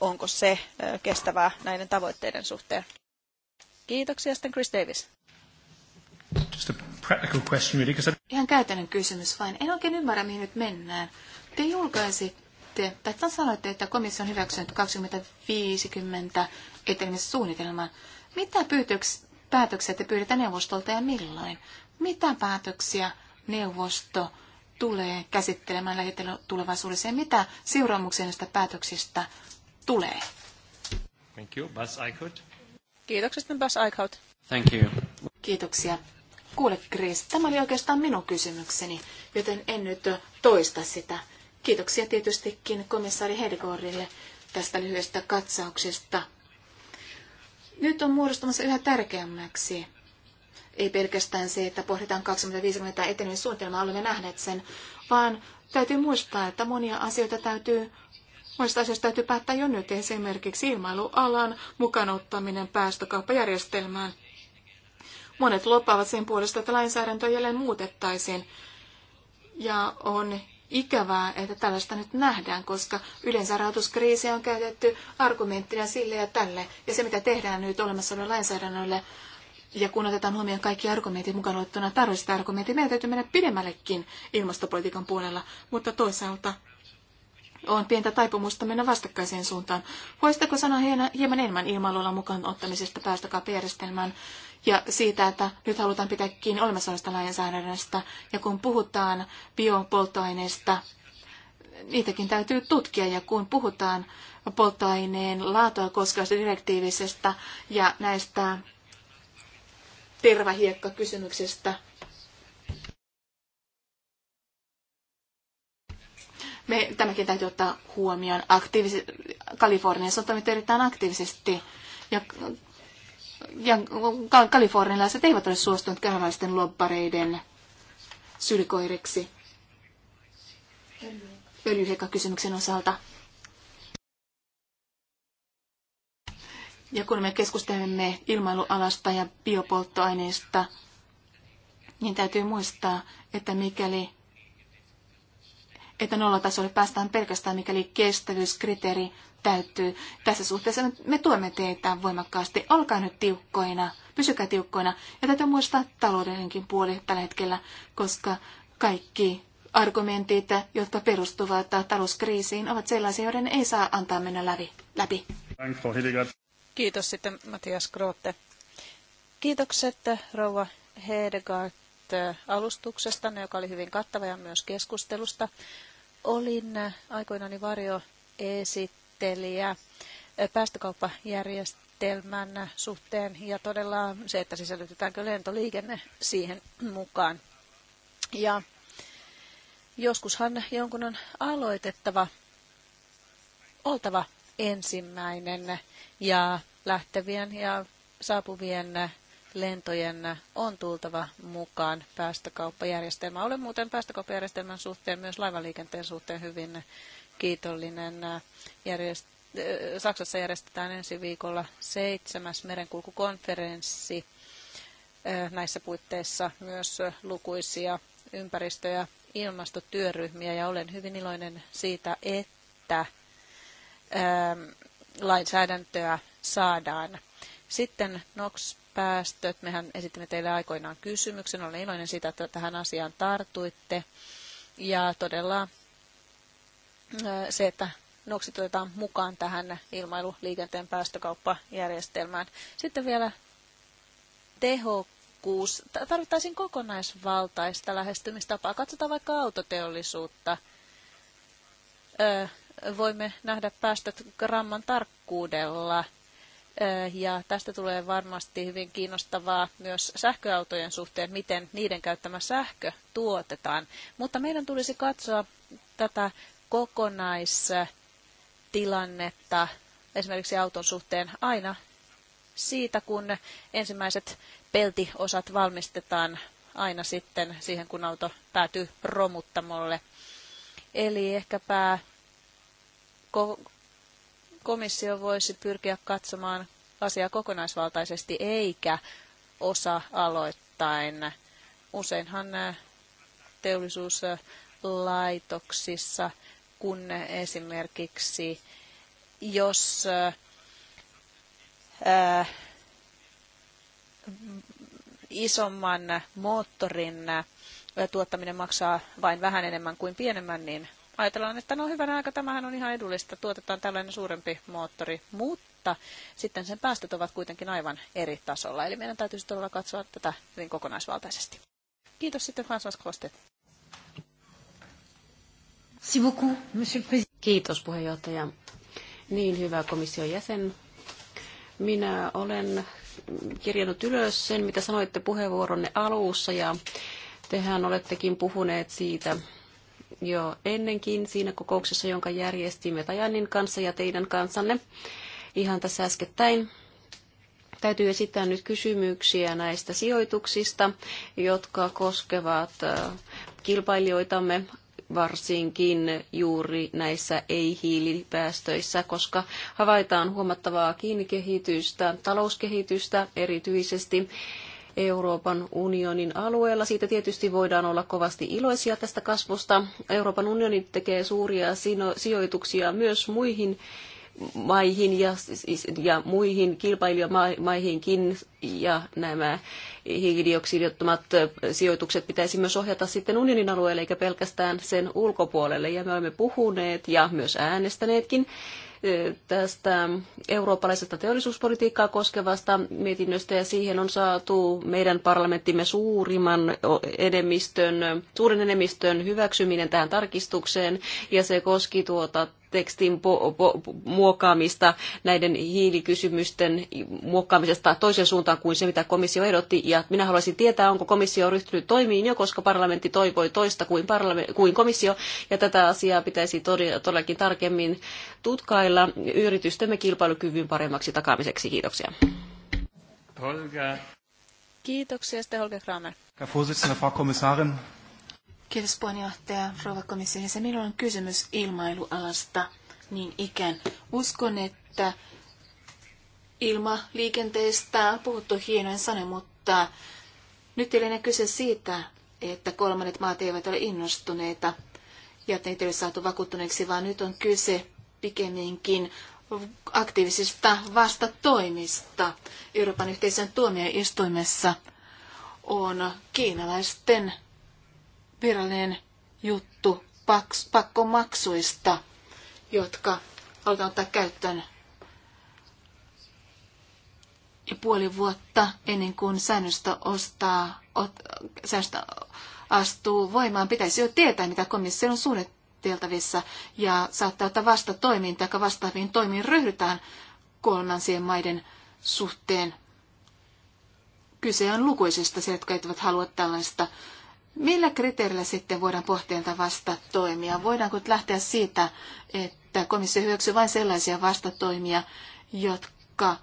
onko se kestävää näiden tavoitteiden suhteen. Kiitoksia sitten Chris Davis. Ihan käytännön kysymys vain. En oikein ymmärrä, mihin nyt mennään. Te julkaisitte, tai sanoitte, että komissio on hyväksynyt 2050 etenemissuunnitelman. Mitä pyytöks, päätöksiä te pyydätte neuvostolta ja milloin? Mitä päätöksiä neuvosto tulee käsittelemään lähitulevaisuudessa ja mitä seuraamuksia näistä päätöksistä tulee? Thank you, Bas Eichhout. Kiitokset, Bas Eichhout. Thank you. Kiitoksia. Kuule, Chris, tämä oli oikeastaan minun kysymykseni, joten en nyt toista sitä. Kiitoksia tietystikin komissaari Hedegorille tästä lyhyestä katsauksesta nyt on muodostumassa yhä tärkeämmäksi. Ei pelkästään se, että pohditaan 2050 etenemissuunnitelmaa, olemme nähneet sen, vaan täytyy muistaa, että monia asioita täytyy Monista asioista täytyy päättää jo nyt, esimerkiksi ilmailualan mukanottaminen päästökauppajärjestelmään. Monet loppaavat sen puolesta, että lainsäädäntö jälleen muutettaisiin. Ja on ikävää, että tällaista nyt nähdään, koska yleensä rahoituskriisiä on käytetty argumenttina sille ja tälle. Ja se, mitä tehdään nyt olemassa olevalla lainsäädännölle, ja kun otetaan huomioon kaikki argumentit mukaan luettuna tarvitset argumentit, meidän täytyy mennä pidemmällekin ilmastopolitiikan puolella, mutta toisaalta on pientä taipumusta mennä vastakkaiseen suuntaan. Voisitteko sanoa hieman enemmän ilmailulla mukaan ottamisesta päästökauppajärjestelmään ja siitä, että nyt halutaan pitää kiinni olemassa olevasta lainsäädännöstä. Ja kun puhutaan biopolttoaineista, niitäkin täytyy tutkia. Ja kun puhutaan polttoaineen laatua koskevasta direktiivisestä ja näistä tervahiekkakysymyksistä, me, tämäkin täytyy ottaa huomioon. Aktiivis- Kaliforniassa on toimittu erittäin aktiivisesti ja ja kalifornialaiset eivät ole suostuneet kanalaisten lobbareiden sylkoireksi öljyhekakysymyksen osalta. Ja kun me keskustelemme ilmailualasta ja biopolttoaineista, niin täytyy muistaa, että mikäli että nollatasolle päästään pelkästään, mikäli kestävyyskriteeri täyttyy. Tässä suhteessa me tuemme teitä voimakkaasti. Olkaa nyt tiukkoina, pysykää tiukkoina. Ja täytyy muistaa taloudellinenkin puoli tällä hetkellä, koska kaikki argumentit, jotka perustuvat talouskriisiin, ovat sellaisia, joiden ei saa antaa mennä läpi. läpi. Kiitos sitten Matias Grote. Kiitokset rouva Hedegaard alustuksesta, joka oli hyvin kattava ja myös keskustelusta. Olin aikoinani varjo esit esittelijä päästökauppajärjestelmän suhteen ja todella se, että sisällytetäänkö lentoliikenne siihen mukaan. Ja joskushan jonkun on aloitettava, oltava ensimmäinen ja lähtevien ja saapuvien lentojen on tultava mukaan päästökauppajärjestelmään. Olen muuten päästökauppajärjestelmän suhteen myös laivaliikenteen suhteen hyvin kiitollinen. Äh, järjest- äh, Saksassa järjestetään ensi viikolla seitsemäs merenkulkukonferenssi. Äh, näissä puitteissa myös lukuisia ympäristö- ja ilmastotyöryhmiä ja olen hyvin iloinen siitä, että ähm, lainsäädäntöä saadaan. Sitten NOx-päästöt. Mehän esitimme teille aikoinaan kysymyksen. Olen iloinen siitä, että tähän asiaan tartuitte. Ja todella se, että noksit otetaan mukaan tähän ilmailuliikenteen päästökauppajärjestelmään. Sitten vielä tehokkuus. Tarvittaisiin kokonaisvaltaista lähestymistapaa. Katsotaan vaikka autoteollisuutta. voimme nähdä päästöt gramman tarkkuudella. Ja tästä tulee varmasti hyvin kiinnostavaa myös sähköautojen suhteen, miten niiden käyttämä sähkö tuotetaan. Mutta meidän tulisi katsoa tätä kokonaistilannetta esimerkiksi auton suhteen aina siitä, kun ensimmäiset peltiosat valmistetaan aina sitten siihen, kun auto päätyy romuttamolle. Eli ehkäpä komissio voisi pyrkiä katsomaan asiaa kokonaisvaltaisesti eikä osa-aloittain. Useinhan teollisuuslaitoksissa kun esimerkiksi jos ää, äh, isomman moottorin äh, tuottaminen maksaa vain vähän enemmän kuin pienemmän, niin ajatellaan, että no hyvänä aika, tämähän on ihan edullista, tuotetaan tällainen suurempi moottori, mutta sitten sen päästöt ovat kuitenkin aivan eri tasolla. Eli meidän täytyisi todella katsoa tätä hyvin kokonaisvaltaisesti. Kiitos sitten François Kostet. Kiitos puheenjohtaja. Niin hyvä komission jäsen. Minä olen kirjannut ylös sen, mitä sanoitte puheenvuoronne alussa ja tehän olettekin puhuneet siitä jo ennenkin siinä kokouksessa, jonka järjestimme Tajanin kanssa ja teidän kanssanne ihan tässä äskettäin. Täytyy esittää nyt kysymyksiä näistä sijoituksista, jotka koskevat äh, kilpailijoitamme varsinkin juuri näissä ei-hiilipäästöissä, koska havaitaan huomattavaa kiinnikehitystä, talouskehitystä erityisesti Euroopan unionin alueella. Siitä tietysti voidaan olla kovasti iloisia tästä kasvusta. Euroopan unioni tekee suuria sijoituksia myös muihin maihin ja, ja muihin kilpailijamaihinkin ja nämä hiilidioksidiottomat sijoitukset pitäisi myös ohjata sitten unionin alueelle eikä pelkästään sen ulkopuolelle. Ja me olemme puhuneet ja myös äänestäneetkin tästä eurooppalaisesta teollisuuspolitiikkaa koskevasta mietinnöstä ja siihen on saatu meidän parlamenttimme suurimman enemmistön, suuren enemmistön hyväksyminen tähän tarkistukseen ja se koski tuota tekstin muokkaamista, näiden hiilikysymysten muokkaamisesta toiseen suuntaan kuin se, mitä komissio ehdotti. Ja minä haluaisin tietää, onko komissio ryhtynyt toimiin jo, koska parlamentti toivoi toista kuin, parlament- kuin komissio. Ja tätä asiaa pitäisi todellakin tarkemmin tutkailla yritystemme kilpailukyvyn paremmaksi takaamiseksi. Kiitoksia. Holger. Kiitoksia, Holger Kramer. Herr Vorsitzender, Frau Kommissarin, Kiitos puheenjohtaja, rouva komission jäsen. Minulla on kysymys ilmailualasta niin ikään. Uskon, että ilmaliikenteestä on puhuttu hienoin sana, mutta nyt ei ole kyse siitä, että kolmannet maat eivät ole innostuneita ja että niitä ei ole saatu vakuuttuneeksi, vaan nyt on kyse pikemminkin aktiivisista vastatoimista. Euroopan yhteisön tuomioistuimessa on kiinalaisten virallinen juttu paks, pakkomaksuista, jotka halutaan ottaa käyttöön ja puoli vuotta ennen kuin säännöstä, ostaa, ot, säännöstä astuu voimaan. Pitäisi jo tietää, mitä komissio on suunniteltavissa ja saattaa, ottaa vasta toimiin tai vastaaviin toimiin ryhdytään kolmansien maiden suhteen. Kyse on lukuisista, se, jotka eivät halua tällaista Millä kriteerillä sitten voidaan pohtia näitä vastatoimia? Voidaanko lähteä siitä, että komissio hyväksyy vain sellaisia vastatoimia, jotka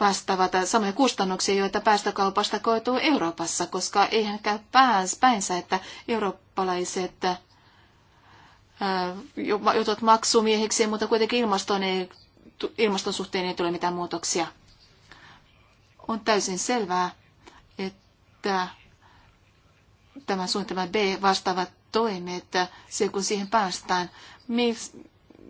vastaavat samoja kustannuksia, joita päästökaupasta koituu Euroopassa, koska eihän käy päänsä, päinsä, että eurooppalaiset äh, joutuvat maksumiehiksi, mutta kuitenkin ilmaston, ei, ilmaston suhteen ei tule mitään muutoksia. On täysin selvää, että tämä suunnitelma B vastaavat toimet, se kun siihen päästään, mis,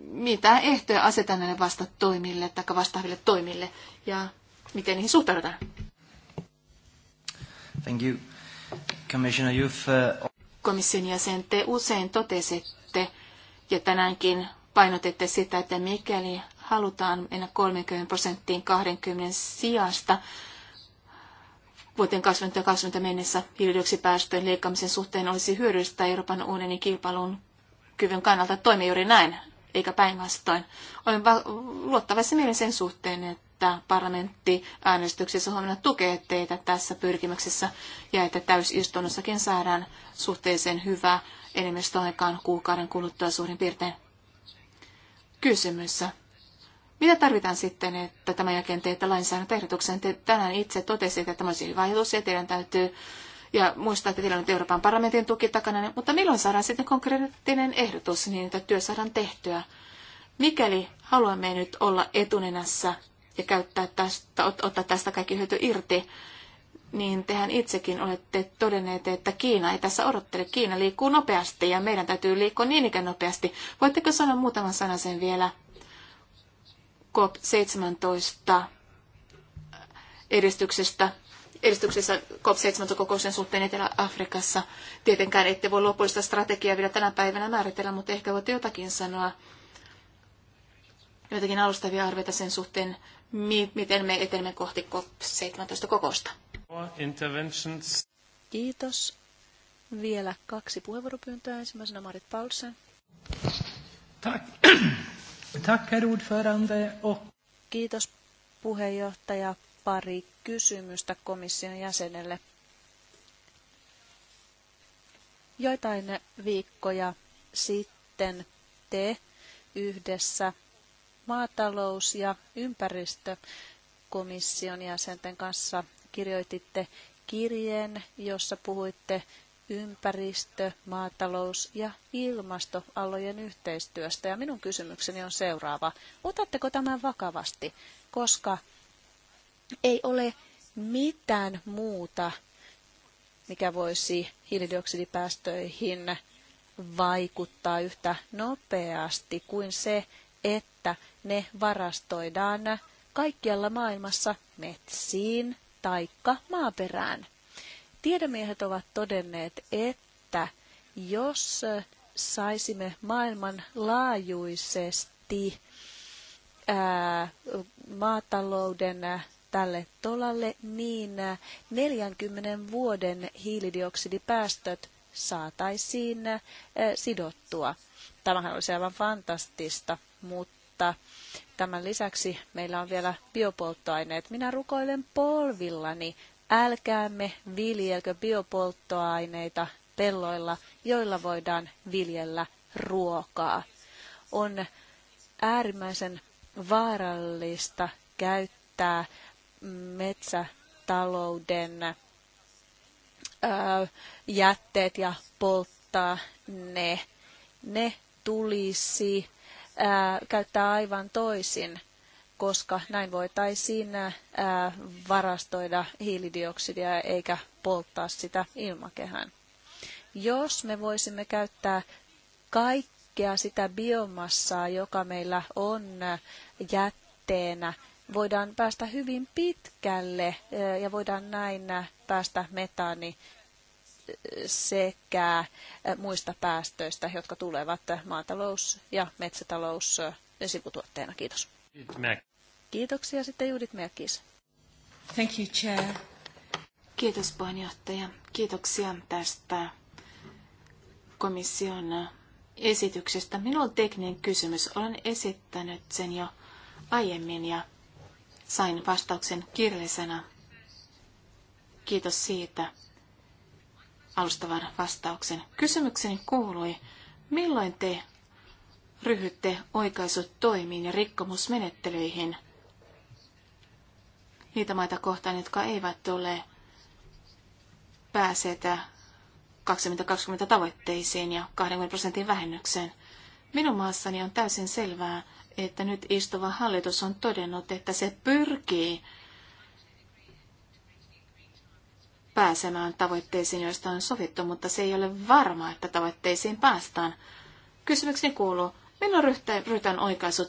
mitä ehtoja asetetaan näille vastatoimille tai vastaaville toimille ja miten niihin suhtaudutaan? Thank you. Commissioner, you've, uh... Komission jäsen, te usein totesitte ja tänäänkin painotette sitä, että mikäli halutaan mennä 30 prosenttiin 20 sijasta, vuoteen 2020 mennessä hiilidioksidipäästöjen leikkaamisen suhteen olisi hyödyllistä Euroopan unionin kilpailun kyvyn kannalta toimia juuri näin, eikä päinvastoin. Olen va- luottavassa sen suhteen, että parlamentti äänestyksessä huomenna tukee teitä tässä pyrkimyksessä ja että täysistunnossakin saadaan suhteeseen hyvä enemmistö aikaan kuukauden kuluttua suurin piirtein. Kysymys mitä tarvitaan sitten, että tämän jälkeen teette lainsäädäntöehdotuksen? Te tänään itse totesitte, että tämä olisi hyvä ajatus ja teidän täytyy ja muistaa, että teillä on Euroopan parlamentin tuki takana, niin- mutta milloin saadaan sitten konkreettinen ehdotus niin, että työ saadaan tehtyä? Mikäli haluamme nyt olla etunenässä ja käyttää tästä, ottaa tästä kaikki hyöty irti, niin tehän itsekin olette todenneet, että Kiina ei tässä odottele. Kiina liikkuu nopeasti ja meidän täytyy liikkua niin ikään nopeasti. Voitteko sanoa muutaman sanan sen vielä COP17 edistyksestä edistyksessä COP17-kokouksen suhteen Etelä-Afrikassa. Tietenkään ette voi lopullista strategiaa vielä tänä päivänä määritellä, mutta ehkä voitte jotakin sanoa, jotakin alustavia arvioita sen suhteen, miten me etenemme kohti COP17-kokousta. Kiitos. Vielä kaksi puheenvuoropyyntöä. Ensimmäisenä Marit Paulsen. Tack. Tack, herr ordförande. Och... Kiitos puheenjohtaja. Pari kysymystä komission jäsenelle. Joitain viikkoja sitten te yhdessä maatalous- ja ympäristökomission jäsenten kanssa kirjoititte kirjeen, jossa puhuitte ympäristö, maatalous ja ilmastoalojen yhteistyöstä. Ja minun kysymykseni on seuraava. Otatteko tämän vakavasti? Koska ei ole mitään muuta, mikä voisi hiilidioksidipäästöihin vaikuttaa yhtä nopeasti kuin se, että ne varastoidaan kaikkialla maailmassa metsiin taikka maaperään. Tiedemiehet ovat todenneet, että jos saisimme maailman laajuisesti maatalouden tälle tolalle, niin 40 vuoden hiilidioksidipäästöt saataisiin sidottua. Tämähän olisi aivan fantastista, mutta tämän lisäksi meillä on vielä biopolttoaineet. Minä rukoilen polvillani älkäämme viljelkö biopolttoaineita pelloilla, joilla voidaan viljellä ruokaa. On äärimmäisen vaarallista käyttää metsätalouden jätteet ja polttaa ne. Ne tulisi käyttää aivan toisin koska näin voitaisiin varastoida hiilidioksidia eikä polttaa sitä ilmakehään. Jos me voisimme käyttää kaikkea sitä biomassaa, joka meillä on jätteenä, voidaan päästä hyvin pitkälle ja voidaan näin päästä metaani sekä muista päästöistä, jotka tulevat maatalous- ja metsätalous sivutuotteena. Kiitos. Kiitoksia sitten Judith Merkis. Thank you, Chair. Kiitos puheenjohtaja. Kiitoksia tästä komission esityksestä. Minulla on tekninen kysymys. Olen esittänyt sen jo aiemmin ja sain vastauksen kirjallisena. Kiitos siitä alustavan vastauksen. Kysymykseni kuului, milloin te ryhdytte toimiin ja rikkomusmenettelyihin – niitä maita kohtaan, jotka eivät ole pääseet 2020 tavoitteisiin ja 20 prosentin vähennykseen. Minun maassani on täysin selvää, että nyt istuva hallitus on todennut, että se pyrkii pääsemään tavoitteisiin, joista on sovittu, mutta se ei ole varma, että tavoitteisiin päästään. Kysymykseni kuuluu, minun ryhtään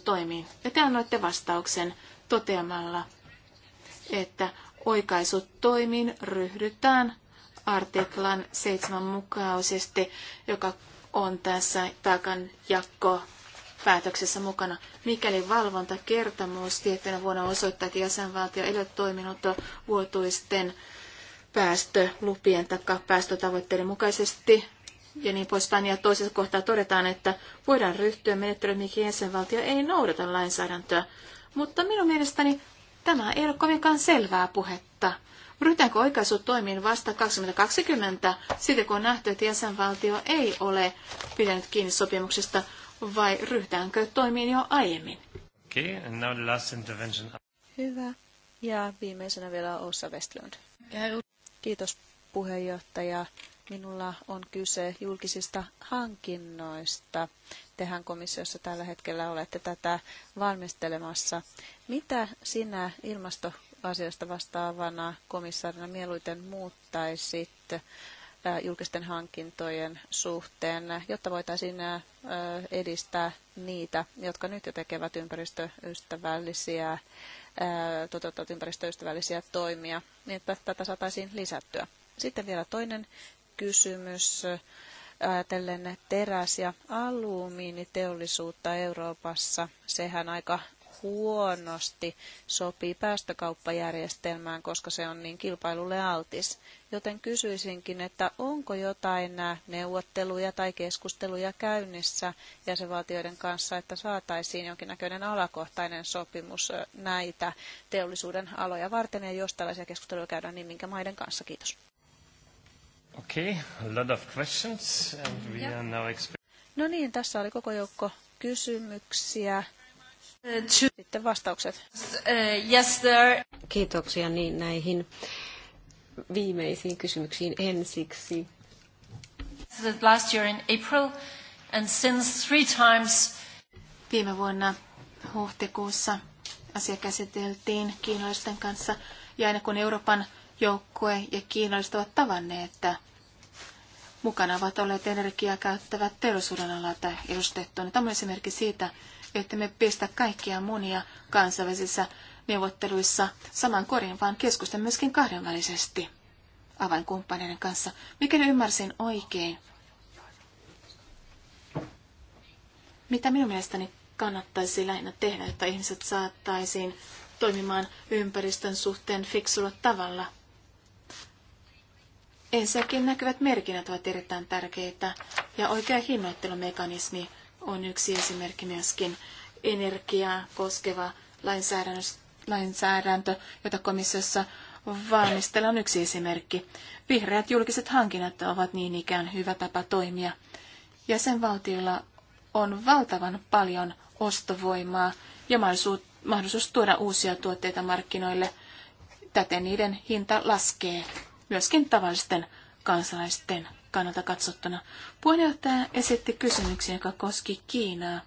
toimii. Ja te annoitte vastauksen toteamalla, että oikaisutoimiin ryhdytään artiklan 7 mukaisesti, joka on tässä takan jakko päätöksessä mukana. Mikäli valvontakertomus tiettynä vuonna osoittaa, että jäsenvaltio ei ole toiminut vuotuisten päästölupien tai päästötavoitteiden mukaisesti ja niin poispäin. Ja toisessa kohtaa todetaan, että voidaan ryhtyä menettelyyn, mikä jäsenvaltio ei noudata lainsäädäntöä. Mutta minun mielestäni Tämä ei ole kovinkaan selvää puhetta. Ryhdytäänkö oikaisutoimiin vasta 2020, siitä kun on nähty, että jäsenvaltio ei ole pidänyt kiinni sopimuksesta, vai ryhdytäänkö toimiin jo aiemmin? Okay, and now the last intervention. Hyvä. Ja viimeisenä vielä Ossa Westlund. Kiitos puheenjohtaja. Minulla on kyse julkisista hankinnoista. Tehän komissiossa tällä hetkellä olette tätä valmistelemassa. Mitä sinä ilmastoasioista vastaavana komissaarina mieluiten muuttaisit äh, julkisten hankintojen suhteen, jotta voitaisiin äh, edistää niitä, jotka nyt jo tekevät ympäristöystävällisiä, äh, toteuttavat ympäristöystävällisiä toimia, niin että tätä saataisiin lisättyä. Sitten vielä toinen kysymys ajatellen teräs- ja alumiiniteollisuutta Euroopassa. Sehän aika huonosti sopii päästökauppajärjestelmään, koska se on niin kilpailulle altis. Joten kysyisinkin, että onko jotain neuvotteluja tai keskusteluja käynnissä jäsenvaltioiden kanssa, että saataisiin jonkinnäköinen alakohtainen sopimus näitä teollisuuden aloja varten, ja jos tällaisia keskusteluja käydään, niin minkä maiden kanssa? Kiitos. Okay, a lot of questions and we are now No niin, tässä oli koko joukko kysymyksiä. Sitten vastaukset. Uh, yes, sir. Kiitoksia niin näihin viimeisiin kysymyksiin ensiksi. Last year in April and since three times viime vuonna huhtikuussa asia käsiteltiin kiinalaisten kanssa ja aina kun Euroopan joukkue ja kiinalaiset ovat tavanneet, että mukana ovat olleet energiaa käyttävät teollisuuden alalta edustettu. Tämä on esimerkki siitä, että me pistä kaikkia monia kansainvälisissä neuvotteluissa saman korin, vaan keskustan myöskin kahdenvälisesti avainkumppaneiden kanssa. Mikäli ymmärsin oikein, mitä minun mielestäni kannattaisi lähinnä tehdä, että ihmiset saattaisiin toimimaan ympäristön suhteen fiksulla tavalla – Ensinnäkin näkyvät merkinnät ovat erittäin tärkeitä ja oikea hinnoittelumekanismi on yksi esimerkki myöskin. Energiaa koskeva lainsäädäntö, jota komissiossa valmistellaan yksi esimerkki. Vihreät julkiset hankinnat ovat niin ikään hyvä tapa toimia. Jäsenvaltiolla on valtavan paljon ostovoimaa ja mahdollisuus tuoda uusia tuotteita markkinoille. Täten niiden hinta laskee myöskin tavallisten kansalaisten kannalta katsottuna. Puheenjohtaja esitti kysymyksiä, joka koski Kiinaa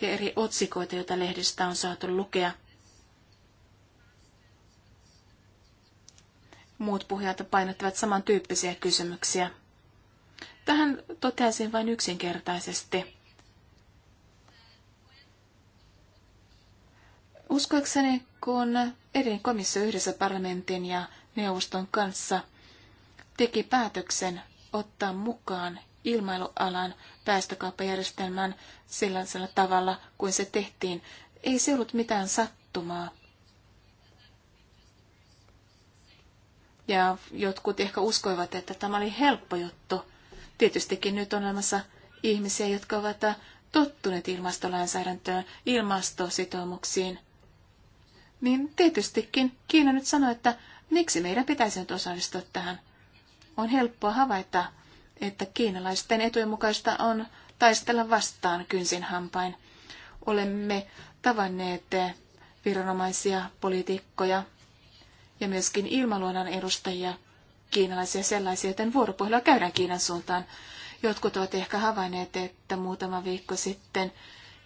ja eri otsikoita, joita lehdistä on saatu lukea. Muut puhujat painottavat samantyyppisiä kysymyksiä. Tähän toteaisin vain yksinkertaisesti. Uskoakseni, kun eri komissio yhdessä parlamentin ja neuvoston kanssa teki päätöksen ottaa mukaan ilmailualan päästökauppajärjestelmän sellaisella tavalla kuin se tehtiin. Ei se ollut mitään sattumaa. Ja jotkut ehkä uskoivat, että tämä oli helppo juttu. Tietystikin nyt on olemassa ihmisiä, jotka ovat tottuneet ilmastolainsäädäntöön, ilmastositoumuksiin. Niin tietystikin Kiina nyt sanoi, että Miksi meidän pitäisi nyt osallistua tähän? On helppoa havaita, että kiinalaisten etujen mukaista on taistella vastaan kynsin hampain. Olemme tavanneet viranomaisia, poliitikkoja ja myöskin ilmaluonnan edustajia, kiinalaisia sellaisia, joten vuoropuhelua käydään Kiinan suuntaan. Jotkut ovat ehkä havainneet, että muutama viikko sitten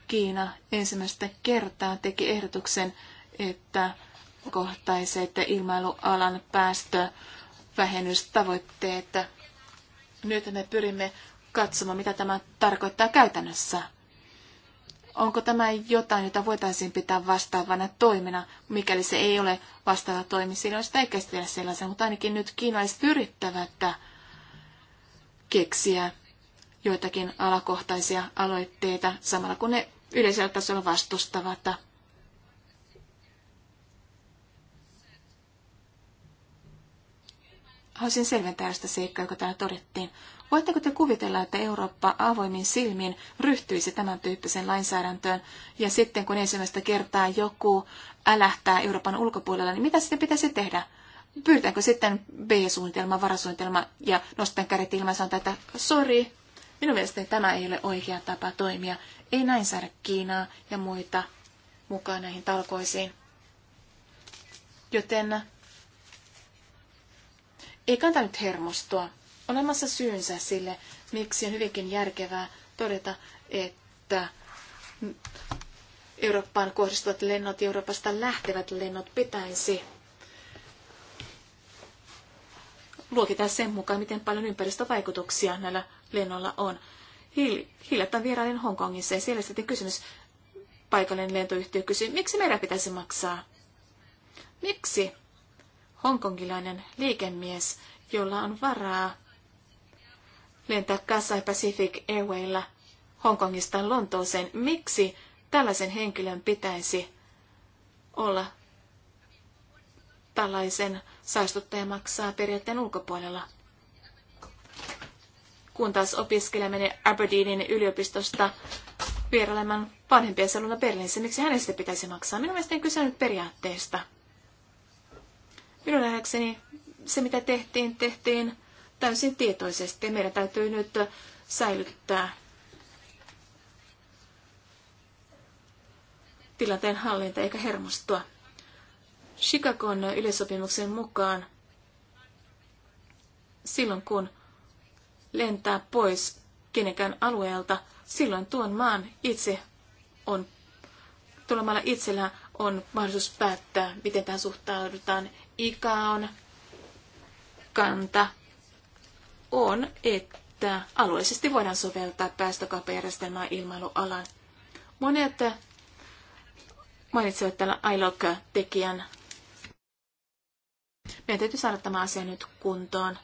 Kiina ensimmäistä kertaa teki ehdotuksen, että kohtaiset ilmailualan päästövähennystavoitteet. Nyt me pyrimme katsomaan, mitä tämä tarkoittaa käytännössä. Onko tämä jotain, jota voitaisiin pitää vastaavana toimena? Mikäli se ei ole vastaava toimi, silloin sitä ei käsitellä sellaisen, mutta ainakin nyt kiinalaiset yrittävät keksiä joitakin alakohtaisia aloitteita samalla kun ne yleisellä tasolla vastustavat Haluaisin selventää sitä seikkaa, joka täällä todettiin. Voitteko te kuvitella, että Eurooppa avoimin silmin ryhtyisi tämän tyyppiseen lainsäädäntöön, ja sitten kun ensimmäistä kertaa joku älähtää Euroopan ulkopuolella, niin mitä sitten pitäisi tehdä? Pyydetäänkö sitten B-suunnitelma, varasuunnitelma, ja nostan kädet ilman sanotaan, että sorry, minun mielestäni tämä ei ole oikea tapa toimia. Ei näin saada Kiinaa ja muita mukaan näihin talkoisiin. Joten ei kannata nyt hermostua. Olemassa syynsä sille, miksi on hyvinkin järkevää todeta, että Eurooppaan kohdistuvat lennot ja Euroopasta lähtevät lennot pitäisi luokitella sen mukaan, miten paljon ympäristövaikutuksia näillä lennoilla on. Hiil- hiljattain vierailin Hongkongissa ja siellä sitten kysymys, paikallinen lentoyhtiö kysyi, miksi meidän pitäisi maksaa? Miksi hongkongilainen liikemies, jolla on varaa lentää Kasai Pacific Airwaylla Hongkongista Lontooseen. Miksi tällaisen henkilön pitäisi olla tällaisen saastuttaja maksaa periaatteen ulkopuolella? Kun taas opiskelija menee Aberdeenin yliopistosta vierailemaan vanhempien seluna Berliinissä, miksi hänestä pitäisi maksaa? Minun mielestäni kyse on nyt periaatteesta. Minun nähdäkseni se, mitä tehtiin, tehtiin täysin tietoisesti. Meidän täytyy nyt säilyttää tilanteen hallinta eikä hermostua. Chicagon yleisopimuksen mukaan silloin kun lentää pois kenenkään alueelta, silloin tuon maan itse on, tulemalla itsellä on mahdollisuus päättää, miten tähän suhtaudutaan on, kanta on, että alueellisesti voidaan soveltaa päästökauppajärjestelmää ilmailualan. Monet mainitsivat tällä ILOC-tekijän. Meidän täytyy saada tämä asia nyt kuntoon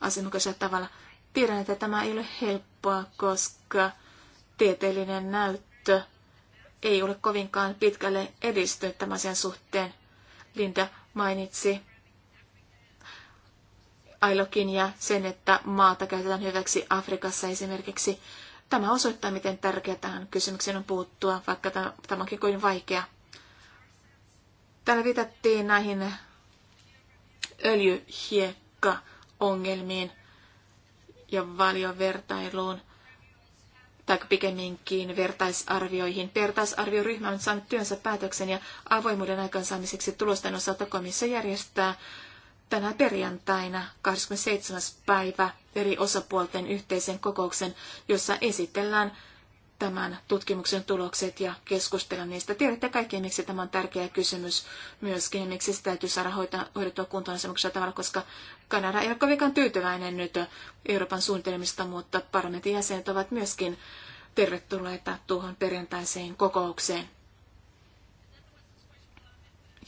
asianmukaisella tavalla. Tiedän, että tämä ei ole helppoa, koska tieteellinen näyttö ei ole kovinkaan pitkälle edistynyt tämän asian suhteen. Linda mainitsi Ailokin ja sen, että maata käytetään hyväksi Afrikassa esimerkiksi. Tämä osoittaa, miten tärkeää tähän kysymykseen on puuttua, vaikka tämä onkin kuin vaikea. Täällä viitattiin näihin öljyhiekka-ongelmiin ja valiovertailuun tai pikemminkin vertaisarvioihin. Vertaisarvioryhmä on saanut työnsä päätöksen ja avoimuuden aikaansaamiseksi tulosten osalta komissio järjestää tänä perjantaina 27. päivä eri osapuolten yhteisen kokouksen, jossa esitellään tämän tutkimuksen tulokset ja keskustella niistä. Tiedätte kaikki, miksi tämä on tärkeä kysymys myöskin, miksi sitä täytyy saada hoidettua kuntoon semmoisella tavalla, koska Kanada ei ole kovinkaan tyytyväinen nyt Euroopan suunnitelmista, mutta parlamentin jäsenet ovat myöskin tervetulleita tuohon perjantaiseen kokoukseen.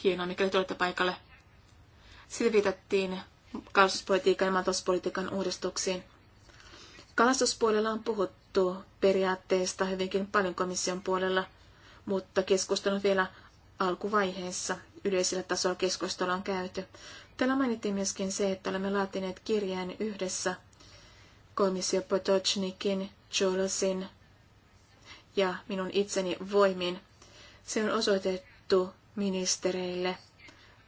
Hienoa, mikäli tulette paikalle. Sitten viitattiin kalastuspolitiikan ja maatalouspolitiikan uudistuksiin. Kalastuspuolella on puhuttu periaatteesta hyvinkin paljon komission puolella, mutta keskustelun vielä alkuvaiheessa. Yleisellä tasolla keskustelu on käyty. Täällä mainittiin myöskin se, että olemme laatineet kirjeen yhdessä komissio Potocnikin, Cholosin ja minun itseni voimin. Se on osoitettu ministereille.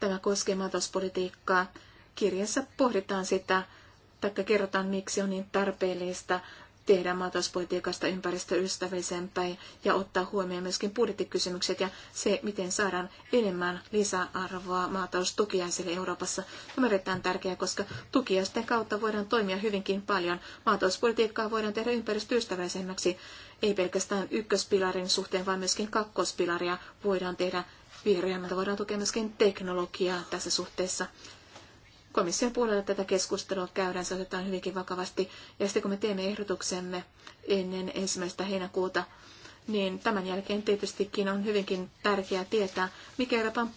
Tämä koskee maatalouspolitiikkaa. Kirjassa pohditaan sitä, tai kerrotaan, miksi on niin tarpeellista tehdä maatalouspolitiikasta ympäristöystävällisempää ja ottaa huomioon myöskin budjettikysymykset ja se, miten saadaan enemmän lisäarvoa maataloustukiaisille Euroopassa. Tämä on erittäin tärkeää, koska tukiaisten kautta voidaan toimia hyvinkin paljon. Maatalouspolitiikkaa voidaan tehdä ympäristöystävällisemmäksi, ei pelkästään ykköspilarin suhteen, vaan myöskin kakkospilaria voidaan tehdä vihreämmältä. Voidaan tukea myöskin teknologiaa tässä suhteessa. Komission puolella tätä keskustelua käydään, se otetaan hyvinkin vakavasti. Ja sitten kun me teemme ehdotuksemme ennen ensimmäistä heinäkuuta, niin tämän jälkeen tietystikin on hyvinkin tärkeää tietää, mikä Euroopan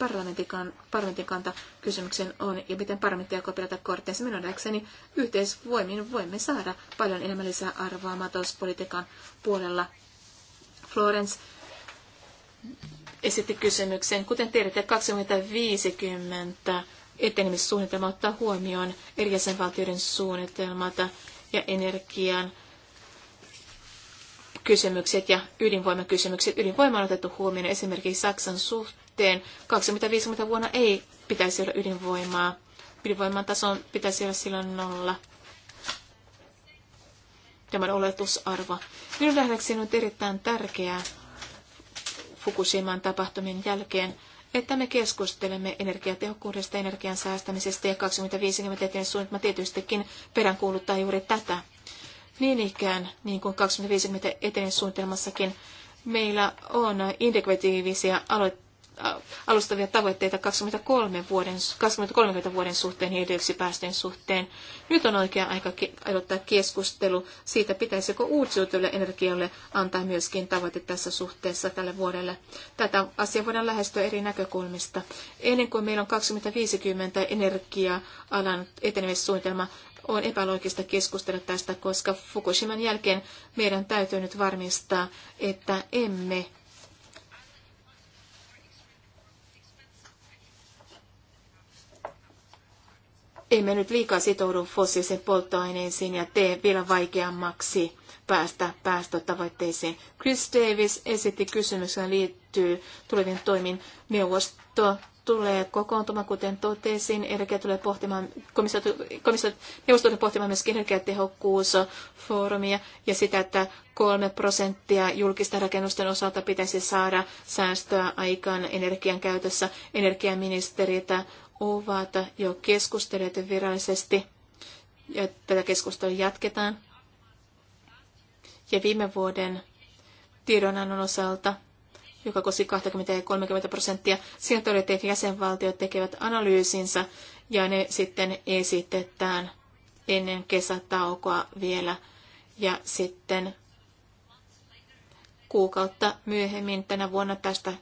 parlamentin kanta kysymyksen on ja miten parlamentti aikoo pelata korteensa. Minun nähdäkseni yhteisvoimin voimme saada paljon enemmän lisää arvoa matouspolitiikan puolella. Florence esitti kysymyksen, kuten tiedätte, 2050 etenemissuunnitelma ottaa huomioon eri jäsenvaltioiden suunnitelmat ja energian kysymykset ja ydinvoimakysymykset. Ydinvoima on otettu huomioon esimerkiksi Saksan suhteen. 2050 vuonna ei pitäisi olla ydinvoimaa. Ydinvoiman tason pitäisi olla silloin nolla. Tämän oletusarvo. Minun nähdäkseni on erittäin tärkeää Fukushiman tapahtumien jälkeen että me keskustelemme energiatehokkuudesta, energian säästämisestä ja 2050 eteen suunnitelma tietystikin peräänkuuluttaa juuri tätä. Niin ikään, niin kuin 2050 eteen suunnitelmassakin, meillä on integratiivisia aloitteita alustavia tavoitteita 23 vuoden, 2030 vuoden suhteen hiilidioksidipäästöjen suhteen. Nyt on oikea aika aloittaa keskustelu siitä, pitäisikö uusiutuville energioille antaa myöskin tavoite tässä suhteessa tälle vuodelle. Tätä asiaa voidaan lähestyä eri näkökulmista. Ennen kuin meillä on 2050 energia-alan etenemissuunnitelma, on epäloogista keskustella tästä, koska Fukushiman jälkeen meidän täytyy nyt varmistaa, että emme emme nyt liikaa sitoudu fossiilisiin polttoaineisiin ja tee vielä vaikeammaksi päästä päästötavoitteisiin. Chris Davis esitti kysymyksen liittyy tuleviin toimiin. Neuvosto tulee kokoontumaan, kuten totesin. Energia tulee pohtimaan, komissio, komissio, neuvosto tulee pohtimaan myös energiatehokkuusfoorumia ja sitä, että kolme prosenttia julkisten rakennusten osalta pitäisi saada säästöä aikaan energian käytössä. Energiaministeriötä ovat jo keskustelleet virallisesti ja tätä keskustelua jatketaan. Ja viime vuoden tiedonannon osalta, joka koski 20 ja 30 prosenttia, siinä todettiin, että jäsenvaltiot tekevät analyysinsä ja ne sitten esitetään ennen kesätaukoa vielä. Ja sitten kuukautta myöhemmin tänä vuonna tästä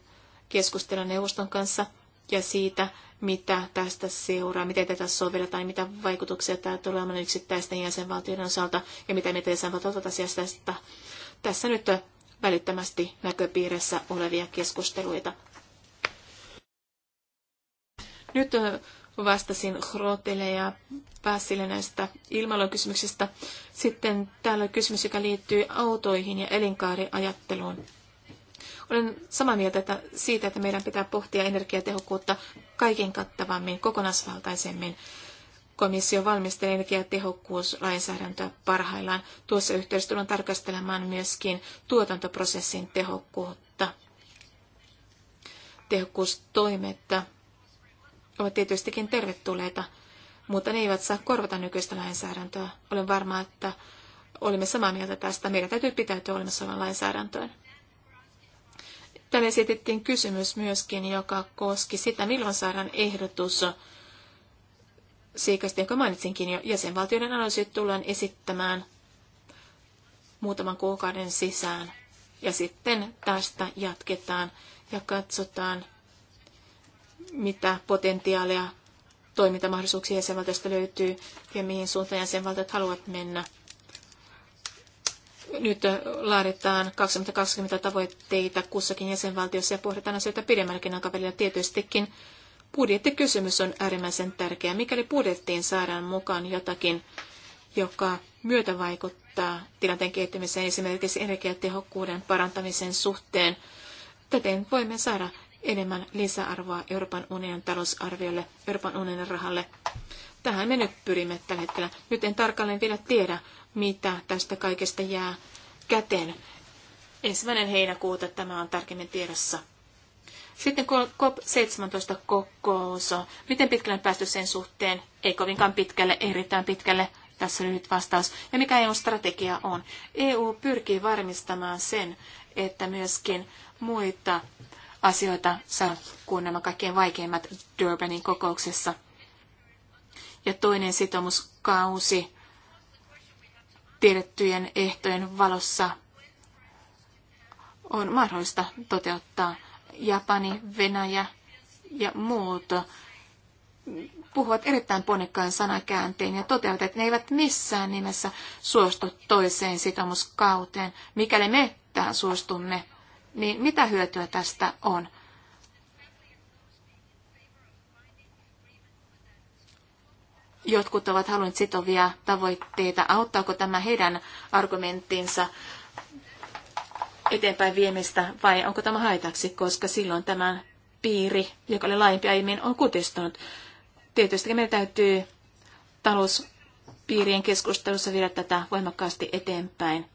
keskustella neuvoston kanssa ja siitä, mitä tästä seuraa, miten tätä sovelletaan, mitä vaikutuksia tämä tulee olemaan yksittäisten jäsenvaltioiden osalta ja mitä niitä jäsenvaltiot asiasta asiasta. Tässä nyt välittömästi näköpiirissä olevia keskusteluita. Nyt vastasin Hrotille ja Päässille näistä ilmailukysymyksistä. Sitten täällä on kysymys, joka liittyy autoihin ja elinkaariajatteluun. Olen samaa mieltä että siitä, että meidän pitää pohtia energiatehokkuutta kaiken kattavammin, kokonaisvaltaisemmin. Komissio valmistelee energiatehokkuuslainsäädäntöä parhaillaan. Tuossa yhteydessä tullaan tarkastelemaan myöskin tuotantoprosessin tehokkuutta. Tehokkuustoimet ovat tietystikin tervetulleita, mutta ne eivät saa korvata nykyistä lainsäädäntöä. Olen varma, että olemme samaa mieltä tästä. Meidän täytyy pitäytyä olemassa olevan lainsäädäntöön. Täällä esitettiin kysymys myöskin, joka koski sitä, milloin saadaan ehdotus siikasta, jonka mainitsinkin jo. Jäsenvaltioiden analyysit tullaan esittämään muutaman kuukauden sisään. Ja sitten tästä jatketaan ja katsotaan, mitä potentiaalia toimintamahdollisuuksia jäsenvaltiosta löytyy ja mihin suuntaan jäsenvaltiot haluavat mennä nyt laaditaan 2020 tavoitteita kussakin jäsenvaltiossa ja pohditaan asioita pidemmälläkin aikavälillä tietystikin. Budjettikysymys on äärimmäisen tärkeä. Mikäli budjettiin saadaan mukaan jotakin, joka myötä vaikuttaa tilanteen kehittymiseen esimerkiksi energiatehokkuuden parantamisen suhteen, täten voimme saada enemmän lisäarvoa Euroopan unionin talousarviolle, Euroopan unionin rahalle. Tähän me nyt pyrimme tällä hetkellä. Nyt en tarkalleen vielä tiedä, mitä tästä kaikesta jää käteen. Ensimmäinen heinäkuuta tämä on tarkemmin tiedossa. Sitten COP17 kokous. Miten pitkälle on päästy sen suhteen? Ei kovinkaan pitkälle, erittäin pitkälle. Tässä nyt vastaus. Ja mikä EU-strategia on? EU pyrkii varmistamaan sen, että myöskin muita asioita saa kuin nämä kaikkein vaikeimmat Durbanin kokouksessa – ja toinen sitomuskausi tiedettyjen ehtojen valossa on mahdollista toteuttaa. Japani, Venäjä ja muut puhuvat erittäin ponnekkaan sanakääntein ja toteavat, että ne eivät missään nimessä suostu toiseen sitomuskauteen. Mikäli me tähän suostumme, niin mitä hyötyä tästä on? Jotkut ovat halunneet sitovia tavoitteita. Auttaako tämä heidän argumenttinsa eteenpäin viemistä vai onko tämä haitaksi, koska silloin tämä piiri, joka oli laajempi aiemmin, on kutistunut. Tietysti meidän täytyy talouspiirien keskustelussa viedä tätä voimakkaasti eteenpäin.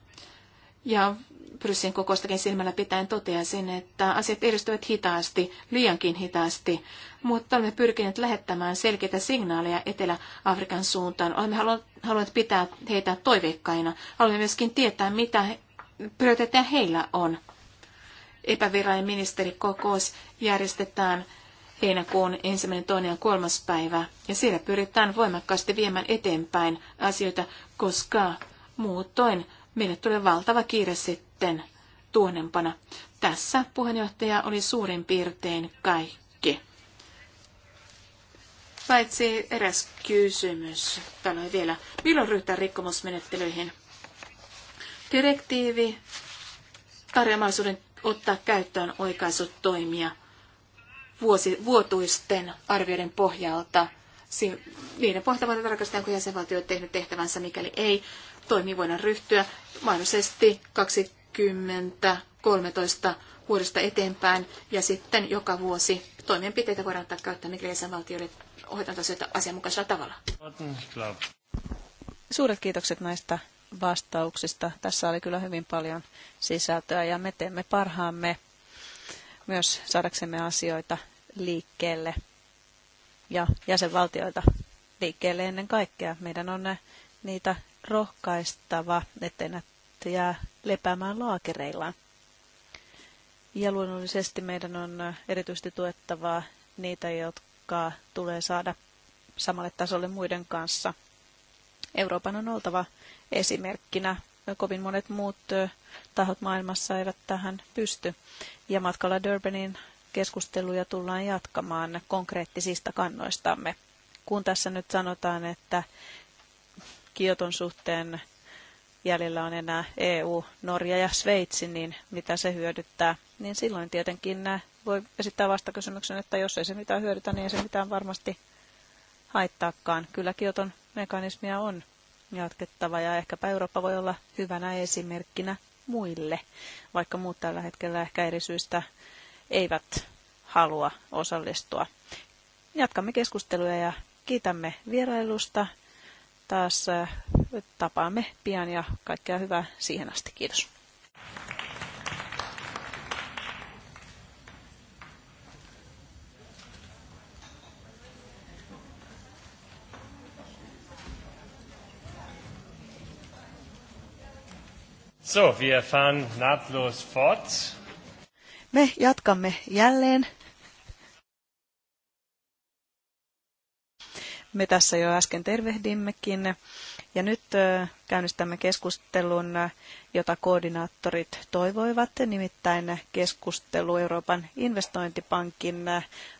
Ja Bryssin kokostakin silmällä pitäen sen, että asiat edistyvät hitaasti, liiankin hitaasti mutta olemme pyrkineet lähettämään selkeitä signaaleja Etelä-Afrikan suuntaan. Olemme halunneet pitää heitä toiveikkaina. Haluamme myöskin tietää, mitä prioriteetteja heillä on. Epävirallinen ministerikokous järjestetään heinäkuun ensimmäinen, toinen ja kolmas päivä, ja siellä pyritään voimakkaasti viemään eteenpäin asioita, koska muutoin meille tulee valtava kiire sitten tuonempana. Tässä puheenjohtaja oli suurin piirtein kaikki Paitsi eräs kysymys. tällöin vielä. Milloin ryhtää rikkomusmenettelyihin? Direktiivi tarjoamaisuuden ottaa käyttöön oikaisutoimia vuosi, vuotuisten arvioiden pohjalta. Niiden pohjalta voidaan tarkastaa, onko jäsenvaltio on tehnyt tehtävänsä, mikäli ei. toimi voidaan ryhtyä mahdollisesti 2013 vuodesta eteenpäin ja sitten joka vuosi toimenpiteitä voidaan ottaa käyttöön, mikäli jäsenvaltioiden hoitanut asioita asianmukaisella tavalla. Suuret kiitokset näistä vastauksista. Tässä oli kyllä hyvin paljon sisältöä ja me teemme parhaamme myös saadaksemme asioita liikkeelle ja jäsenvaltioita liikkeelle ennen kaikkea. Meidän on niitä rohkaistava, ettei näitä jää lepäämään laakereillaan. Ja luonnollisesti meidän on erityisesti tuettavaa niitä, jotka palkkaa tulee saada samalle tasolle muiden kanssa. Euroopan on oltava esimerkkinä. Kovin monet muut tahot maailmassa eivät tähän pysty. Ja matkalla Durbanin keskusteluja tullaan jatkamaan konkreettisista kannoistamme. Kun tässä nyt sanotaan, että Kioton suhteen jäljellä on enää EU, Norja ja Sveitsi, niin mitä se hyödyttää niin silloin tietenkin äh, voi esittää vastakysymyksen, että jos ei se mitään hyödytä, niin ei se mitään varmasti haittaakaan. Kyllä Kioton mekanismia on jatkettava ja ehkäpä Eurooppa voi olla hyvänä esimerkkinä muille, vaikka muut tällä hetkellä ehkä eri syistä eivät halua osallistua. Jatkamme keskusteluja ja kiitämme vierailusta. Taas äh, tapaamme pian ja kaikkea hyvää siihen asti. Kiitos. So, wir fahren nahtlos fort. Me jatkamme jälleen. Me tässä jo äsken tervehdimmekin. Ja nyt käynnistämme keskustelun, jota koordinaattorit toivoivat, nimittäin keskustelu Euroopan investointipankin,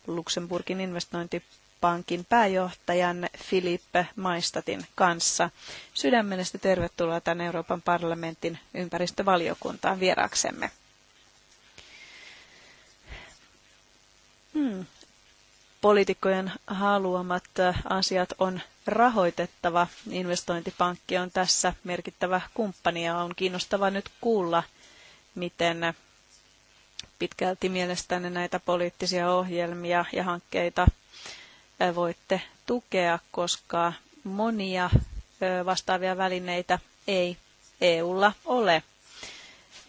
Luxemburgin investointipankin Pankin pääjohtajan Filippe Maistatin kanssa. Sydämenestä tervetuloa tänne Euroopan parlamentin ympäristövaliokuntaan vieraksemme. Hmm. Poliitikkojen haluamat asiat on rahoitettava. Investointipankki on tässä merkittävä kumppani ja on kiinnostava nyt kuulla, miten pitkälti mielestäni näitä poliittisia ohjelmia ja hankkeita – voitte tukea, koska monia vastaavia välineitä ei EUlla ole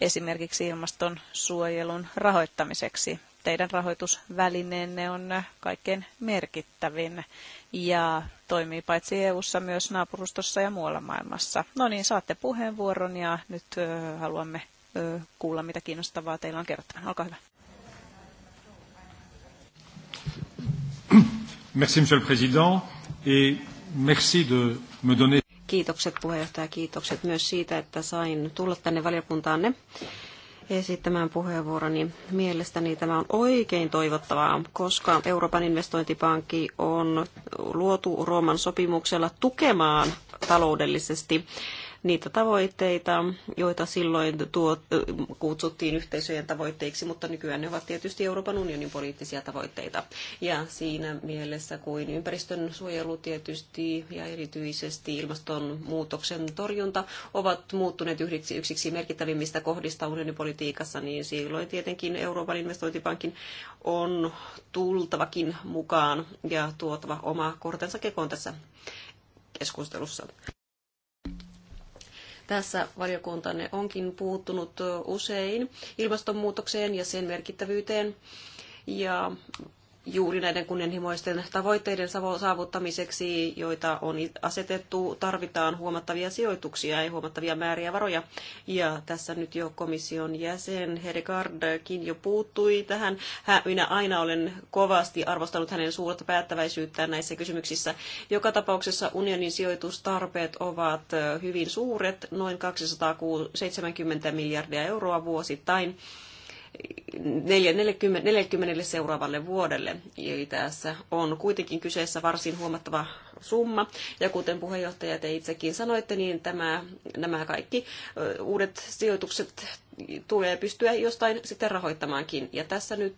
esimerkiksi ilmastonsuojelun rahoittamiseksi. Teidän rahoitusvälineenne on kaikkein merkittävin ja toimii paitsi EU:ssa myös naapurustossa ja muualla maailmassa. No niin, saatte puheenvuoron ja nyt haluamme kuulla, mitä kiinnostavaa teillä on kerrottavana. Olkaa hyvä. Merci, Monsieur le Président, et merci de me donner... Kiitokset puheenjohtaja, kiitokset myös siitä, että sain tulla tänne valiokuntaanne esittämään puheenvuoroni. Mielestäni tämä on oikein toivottavaa, koska Euroopan investointipankki on luotu Rooman sopimuksella tukemaan taloudellisesti niitä tavoitteita, joita silloin tuo, kutsuttiin yhteisöjen tavoitteiksi, mutta nykyään ne ovat tietysti Euroopan unionin poliittisia tavoitteita. Ja siinä mielessä kuin ympäristön suojelu tietysti ja erityisesti ilmastonmuutoksen torjunta ovat muuttuneet yhdeksi, yksiksi merkittävimmistä kohdista politiikassa, niin silloin tietenkin Euroopan investointipankin on tultavakin mukaan ja tuotava oma kortensa kekoon tässä keskustelussa. Tässä valiokuntanne onkin puuttunut usein ilmastonmuutokseen ja sen merkittävyyteen ja juuri näiden kunnianhimoisten tavoitteiden saavuttamiseksi, joita on asetettu, tarvitaan huomattavia sijoituksia ja huomattavia määriä varoja. Ja tässä nyt jo komission jäsen Hedegaardkin jo puuttui tähän. Hän minä aina olen kovasti arvostanut hänen suurta päättäväisyyttään näissä kysymyksissä. Joka tapauksessa unionin sijoitustarpeet ovat hyvin suuret, noin 270 miljardia euroa vuosittain 40, 40 seuraavalle vuodelle. Eli tässä on kuitenkin kyseessä varsin huomattava summa. Ja kuten puheenjohtaja te itsekin sanoitte, niin tämä, nämä kaikki uudet sijoitukset tulee pystyä jostain sitten rahoittamaankin. Ja tässä nyt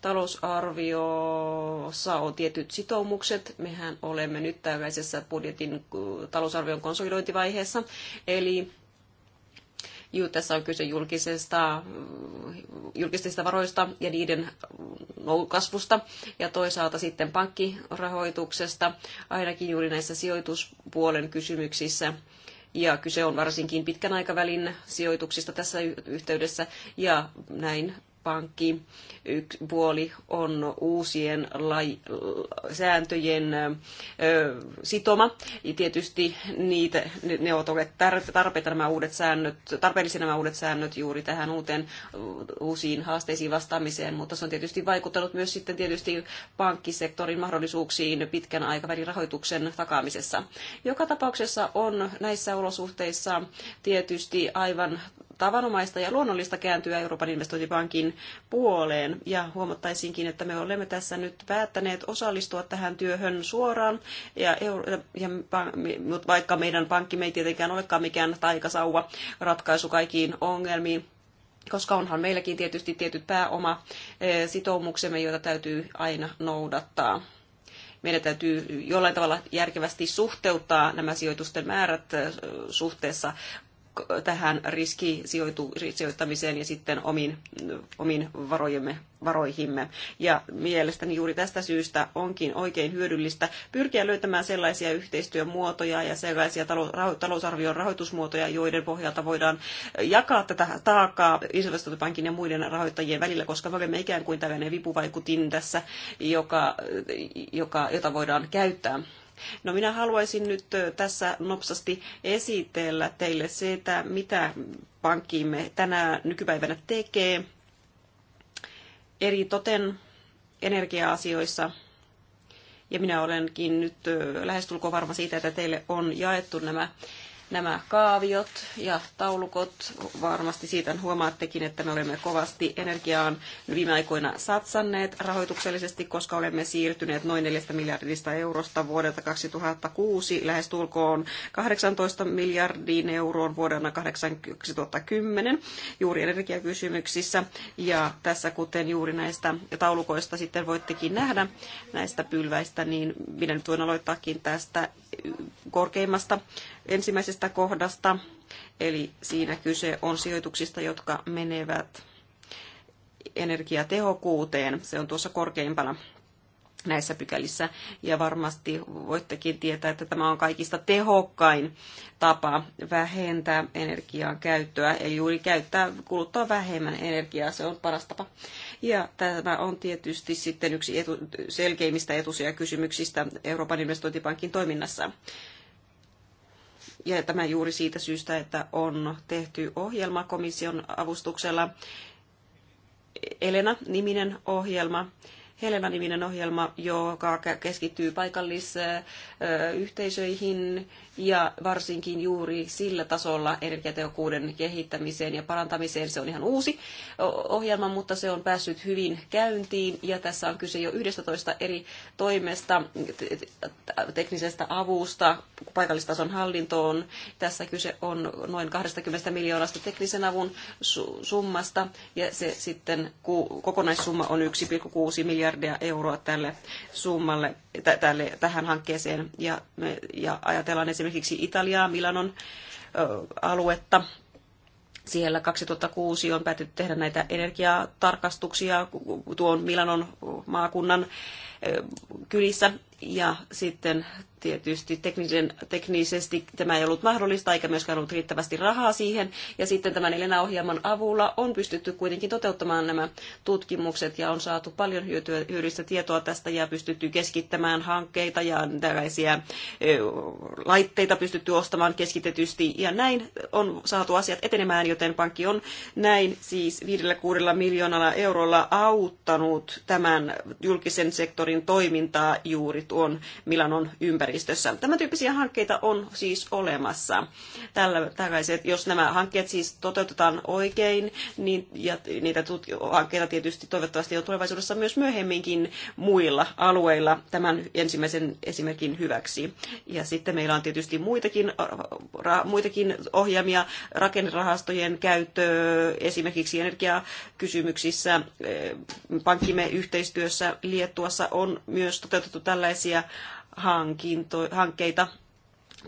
talousarviossa on tietyt sitoumukset. Mehän olemme nyt tällaisessa budjetin talousarvion konsolidointivaiheessa. Eli tässä on kyse julkisesta, julkisista varoista ja niiden kasvusta ja toisaalta sitten pankkirahoituksesta, ainakin juuri näissä sijoituspuolen kysymyksissä ja kyse on varsinkin pitkän aikavälin sijoituksista tässä yhteydessä ja näin pankki yksi puoli on uusien lai sääntöjen ö, sitoma. Ja tietysti niitä, ne ovat olleet tarpeita nämä uudet säännöt, tarpeellisia nämä uudet säännöt juuri tähän uuteen, uusiin haasteisiin vastaamiseen, mutta se on tietysti vaikuttanut myös sitten tietysti pankkisektorin mahdollisuuksiin pitkän aikavälin rahoituksen takaamisessa. Joka tapauksessa on näissä olosuhteissa tietysti aivan tavanomaista ja luonnollista kääntyä Euroopan investointipankin puoleen. Ja huomattaisinkin, että me olemme tässä nyt päättäneet osallistua tähän työhön suoraan. Ja, ja, mutta vaikka meidän pankki ei tietenkään olekaan mikään taikasauva ratkaisu kaikkiin ongelmiin, koska onhan meilläkin tietysti tietyt pääomasitoumuksemme, e, joita täytyy aina noudattaa meidän täytyy jollain tavalla järkevästi suhteuttaa nämä sijoitusten määrät e, suhteessa tähän riskisijoittamiseen ja sitten omiin, omiin varojemme, varoihimme. Ja mielestäni juuri tästä syystä onkin oikein hyödyllistä pyrkiä löytämään sellaisia yhteistyömuotoja ja sellaisia talousarvion rahoitusmuotoja, joiden pohjalta voidaan jakaa tätä taakkaa investointipankin ja muiden rahoittajien välillä, koska me olemme ikään kuin tällainen vipuvaikutin tässä, joka, joka, jota voidaan käyttää No minä haluaisin nyt tässä nopsasti esitellä teille sitä, mitä pankkiimme tänä nykypäivänä tekee eri toten energia-asioissa. Ja minä olenkin nyt lähestulkoon varma siitä, että teille on jaettu nämä nämä kaaviot ja taulukot. Varmasti siitä huomaattekin, että me olemme kovasti energiaan viime aikoina satsanneet rahoituksellisesti, koska olemme siirtyneet noin 4 miljardista eurosta vuodelta 2006 lähes tulkoon 18 miljardiin euroon vuodena 2010 juuri energiakysymyksissä. Ja tässä kuten juuri näistä taulukoista sitten voittekin nähdä näistä pylväistä, niin minä nyt voin aloittaakin tästä korkeimmasta ensimmäisestä kohdasta. Eli siinä kyse on sijoituksista, jotka menevät energiatehokuuteen. Se on tuossa korkeimpana näissä pykälissä. Ja varmasti voittekin tietää, että tämä on kaikista tehokkain tapa vähentää energian käyttöä. Eli juuri käyttää, kuluttaa vähemmän energiaa, se on paras tapa. Ja tämä on tietysti sitten yksi etu, selkeimmistä etusia kysymyksistä Euroopan investointipankin toiminnassa ja tämä juuri siitä syystä, että on tehty ohjelma komission avustuksella, Elena-niminen ohjelma, Helena-niminen ohjelma, joka keskittyy paikallisyhteisöihin ja varsinkin juuri sillä tasolla energiatehokkuuden kehittämiseen ja parantamiseen. Se on ihan uusi ohjelma, mutta se on päässyt hyvin käyntiin ja tässä on kyse jo 11 eri toimesta, teknisestä avusta, paikallistason hallintoon. Tässä kyse on noin 20 miljoonasta teknisen avun summasta ja se sitten kokonaissumma on 1,6 miljoonaa miljardia euroa tälle summalle, tälle, tähän hankkeeseen. Ja, me, ja ajatellaan esimerkiksi Italiaa, Milanon ö, aluetta, siellä 2006 on päätetty tehdä näitä energiatarkastuksia tuon Milanon maakunnan kylissä. Ja sitten tietysti teknisen, teknisesti tämä ei ollut mahdollista, eikä myöskään ollut riittävästi rahaa siihen. Ja sitten tämän Elena-ohjelman avulla on pystytty kuitenkin toteuttamaan nämä tutkimukset ja on saatu paljon hyötyä, hyödyllistä tietoa tästä ja pystytty keskittämään hankkeita ja tällaisia laitteita pystytty ostamaan keskitetysti. Ja näin on saatu asiat etenemään, joten pankki on näin siis 5-6 miljoonalla eurolla auttanut tämän julkisen sektorin sektorin toimintaa juuri tuon Milanon ympäristössä. Tämän tyyppisiä hankkeita on siis olemassa. Tällä, tällaiset, jos nämä hankkeet siis toteutetaan oikein, niin, ja niitä tutk- hankkeita tietysti toivottavasti on tulevaisuudessa myös myöhemminkin muilla alueilla tämän ensimmäisen esimerkin hyväksi. Ja sitten meillä on tietysti muitakin, ra, muitakin ohjelmia rakennerahastojen käyttö esimerkiksi energiakysymyksissä, eh, pankkimme yhteistyössä Liettuassa on myös toteutettu tällaisia hankinto, hankkeita,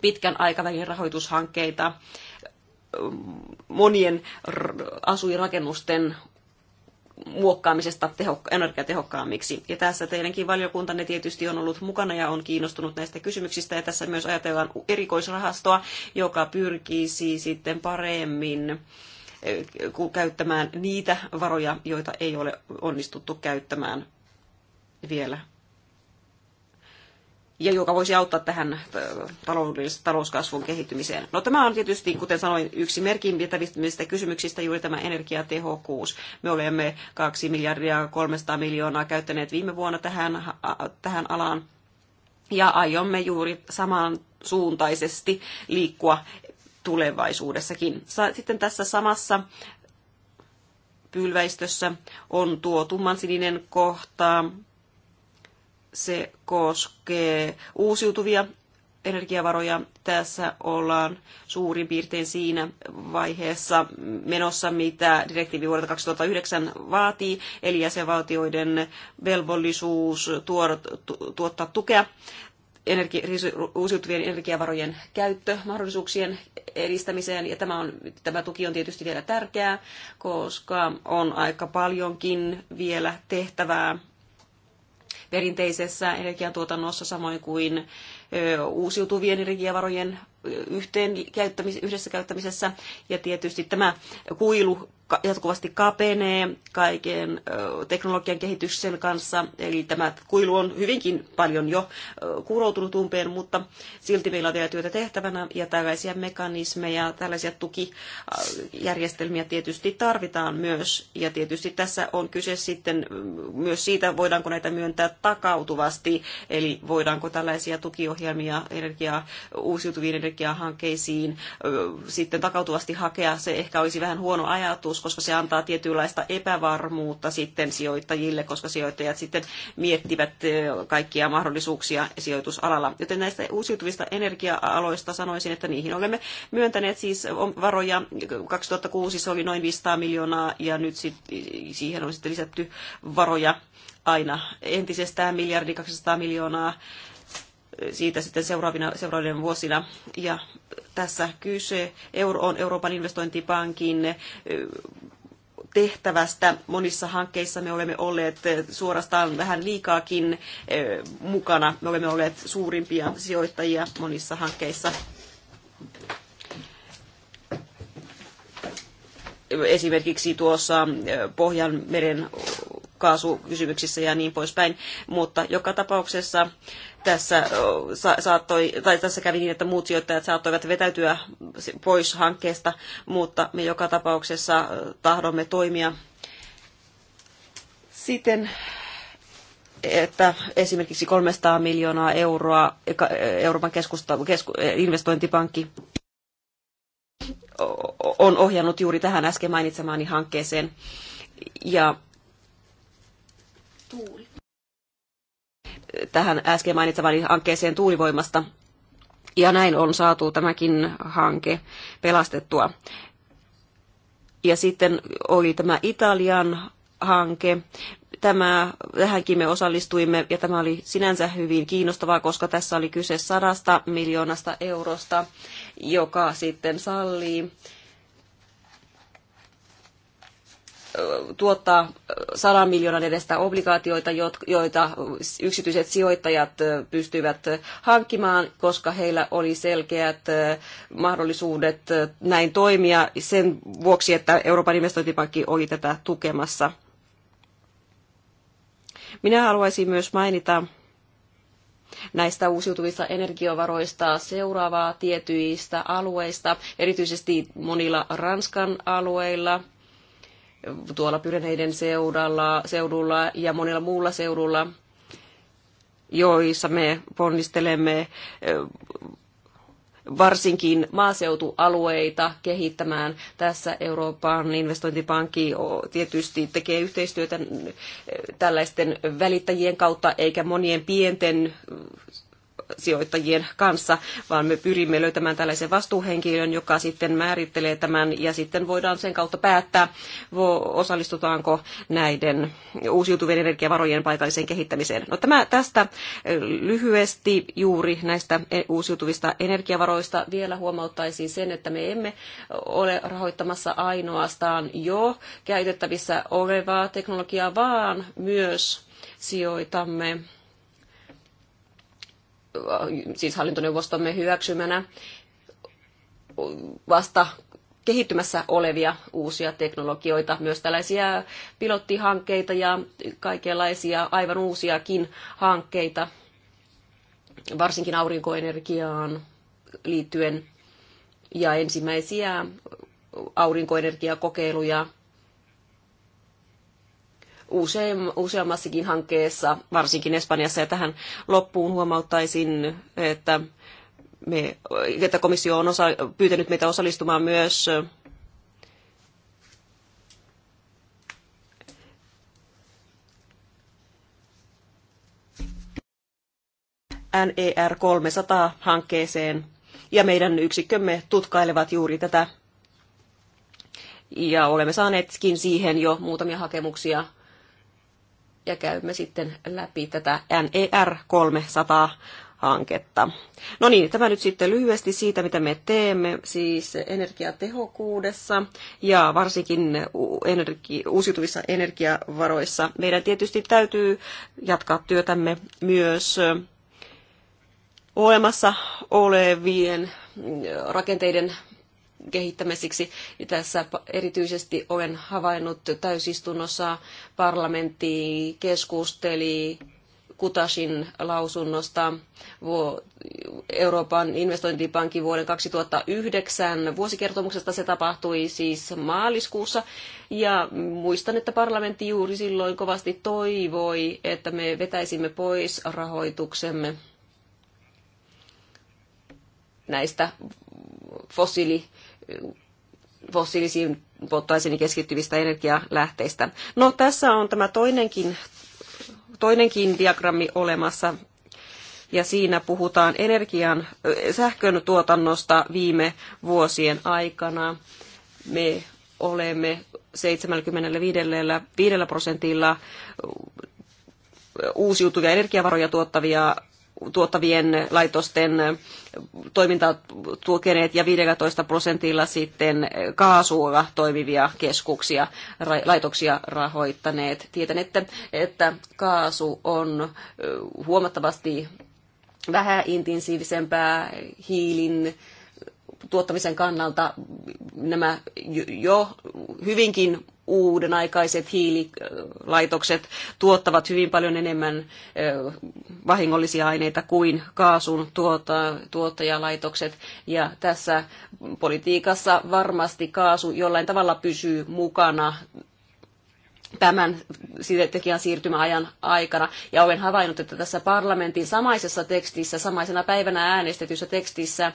pitkän aikavälin rahoitushankkeita monien asuinrakennusten muokkaamisesta tehokka- energiatehokkaammiksi. Ja tässä teidänkin valiokuntanne tietysti on ollut mukana ja on kiinnostunut näistä kysymyksistä. Ja tässä myös ajatellaan erikoisrahastoa, joka pyrkisi siis sitten paremmin eh, käyttämään niitä varoja, joita ei ole onnistuttu käyttämään vielä ja joka voisi auttaa tähän äh, talouskasvun kehittymiseen. No tämä on tietysti, kuten sanoin, yksi merkinpitävistä kysymyksistä juuri tämä energiatehokkuus. Me olemme 2 miljardia 300 miljoonaa käyttäneet viime vuonna tähän, tähän alaan ja aiomme juuri samaan suuntaisesti liikkua tulevaisuudessakin. Sitten tässä samassa pylväistössä on tuo tummansininen kohta, se koskee uusiutuvia energiavaroja. Tässä ollaan suurin piirtein siinä vaiheessa menossa, mitä direktiivi vuodelta 2009 vaatii, eli jäsenvaltioiden velvollisuus tuottaa tukea energi- uusiutuvien energiavarojen käyttömahdollisuuksien edistämiseen. Ja tämä, on, tämä tuki on tietysti vielä tärkeää, koska on aika paljonkin vielä tehtävää perinteisessä energiantuotannossa samoin kuin uusiutuvien energiavarojen yhteen käyttämis- yhdessä käyttämisessä. Ja tietysti tämä kuilu jatkuvasti kapenee kaiken teknologian kehityksen kanssa, eli tämä kuilu on hyvinkin paljon jo kuroutunut umpeen, mutta silti meillä on vielä työtä tehtävänä, ja tällaisia mekanismeja, tällaisia tukijärjestelmiä tietysti tarvitaan myös, ja tietysti tässä on kyse sitten myös siitä, voidaanko näitä myöntää takautuvasti, eli voidaanko tällaisia tukiohjelmia energiaa, uusiutuviin energiahankkeisiin sitten takautuvasti hakea, se ehkä olisi vähän huono ajatus, ajatus, koska se antaa tietynlaista epävarmuutta sitten sijoittajille, koska sijoittajat sitten miettivät kaikkia mahdollisuuksia sijoitusalalla. Joten näistä uusiutuvista energia-aloista sanoisin, että niihin olemme myöntäneet siis varoja. 2006 se oli noin 500 miljoonaa ja nyt siihen on sitten lisätty varoja aina entisestään miljardi 200 miljoonaa siitä sitten seuraavina, seuraavina vuosina. Ja tässä kyse euro on Euroopan investointipankin tehtävästä. Monissa hankkeissa me olemme olleet suorastaan vähän liikaakin mukana. Me olemme olleet suurimpia sijoittajia monissa hankkeissa. Esimerkiksi tuossa Pohjanmeren kaasukysymyksissä ja niin poispäin. Mutta joka tapauksessa tässä, sa- saattoi, tai tässä kävi niin, että muut sijoittajat saattoivat vetäytyä pois hankkeesta, mutta me joka tapauksessa tahdomme toimia siten, että esimerkiksi 300 miljoonaa euroa Euroopan keskusta, kesku, investointipankki on ohjannut juuri tähän äsken mainitsemaani hankkeeseen. Ja tähän äsken mainitsemani hankkeeseen tuulivoimasta. Ja näin on saatu tämäkin hanke pelastettua. Ja sitten oli tämä Italian hanke. Tämä, tähänkin me osallistuimme ja tämä oli sinänsä hyvin kiinnostavaa, koska tässä oli kyse sadasta miljoonasta eurosta, joka sitten sallii tuottaa 100 miljoonan edestä obligaatioita, joita yksityiset sijoittajat pystyivät hankkimaan, koska heillä oli selkeät mahdollisuudet näin toimia sen vuoksi, että Euroopan investointipankki oli tätä tukemassa. Minä haluaisin myös mainita näistä uusiutuvista energiavaroista seuraavaa tietyistä alueista, erityisesti monilla Ranskan alueilla – tuolla Pyreneiden seudalla, seudulla ja monilla muulla seudulla, joissa me ponnistelemme varsinkin maaseutualueita kehittämään. Tässä Euroopan investointipankki tietysti tekee yhteistyötä tällaisten välittäjien kautta, eikä monien pienten sijoittajien kanssa, vaan me pyrimme löytämään tällaisen vastuuhenkilön, joka sitten määrittelee tämän ja sitten voidaan sen kautta päättää, osallistutaanko näiden uusiutuvien energiavarojen paikalliseen kehittämiseen. No tämä tästä lyhyesti juuri näistä e, uusiutuvista energiavaroista vielä huomauttaisin sen, että me emme ole rahoittamassa ainoastaan jo käytettävissä olevaa teknologiaa, vaan myös sijoitamme siis hallintoneuvostomme hyväksymänä vasta kehittymässä olevia uusia teknologioita, myös tällaisia pilottihankkeita ja kaikenlaisia aivan uusiakin hankkeita, varsinkin aurinkoenergiaan liittyen ja ensimmäisiä aurinkoenergiakokeiluja usein, useammassakin hankkeessa, varsinkin Espanjassa. Ja tähän loppuun huomauttaisin, että, me, että komissio on osa, pyytänyt meitä osallistumaan myös NER 300-hankkeeseen, ja meidän yksikkömme tutkailevat juuri tätä. Ja olemme saaneetkin siihen jo muutamia hakemuksia ja käymme sitten läpi tätä NER 300 hanketta. No niin, tämä nyt sitten lyhyesti siitä, mitä me teemme siis energiatehokkuudessa ja varsinkin energi- uusiutuvissa energiavaroissa. Meidän tietysti täytyy jatkaa työtämme myös olemassa olevien rakenteiden kehittämiseksi. Tässä erityisesti olen havainnut täysistunnossa parlamentti keskusteli Kutasin lausunnosta Euroopan investointipankin vuoden 2009 vuosikertomuksesta. Se tapahtui siis maaliskuussa. Ja muistan, että parlamentti juuri silloin kovasti toivoi, että me vetäisimme pois rahoituksemme näistä fossiili fossiilisiin polttoaineisiin keskittyvistä energialähteistä. No tässä on tämä toinenkin, toinenkin diagrammi olemassa, ja siinä puhutaan energian, sähkön tuotannosta viime vuosien aikana. Me olemme 75 prosentilla uusiutuvia energiavaroja tuottavia tuottavien laitosten toimintaa tukeneet ja 15 prosentilla sitten kaasulla toimivia keskuksia, laitoksia rahoittaneet. Tietän, että, että kaasu on huomattavasti vähän intensiivisempää hiilin tuottamisen kannalta nämä jo hyvinkin uuden aikaiset hiililaitokset tuottavat hyvin paljon enemmän vahingollisia aineita kuin kaasun tuota, tuottajalaitokset. Ja tässä politiikassa varmasti kaasu jollain tavalla pysyy mukana tämän tekijän siirtymäajan aikana. Ja olen havainnut, että tässä parlamentin samaisessa tekstissä, samaisena päivänä äänestetyssä tekstissä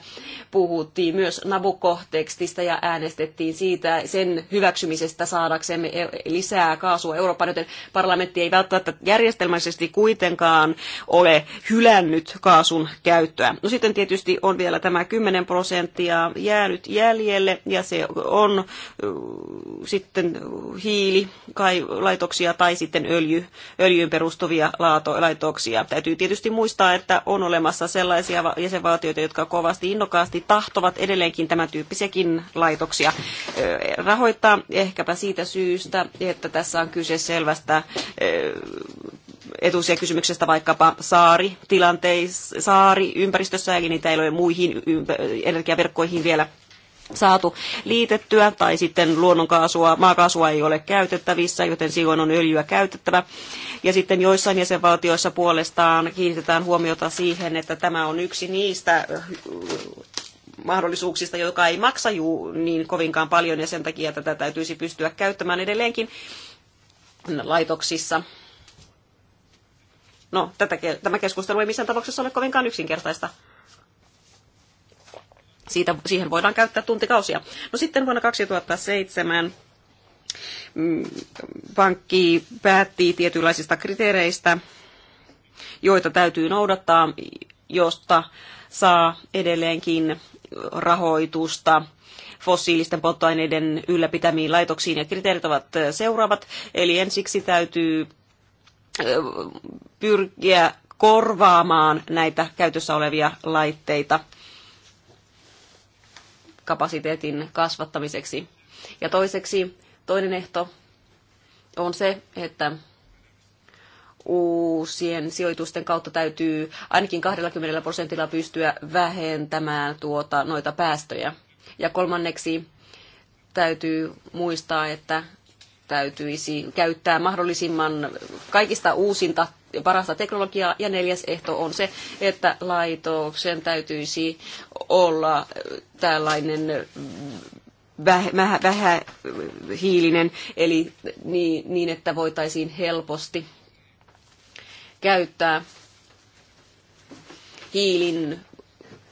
puhuttiin myös Nabucco-tekstistä ja äänestettiin siitä sen hyväksymisestä saadaksemme e- lisää kaasua Eurooppaan, joten parlamentti ei välttämättä järjestelmällisesti kuitenkaan ole hylännyt kaasun käyttöä. No sitten tietysti on vielä tämä 10 prosenttia jäänyt jäljelle ja se on sitten hiili kai hiililaitoksia tai sitten öljy, öljyyn perustuvia laato, laitoksia. Täytyy tietysti muistaa, että on olemassa sellaisia jäsenvaltioita, jotka kovasti innokkaasti tahtovat edelleenkin tämän tyyppisiäkin laitoksia rahoittaa. Ehkäpä siitä syystä, että tässä on kyse selvästä etuisia kysymyksestä vaikkapa saari, tilanteis, saari ympäristössä, eli niitä ei ole muihin energiaverkkoihin vielä saatu liitettyä tai sitten luonnonkaasua, maakaasua ei ole käytettävissä, joten silloin on öljyä käytettävä. Ja sitten joissain jäsenvaltioissa puolestaan kiinnitetään huomiota siihen, että tämä on yksi niistä äh, mahdollisuuksista, joka ei maksa juu niin kovinkaan paljon ja sen takia tätä täytyisi pystyä käyttämään edelleenkin laitoksissa. No, tätä, tämä keskustelu ei missään tapauksessa ole kovinkaan yksinkertaista. Siitä, siihen voidaan käyttää tuntikausia. No sitten vuonna 2007 mm, pankki päätti tietynlaisista kriteereistä, joita täytyy noudattaa, josta saa edelleenkin rahoitusta fossiilisten polttoaineiden ylläpitämiin laitoksiin. Ja kriteerit ovat seuraavat. Eli ensiksi täytyy pyrkiä korvaamaan näitä käytössä olevia laitteita kapasiteetin kasvattamiseksi. Ja toiseksi toinen ehto on se, että uusien sijoitusten kautta täytyy ainakin 20 prosentilla pystyä vähentämään tuota, noita päästöjä. Ja kolmanneksi täytyy muistaa, että täytyisi käyttää mahdollisimman kaikista uusinta ja parasta teknologiaa. Ja neljäs ehto on se, että laitoksen täytyisi olla äh, tällainen mm, vähähiilinen, vähä hiilinen, eli niin, niin, että voitaisiin helposti käyttää hiilin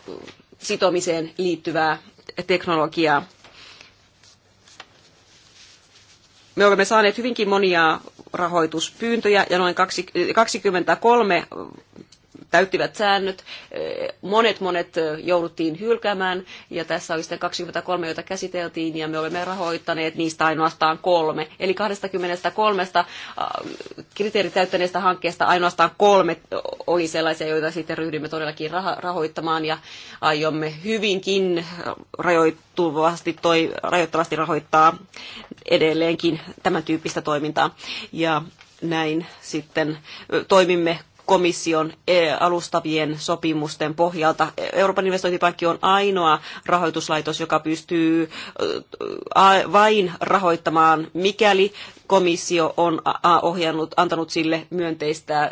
mm, sitomiseen liittyvää teknologiaa me olemme saaneet hyvinkin monia rahoituspyyntöjä ja noin 20, 23 eh, täyttivät säännöt. Eh, monet monet eh, jouduttiin hylkäämään ja tässä oli sitten 23, joita käsiteltiin ja me olemme rahoittaneet niistä ainoastaan kolme. Eli 23 eh, kriteerit täyttäneestä hankkeesta ainoastaan kolme oli sellaisia, joita sitten ryhdymme todellakin rahoittamaan ja aiomme hyvinkin rajoittuvasti, toi, rajoittavasti rahoittaa edelleenkin tämän tyyppistä toimintaa. Ja näin sitten toimimme komission e, alustavien sopimusten pohjalta. Euroopan investointipankki on ainoa rahoituslaitos, joka pystyy vain rahoittamaan, mikäli komissio on ohjannut, antanut sille myönteistä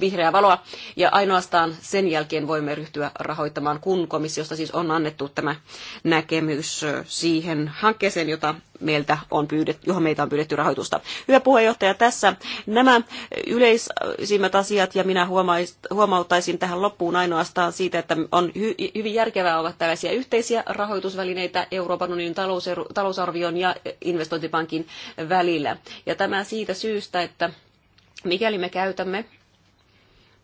vihreää valoa. Ja ainoastaan sen jälkeen voimme ryhtyä rahoittamaan, kun komissiosta siis on annettu tämä näkemys siihen hankkeeseen, jota meiltä on pyydetty, johon meitä on pyydetty rahoitusta. Hyvä puheenjohtaja, tässä nämä yleisimmät asiat ja minä huomauttaisin tähän loppuun ainoastaan siitä, että on hy- hyvin järkevää olla tällaisia yhteisiä rahoitusvälineitä Euroopan unionin talousarvion ja investointipankin välillä. Ja tämä siitä syystä, että mikäli me käytämme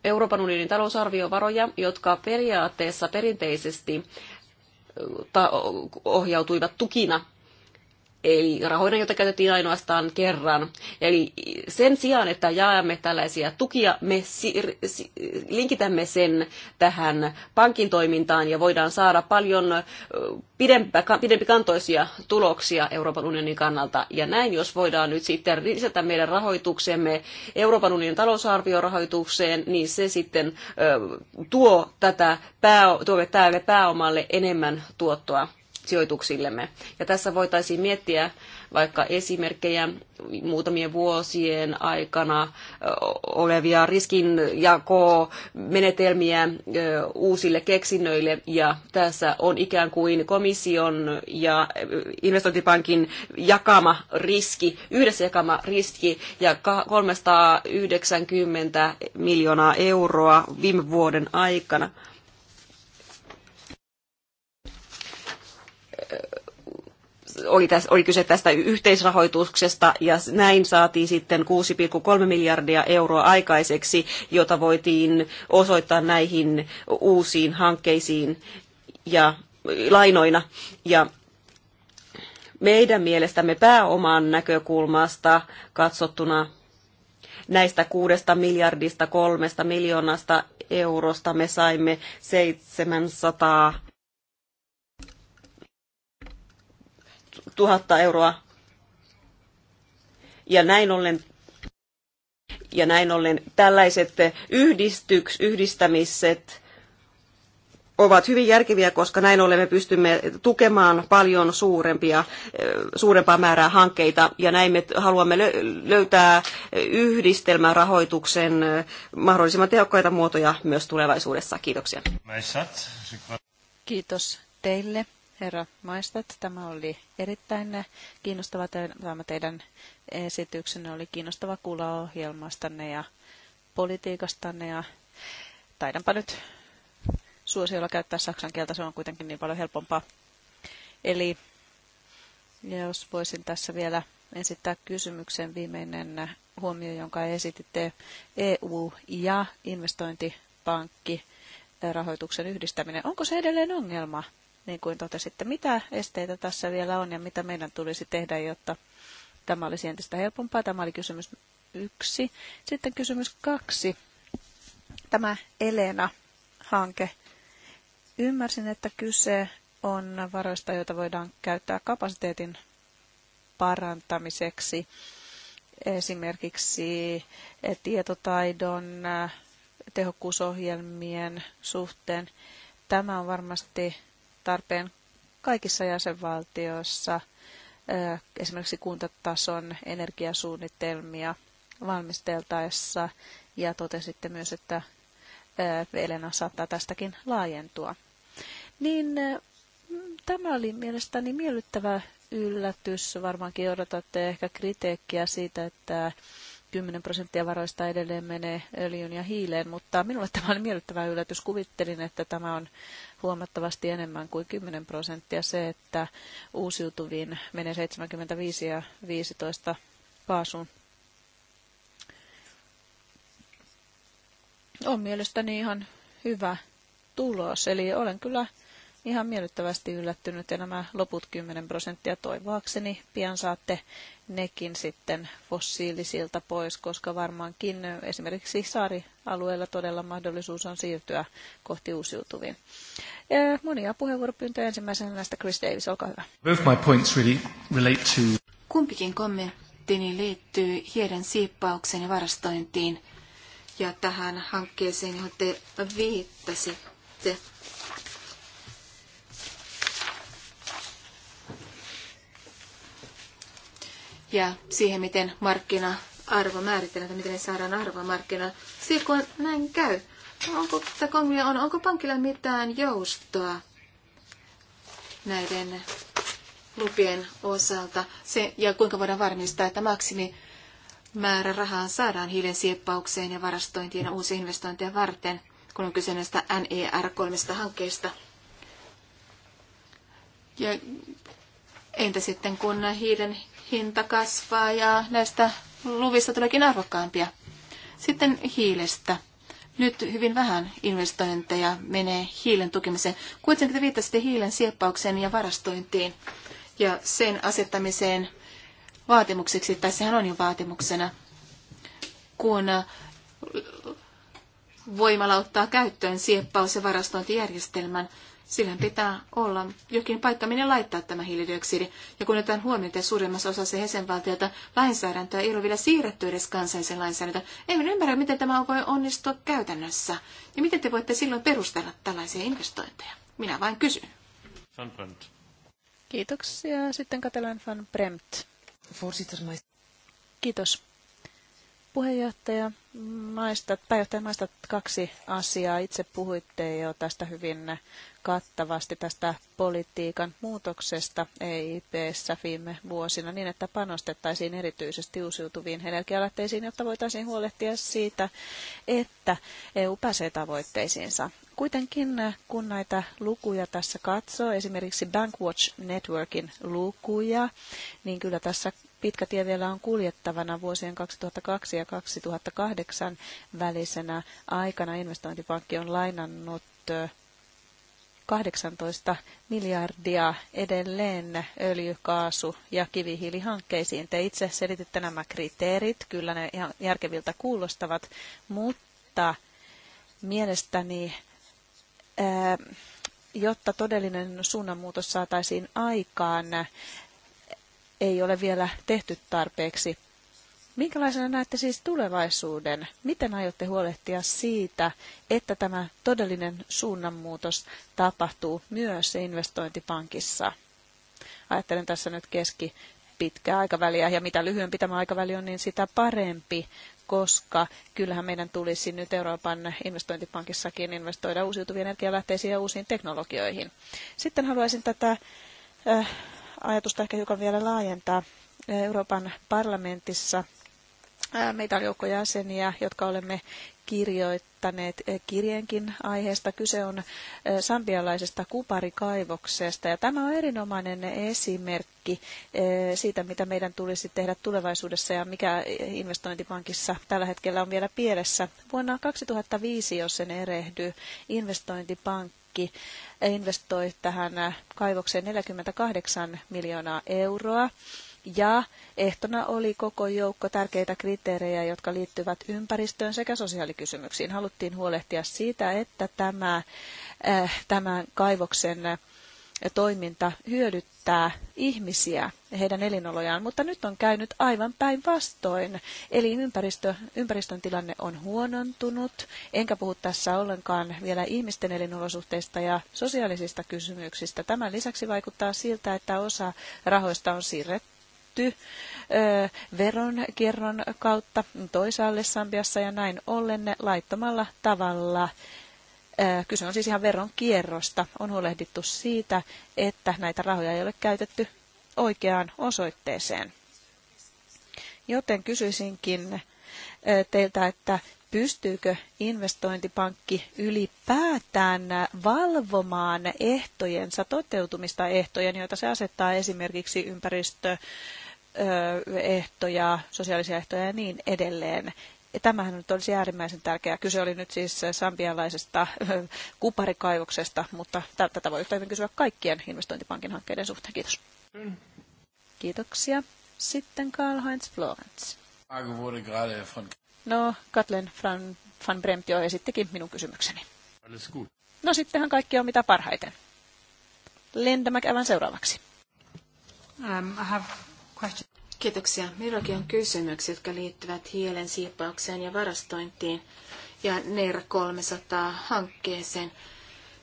Euroopan unionin talousarviovaroja, jotka periaatteessa perinteisesti ohjautuivat tukina Eli rahoina, jota käytettiin ainoastaan kerran. Eli sen sijaan, että jaamme tällaisia tukia, me linkitämme sen tähän pankin toimintaan ja voidaan saada paljon pidempä, pidempikantoisia tuloksia Euroopan unionin kannalta. Ja näin, jos voidaan nyt sitten lisätä meidän rahoituksemme Euroopan unionin talousarviorahoitukseen, niin se sitten tuo tätä pää, tuo pääomalle enemmän tuottoa sijoituksillemme. Ja tässä voitaisiin miettiä vaikka esimerkkejä muutamien vuosien aikana olevia riskinjakomenetelmiä uusille keksinnöille ja tässä on ikään kuin komission ja investointipankin jakama riski, yhdessä jakama riski ja 390 miljoonaa euroa viime vuoden aikana oli, täs, oli kyse tästä yhteisrahoituksesta ja näin saatiin sitten 6,3 miljardia euroa aikaiseksi, jota voitiin osoittaa näihin uusiin hankkeisiin ja äh, lainoina. Ja meidän mielestämme pääoman näkökulmasta katsottuna näistä kuudesta miljardista kolmesta miljoonasta eurosta me saimme 700 tuhatta euroa. Ja näin ollen ja näin ollen tällaiset yhdistyks, yhdistämiset ovat hyvin järkeviä, koska näin ollen me pystymme tukemaan paljon suurempia, suurempaa määrää hankkeita ja näin me haluamme löytää yhdistelmän rahoituksen mahdollisimman tehokkaita muotoja myös tulevaisuudessa. Kiitoksia. Kiitos teille herra Maistat. Tämä oli erittäin kiinnostava tämä teidän esityksenne. Oli kiinnostava kuulla ohjelmastanne ja politiikastanne. Ja taidanpa nyt suosiolla käyttää saksan kieltä, se on kuitenkin niin paljon helpompaa. Eli jos voisin tässä vielä esittää kysymyksen viimeinen huomio, jonka esititte EU ja investointipankki rahoituksen yhdistäminen. Onko se edelleen ongelma? niin kuin totesitte. Mitä esteitä tässä vielä on ja mitä meidän tulisi tehdä, jotta tämä olisi entistä helpompaa? Tämä oli kysymys yksi. Sitten kysymys kaksi. Tämä Elena-hanke. Ymmärsin, että kyse on varoista, joita voidaan käyttää kapasiteetin parantamiseksi. Esimerkiksi eh, tietotaidon eh, tehokkuusohjelmien suhteen. Tämä on varmasti tarpeen kaikissa jäsenvaltioissa esimerkiksi kuntatason energiasuunnitelmia valmisteltaessa ja totesitte myös, että Elena saattaa tästäkin laajentua. Niin tämä oli mielestäni miellyttävä yllätys. Varmaankin odotatte ehkä kritiikkiä siitä, että 10 prosenttia varoista edelleen menee öljyn ja hiileen, mutta minulle tämä oli miellyttävä yllätys. Kuvittelin, että tämä on huomattavasti enemmän kuin 10 prosenttia. Se, että uusiutuviin menee 75 ja 15 kaasun on mielestäni ihan hyvä tulos. Eli olen kyllä ihan miellyttävästi yllättynyt ja nämä loput 10 prosenttia toivoakseni pian saatte nekin sitten fossiilisilta pois, koska varmaankin esimerkiksi saarialueella todella mahdollisuus on siirtyä kohti uusiutuviin. Monia puheenvuoropyyntöjä ensimmäisenä näistä Chris Davis, olkaa hyvä. Both my points really relate to... Kumpikin kommenttini liittyy hieden siippaukseen ja varastointiin ja tähän hankkeeseen, johon te viittasitte. ja siihen, miten markkina-arvo määritellään, tai miten ne saadaan arvoa markkinoilla. Siinä kun näin käy, onko, on, onko pankilla mitään joustoa näiden lupien osalta, se, ja kuinka voidaan varmistaa, että maksimi määrä rahaa saadaan hiilen sieppaukseen ja varastointiin ja uusia investointeja varten, kun on kyse näistä NER3-hankkeista. Ja entä sitten kun hiilen hinta kasvaa ja näistä luvista tuleekin arvokkaampia. Sitten hiilestä. Nyt hyvin vähän investointeja menee hiilen tukemiseen. Kuitenkin te viittasitte hiilen sieppaukseen ja varastointiin ja sen asettamiseen vaatimukseksi, tai sehän on jo vaatimuksena, kun voimalauttaa käyttöön sieppaus- ja varastointijärjestelmän. Sillähän pitää olla jokin paikka, minne laittaa tämä hiilidioksidi. Ja kun otetaan huomioon, että suurimmassa osassa jäsenvaltiota lainsäädäntöä ei ole vielä siirretty edes kansallisen lainsäädäntöön, en ymmärrä, miten tämä voi onnistua käytännössä. Ja miten te voitte silloin perustella tällaisia investointeja? Minä vain kysyn. Kiitoksia. Sitten katellaan Van Bremt. Kiitos. Puheenjohtaja maista, pääjohtaja maistat kaksi asiaa. Itse puhuitte jo tästä hyvin kattavasti tästä politiikan muutoksesta EIPssä viime vuosina niin, että panostettaisiin erityisesti uusiutuviin energialähteisiin, jotta voitaisiin huolehtia siitä, että EU pääsee tavoitteisiinsa. Kuitenkin kun näitä lukuja tässä katsoo, esimerkiksi Bankwatch Networkin lukuja, niin kyllä tässä pitkä tie vielä on kuljettavana vuosien 2002 ja 2008 välisenä aikana. Investointipankki on lainannut 18 miljardia edelleen öljy, kaasu ja kivihiilihankkeisiin. Te itse selititte nämä kriteerit, kyllä ne ihan järkeviltä kuulostavat, mutta mielestäni jotta todellinen suunnanmuutos saataisiin aikaan, ei ole vielä tehty tarpeeksi. Minkälaisena näette siis tulevaisuuden? Miten aiotte huolehtia siitä, että tämä todellinen suunnanmuutos tapahtuu myös investointipankissa? Ajattelen tässä nyt keski pitkää aikaväliä ja mitä lyhyempi tämä aikaväli on, niin sitä parempi, koska kyllähän meidän tulisi nyt Euroopan investointipankissakin investoida uusiutuvien energialähteisiin ja uusiin teknologioihin. Sitten haluaisin tätä äh, ajatusta ehkä hiukan vielä laajentaa. Euroopan parlamentissa meitä on joukko jäseniä, jotka olemme kirjoittaneet kirjeenkin aiheesta. Kyse on sambialaisesta kuparikaivoksesta ja tämä on erinomainen esimerkki siitä, mitä meidän tulisi tehdä tulevaisuudessa ja mikä investointipankissa tällä hetkellä on vielä pielessä. Vuonna 2005, jos en erehdy, investointipankki Kaupunki investoi tähän äh, kaivokseen 48 miljoonaa euroa. Ja ehtona oli koko joukko tärkeitä kriteerejä, jotka liittyvät ympäristöön sekä sosiaalikysymyksiin. Haluttiin huolehtia siitä, että tämä, äh, tämän kaivoksen toiminta hyödyttää ihmisiä ja heidän elinolojaan, mutta nyt on käynyt aivan päinvastoin. Eli ympäristö, ympäristön tilanne on huonontunut, enkä puhu tässä ollenkaan vielä ihmisten elinolosuhteista ja sosiaalisista kysymyksistä. Tämän lisäksi vaikuttaa siltä, että osa rahoista on siirretty veronkierron kautta toisaalle Sambiassa ja näin ollen laittomalla tavalla Kyse on siis ihan veronkierrosta. kierrosta. On huolehdittu siitä, että näitä rahoja ei ole käytetty oikeaan osoitteeseen. Joten kysyisinkin teiltä, että pystyykö investointipankki ylipäätään valvomaan ehtojensa toteutumista ehtojen, joita se asettaa esimerkiksi ympäristöehtoja, sosiaalisia ehtoja ja niin edelleen tämähän nyt olisi äärimmäisen tärkeää. Kyse oli nyt siis sambialaisesta äh, kuparikaivoksesta, mutta tätä voi yhtä hyvin kysyä kaikkien investointipankin hankkeiden suhteen. Kiitos. Kiitoksia. Sitten Karl-Heinz Florenz. No, Katlen van, van Bremt jo esittikin minun kysymykseni. No sittenhän kaikki on mitä parhaiten. Linda McEvan seuraavaksi. Um, I have Kiitoksia. Minullakin on kysymyksiä, jotka liittyvät hiilen siippaukseen ja varastointiin ja NER 300-hankkeeseen.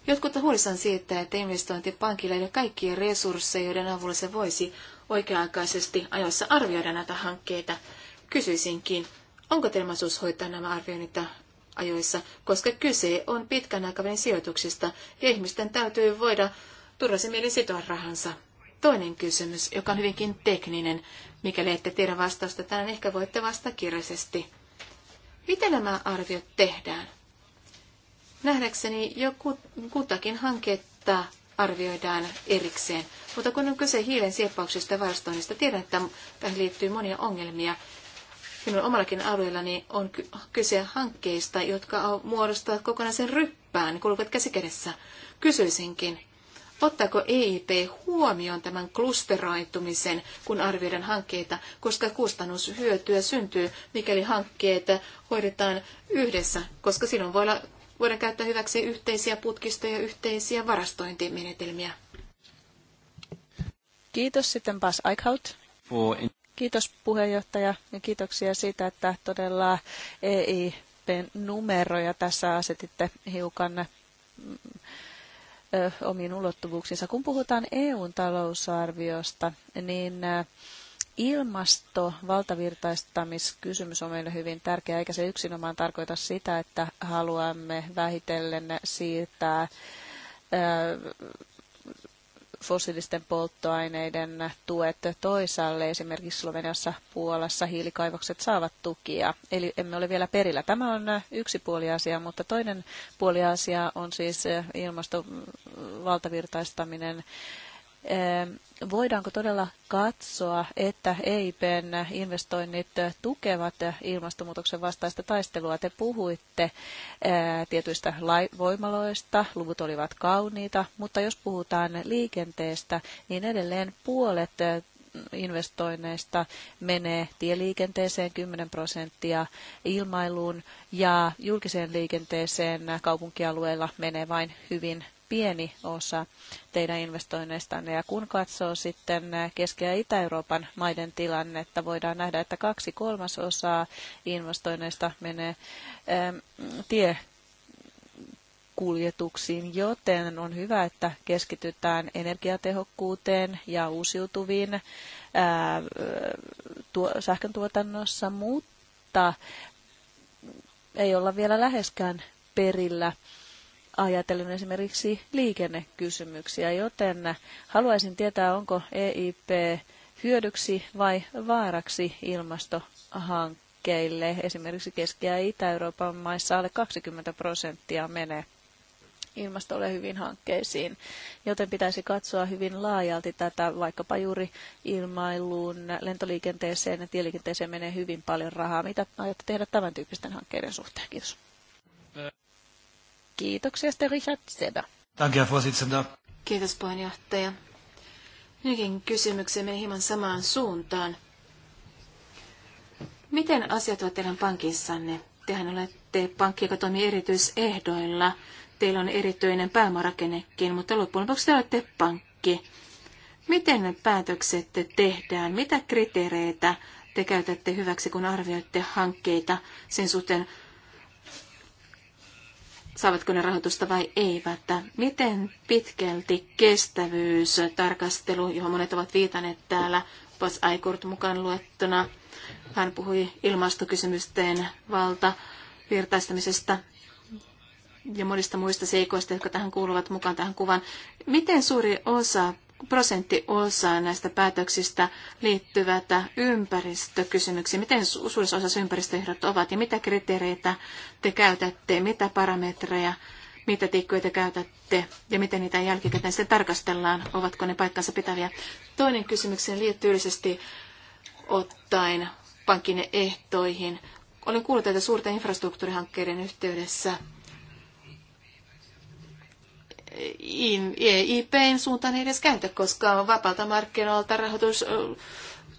Jotkut huolissaan siitä, että investointipankilla ei ole kaikkia resursseja, joiden avulla se voisi oikea-aikaisesti ajoissa arvioida näitä hankkeita. Kysyisinkin, onko teillä mahdollisuus hoitaa nämä arvioinnit ajoissa, koska kyse on pitkän aikavälin sijoituksista ja ihmisten täytyy voida turvallisemmin sitoa rahansa Toinen kysymys, joka on hyvinkin tekninen, mikäli ette tiedä vastausta tänään, ehkä voitte vastata kirjallisesti. Miten nämä arviot tehdään? Nähdäkseni jo kutakin hanketta arvioidaan erikseen, mutta kun on kyse hiilen sieppauksesta ja varastoinnista, tiedän, että tähän liittyy monia ongelmia. Minun omallakin alueellani on kyse hankkeista, jotka muodostavat kokonaisen ryppään, kulkevat käsikädessä. Kysyisinkin, Ottaako EIP huomioon tämän klusteraitumisen, kun arvioidaan hankkeita, koska kustannushyötyä syntyy, mikäli hankkeet hoidetaan yhdessä, koska silloin voi olla, voidaan käyttää hyväksi yhteisiä putkistoja, yhteisiä varastointimenetelmiä. Kiitos sitten Bas Eichhout. Kiitos puheenjohtaja ja kiitoksia siitä, että todella eip numeroja tässä asetitte hiukan mm, omiin ulottuvuuksiinsa. Kun puhutaan EUn talousarviosta, niin ilmasto, valtavirtaistamiskysymys on meille hyvin tärkeä, eikä se yksinomaan tarkoita sitä, että haluamme vähitellen siirtää fossiilisten polttoaineiden tuet toisaalle. Esimerkiksi Sloveniassa, Puolassa hiilikaivokset saavat tukia, eli emme ole vielä perillä. Tämä on yksi puoli asiaa, mutta toinen puoli asiaa on siis ilmastovaltavirtaistaminen voidaanko todella katsoa, että EIPn investoinnit tukevat ilmastonmuutoksen vastaista taistelua? Te puhuitte tietyistä voimaloista, luvut olivat kauniita, mutta jos puhutaan liikenteestä, niin edelleen puolet investoinneista menee tieliikenteeseen 10 prosenttia, ilmailuun ja julkiseen liikenteeseen kaupunkialueilla menee vain hyvin pieni osa teidän investoinneistanne. Ja kun katsoo sitten Keski- ja Itä-Euroopan maiden tilannetta, voidaan nähdä, että kaksi kolmasosaa investoinneista menee tie kuljetuksiin, joten on hyvä, että keskitytään energiatehokkuuteen ja uusiutuviin ää, tuo, sähköntuotannossa, mutta ei olla vielä läheskään perillä ajatellen esimerkiksi liikennekysymyksiä, joten haluaisin tietää, onko EIP hyödyksi vai vaaraksi ilmastohankkeille. Esimerkiksi Keski- ja Itä-Euroopan maissa alle 20 prosenttia menee ilmastolle hyvin hankkeisiin, joten pitäisi katsoa hyvin laajalti tätä, vaikkapa juuri ilmailuun, lentoliikenteeseen ja tieliikenteeseen menee hyvin paljon rahaa. Mitä aiotte tehdä tämän tyyppisten hankkeiden suhteen? Kiitos. Kiitoksia sitten Richard Seda. Tankia, Vorsitzender. Kiitos puheenjohtaja. Minäkin kysymykseen meni hieman samaan suuntaan. Miten asiat ovat teidän pankissanne? Tehän olette pankki, joka toimii erityisehdoilla. Teillä on erityinen pääomarakennekin, mutta loppujen lopuksi te olette pankki. Miten ne päätökset tehdään? Mitä kriteereitä te käytätte hyväksi, kun arvioitte hankkeita sen suhteen, saavatko ne rahoitusta vai eivät. Miten pitkälti kestävyys, tarkastelu, johon monet ovat viitanneet täällä, Pas Aikurt mukaan luettuna, hän puhui ilmastokysymysten valta virtaistamisesta ja monista muista seikoista, jotka tähän kuuluvat mukaan tähän kuvan. Miten suuri osa prosenttiosa näistä päätöksistä liittyvät ympäristökysymyksiin. Miten suurissa osassa ympäristöehdot ovat ja mitä kriteereitä te käytätte, mitä parametreja, mitä tikkuja te käytätte ja miten niitä jälkikäteen sitten tarkastellaan, ovatko ne paikkansa pitäviä. Toinen kysymykseen liittyy yleisesti ottaen pankin ehtoihin. Olen kuullut, että suurten infrastruktuurihankkeiden yhteydessä IPn e suuntaan edes käytä, koska vapaalta markkinoilta rahoitus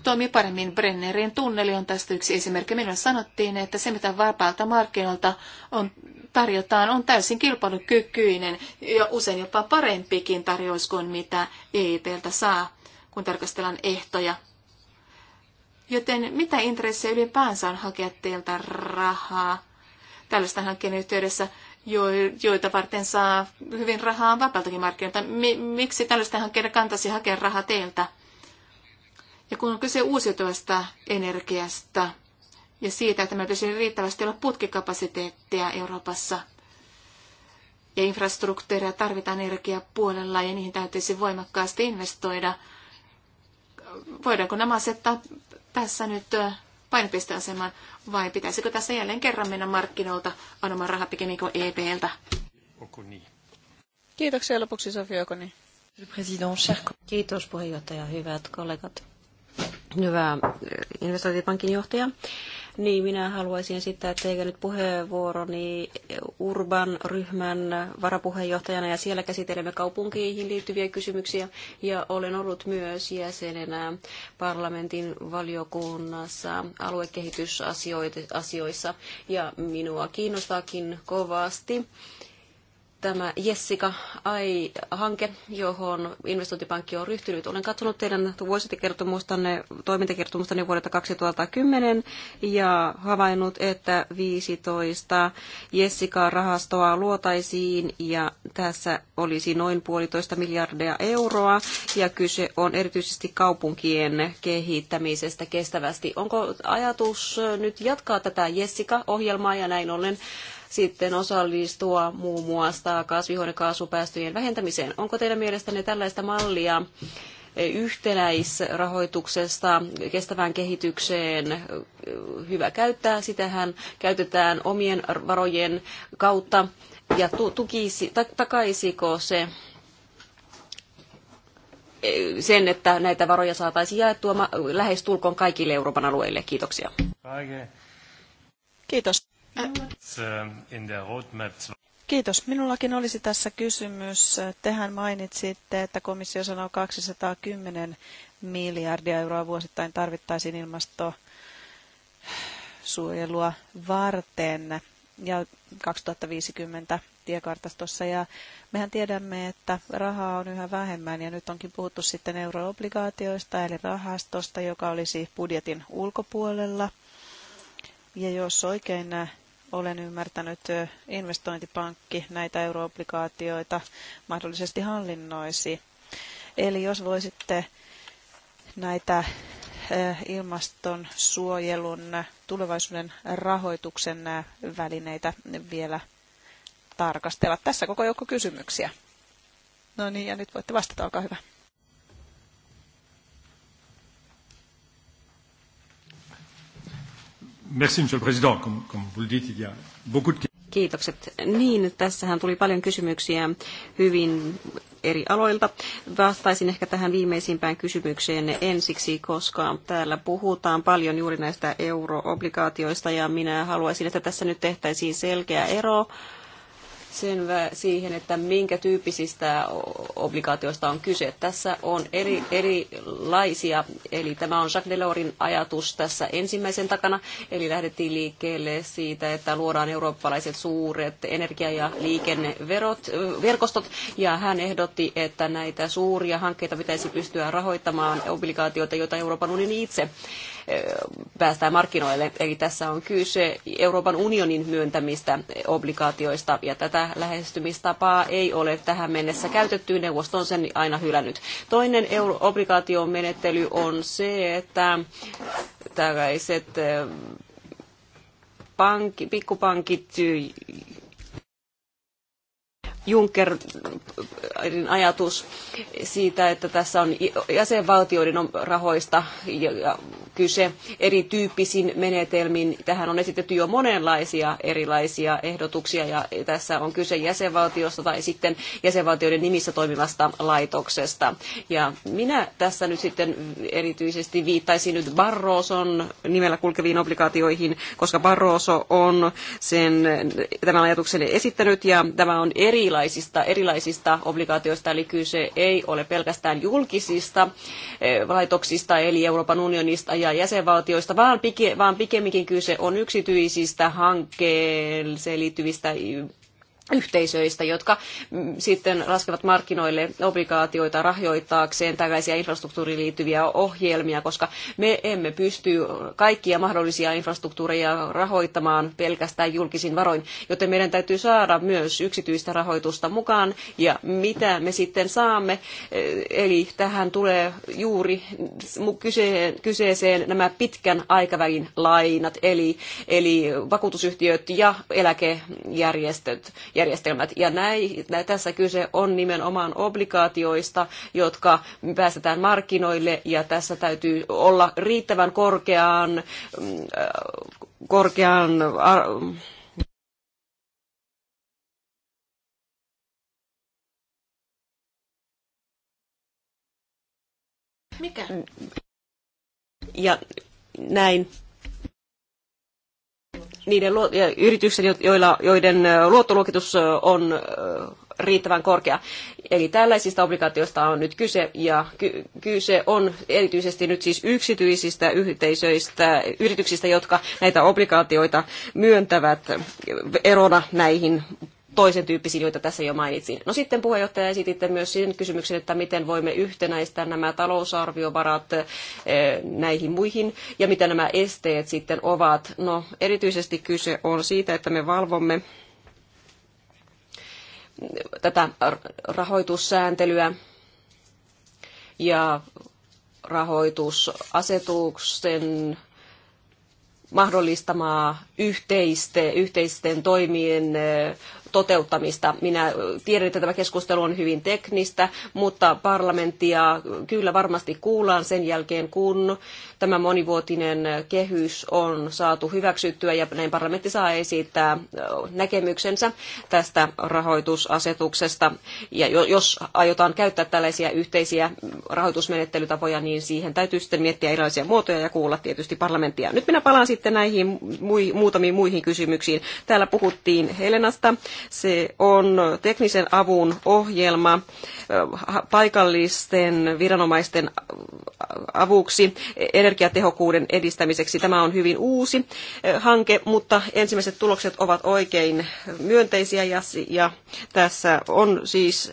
toimii paremmin. Brennerin tunneli on tästä yksi esimerkki. Minulle sanottiin, että se mitä vapaalta markkinoilta on, tarjotaan on täysin kilpailukykyinen ja usein jopa parempikin tarjous kuin mitä EIPltä saa, kun tarkastellaan ehtoja. Joten mitä intressejä ylipäänsä on hakea teiltä rahaa? Tällaista hankkeen yhteydessä joita varten saa hyvin rahaa vapaaltakin markkinoilta. Miksi tällaista hän kantaisi hakea rahaa teiltä? Ja kun on kyse uusiutuvasta energiasta ja siitä, että meillä pitäisi riittävästi olla putkikapasiteettia Euroopassa ja infrastruktuuria tarvitaan energiapuolella ja niihin täytyisi voimakkaasti investoida. Voidaanko nämä asettaa tässä nyt painopisteasemaan, vai pitäisikö tässä jälleen kerran mennä markkinoilta anomaan rahaa pikemmin kuin EPltä? Kiitoksia lopuksi Sofia Okoni. Kiitos puheenjohtaja, hyvät kollegat. Hyvä eh, investointipankin johtaja. Niin, minä haluaisin että teille nyt puheenvuoroni Urban ryhmän varapuheenjohtajana ja siellä käsittelemme kaupunkiin liittyviä kysymyksiä ja olen ollut myös jäsenenä parlamentin valiokunnassa aluekehitysasioissa ja minua kiinnostaakin kovasti tämä Jessica-hanke, johon investointipankki on ryhtynyt. Olen katsonut teidän vuosikertomustanne, toimintakertomustanne vuodelta 2010 ja havainnut, että 15 Jessica-rahastoa luotaisiin ja tässä olisi noin puolitoista miljardia euroa ja kyse on erityisesti kaupunkien kehittämisestä kestävästi. Onko ajatus nyt jatkaa tätä Jessica-ohjelmaa ja näin ollen sitten osallistua muun muassa kasvihuonekaasupäästöjen vähentämiseen. Onko teidän mielestänne tällaista mallia e, yhtenäisrahoituksesta kestävään kehitykseen e, hyvä käyttää? Sitähän käytetään omien varojen kautta ja tukisi, takaisiko se e, sen, että näitä varoja saataisiin jaettua lähestulkoon kaikille Euroopan alueille. Kiitoksia. Kiitos. Um, Kiitos. Minullakin olisi tässä kysymys. Tehän mainitsitte, että komissio sanoo 210 miljardia euroa vuosittain tarvittaisiin ilmastosuojelua varten ja 2050 tiekartastossa. Ja mehän tiedämme, että rahaa on yhä vähemmän ja nyt onkin puhuttu sitten euroobligaatioista eli rahastosta, joka olisi budjetin ulkopuolella. Ja jos oikein olen ymmärtänyt, investointipankki näitä euroobligaatioita mahdollisesti hallinnoisi. Eli jos voisitte näitä ilmaston suojelun tulevaisuuden rahoituksen välineitä vielä tarkastella. Tässä koko joukko kysymyksiä. No niin, ja nyt voitte vastata, olkaa hyvä. Merci, monsieur le président. Comme, comme vous le dites, il y a beaucoup de... Kiitokset. Niin, tässähän tuli paljon kysymyksiä hyvin eri aloilta. Vastaisin ehkä tähän viimeisimpään kysymykseen ensiksi, koska täällä puhutaan paljon juuri näistä euroobligaatioista ja minä haluaisin, että tässä nyt tehtäisiin selkeä ero sen siihen, että minkä tyyppisistä obligaatioista on kyse. Tässä on eri, erilaisia, eli tämä on Jacques Delorsin ajatus tässä ensimmäisen takana, eli lähdettiin liikkeelle siitä, että luodaan eurooppalaiset suuret energia- ja liikenneverot, verkostot, ja hän ehdotti, että näitä suuria hankkeita pitäisi pystyä rahoittamaan obligaatioita, joita Euroopan unioni itse päästään markkinoille. Eli tässä on kyse Euroopan unionin myöntämistä obligaatioista, ja tätä lähestymistapaa ei ole tähän mennessä käytetty. Neuvosto on sen aina hylännyt. Toinen obligaatiomenettely on se, että tällaiset eh, pankki, pikkupankit Junckerin äh, ajatus siitä, että tässä on jäsenvaltioiden rahoista kyse erityyppisin menetelmin. Tähän on esitetty jo monenlaisia erilaisia ehdotuksia ja tässä on kyse jäsenvaltiosta tai sitten jäsenvaltioiden nimissä toimivasta laitoksesta. Ja minä tässä nyt sitten erityisesti viittaisin nyt Barroson nimellä kulkeviin obligaatioihin, koska Barroso on sen, tämän ajatuksen esittänyt ja tämä on erilainen erilaisista, erilaisista obligaatioista, eli kyse ei ole pelkästään julkisista eh, laitoksista, eli Euroopan unionista ja jäsenvaltioista, vaan, pike, vaan pikemminkin kyse on yksityisistä hankkeeseen liittyvistä yhteisöistä, jotka mm, sitten laskevat markkinoille obligaatioita rahoittaakseen tällaisia infrastruktuuriin liittyviä ohjelmia, koska me emme pysty kaikkia mahdollisia infrastruktuureja rahoittamaan pelkästään julkisin varoin, joten meidän täytyy saada myös yksityistä rahoitusta mukaan ja mitä me sitten saamme, eh, eli tähän tulee juuri kyseeseen nämä pitkän aikavälin lainat, eli, eli vakuutusyhtiöt ja eläkejärjestöt järjestelmät. Ja näin, tässä kyse on nimenomaan obligaatioista, jotka päästetään markkinoille ja tässä täytyy olla riittävän korkeaan, mm, äh, korkeaan Mikä? Ja näin niiden yritysten, joilla, joiden luottoluokitus on riittävän korkea. Eli tällaisista obligaatioista on nyt kyse, ja ky- kyse on erityisesti nyt siis yksityisistä yhteisöistä, yrityksistä, jotka näitä obligaatioita myöntävät erona näihin toisen tyyppisiin, joita tässä jo mainitsin. No sitten puheenjohtaja esititte myös sen kysymyksen, että miten voimme yhtenäistää nämä talousarviovarat eh, näihin muihin ja mitä nämä esteet sitten ovat. No erityisesti kyse on siitä, että me valvomme tätä rahoitussääntelyä ja rahoitusasetuksen mahdollistamaa yhteiste, yhteisten toimien eh, toteuttamista. Minä tiedän, että tämä keskustelu on hyvin teknistä, mutta parlamenttia kyllä varmasti kuullaan sen jälkeen, kun tämä monivuotinen kehys on saatu hyväksyttyä ja näin parlamentti saa esittää näkemyksensä tästä rahoitusasetuksesta. Ja jos aiotaan käyttää tällaisia yhteisiä rahoitusmenettelytapoja, niin siihen täytyy sitten miettiä erilaisia muotoja ja kuulla tietysti parlamenttia. Nyt minä palaan sitten näihin muutamiin muihin kysymyksiin. Täällä puhuttiin Helenasta se on teknisen avun ohjelma paikallisten viranomaisten avuksi energiatehokkuuden edistämiseksi. Tämä on hyvin uusi hanke, mutta ensimmäiset tulokset ovat oikein myönteisiä ja, ja tässä on siis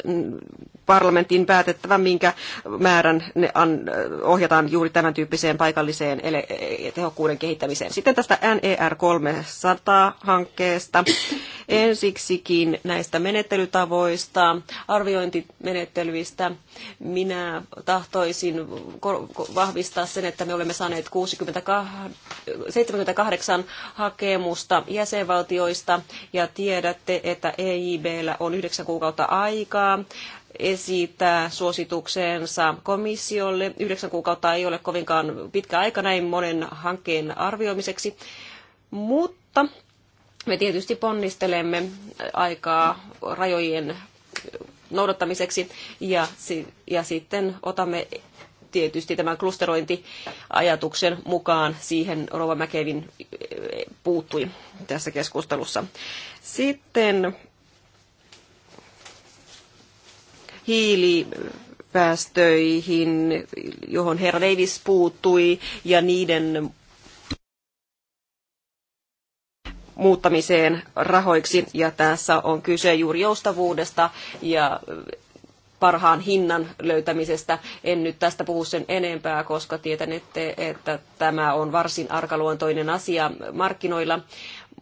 parlamentin päätettävä, minkä määrän ne an, ohjataan juuri tämän tyyppiseen paikalliseen ele- tehokkuuden kehittämiseen. Sitten tästä NER 300-hankkeesta. Ensiksikin näistä menettelytavoista, arviointimenettelyistä. Minä tahtoisin vahvistaa sen, että me olemme saaneet 68, 78 hakemusta jäsenvaltioista ja tiedätte, että EIBllä on yhdeksän kuukautta aikaa esittää suosituksensa komissiolle. Yhdeksän kuukautta ei ole kovinkaan pitkä aika näin monen hankkeen arvioimiseksi, mutta me tietysti ponnistelemme aikaa rajojen noudattamiseksi ja, ja sitten otamme tietysti tämän klusterointiajatuksen mukaan siihen Rova Mäkevin eh, puuttui tässä keskustelussa. Sitten hiilipäästöihin, johon herra Davis puuttui, ja niiden muuttamiseen rahoiksi. Ja tässä on kyse juuri joustavuudesta ja parhaan hinnan löytämisestä. En nyt tästä puhu sen enempää, koska tietänette, että tämä on varsin arkaluontoinen asia markkinoilla,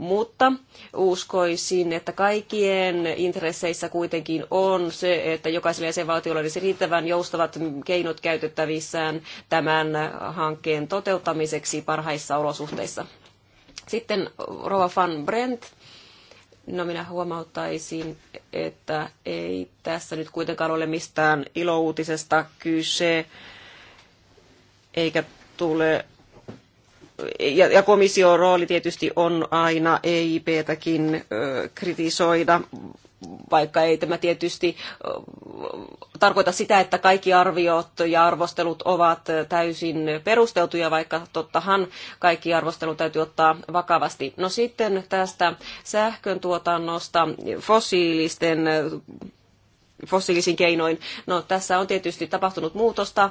mutta uskoisin, että kaikkien intresseissä kuitenkin on se, että jokaisella jäsenvaltiolla olisi riittävän joustavat keinot käytettävissään tämän hankkeen toteuttamiseksi parhaissa olosuhteissa. Sitten Rova van Brent. No minä huomauttaisin, että ei tässä nyt kuitenkaan ole mistään ilouutisesta kyse, eikä tule ja, ja komission rooli tietysti on aina EIPtäkin kritisoida, vaikka ei tämä tietysti tarkoita sitä, että kaikki arviot ja arvostelut ovat täysin perusteltuja, vaikka tottahan kaikki arvostelut täytyy ottaa vakavasti. No sitten tästä sähkön tuotannosta, fossiilisten fossiilisin keinoin. No, tässä on tietysti tapahtunut muutosta.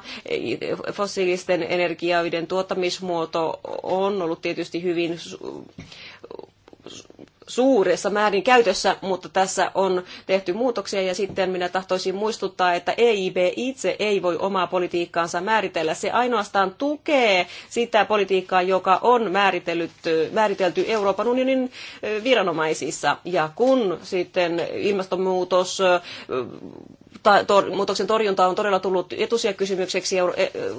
Fossiilisten energiaiden tuottamismuoto on ollut tietysti hyvin suuressa määrin käytössä, mutta tässä on tehty muutoksia ja sitten minä tahtoisin muistuttaa, että EIB itse ei voi omaa politiikkaansa määritellä. Se ainoastaan tukee sitä politiikkaa, joka on määritelty Euroopan unionin viranomaisissa. Ja kun sitten ilmastonmuutos ilmastonmuutoksen torjunta on todella tullut etusijakysymykseksi e,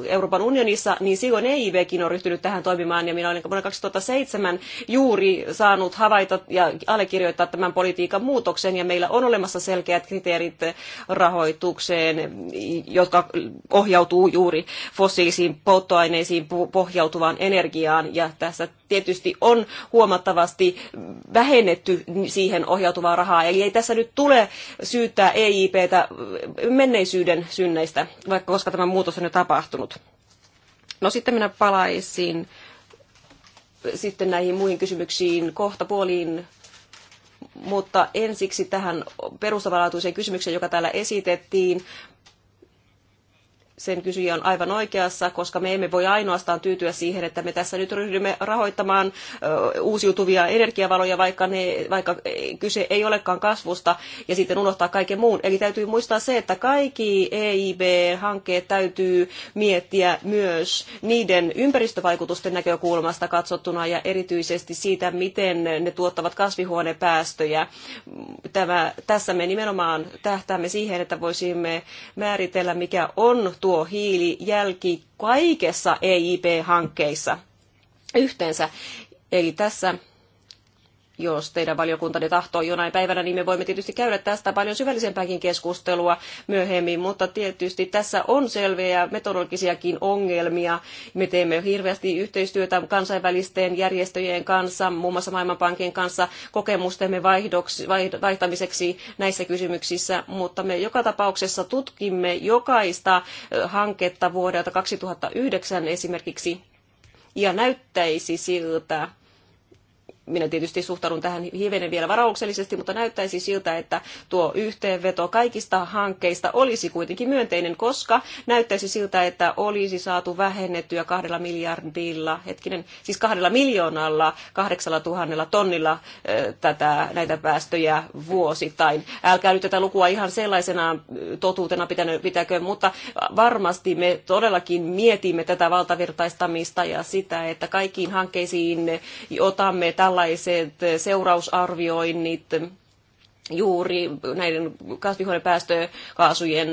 Euroopan unionissa, niin silloin EIBkin on ryhtynyt tähän toimimaan, ja minä olen vuonna 2007 juuri saanut havaita ja allekirjoittaa tämän politiikan muutoksen, ja meillä on olemassa selkeät kriteerit rahoitukseen, jotka ohjautuu juuri fossiilisiin polttoaineisiin pohjautuvaan energiaan, ja tässä tietysti on huomattavasti vähennetty siihen ohjautuvaa rahaa, eli ei tässä nyt tule syyttää EIPtä menneisyyden synneistä, vaikka koska tämä muutos on jo tapahtunut. No sitten minä palaisin sitten näihin muihin kysymyksiin kohta puoliin, mutta ensiksi tähän perustavanlaatuiseen kysymykseen, joka täällä esitettiin sen kysyjä on aivan oikeassa, koska me emme voi ainoastaan tyytyä siihen, että me tässä nyt ryhdymme rahoittamaan uusiutuvia energiavaloja, vaikka, ne, vaikka kyse ei olekaan kasvusta, ja sitten unohtaa kaiken muun. Eli täytyy muistaa se, että kaikki EIB-hankkeet täytyy miettiä myös niiden ympäristövaikutusten näkökulmasta katsottuna, ja erityisesti siitä, miten ne tuottavat kasvihuonepäästöjä. Tämä, tässä me nimenomaan tähtäämme siihen, että voisimme määritellä, mikä on tuo tuo hiilijälki kaikessa EIP-hankkeissa yhteensä. Eli tässä jos teidän valiokuntanne tahtoo jonain päivänä, niin me voimme tietysti käydä tästä paljon syvällisempääkin keskustelua myöhemmin, mutta tietysti tässä on selviä metodologisiakin ongelmia. Me teemme hirveästi yhteistyötä kansainvälisten järjestöjen kanssa, muun muassa Maailmanpankin kanssa kokemustemme vaihdoksi, vaihtamiseksi näissä kysymyksissä, mutta me joka tapauksessa tutkimme jokaista hanketta vuodelta 2009 esimerkiksi ja näyttäisi siltä, minä tietysti suhtaudun tähän hivenen vielä varauksellisesti, mutta näyttäisi siltä, että tuo yhteenveto kaikista hankkeista olisi kuitenkin myönteinen, koska näyttäisi siltä, että olisi saatu vähennettyä kahdella miljardilla, hetkinen, siis kahdella miljoonalla, kahdeksalla tuhannella tonnilla tätä, näitä päästöjä vuosittain. Älkää nyt tätä lukua ihan sellaisena totuutena pitäkö, mutta varmasti me todellakin mietimme tätä valtavirtaistamista ja sitä, että kaikkiin hankkeisiin otamme tällä tällaiset seurausarvioinnit juuri näiden kasvihuonepäästökaasujen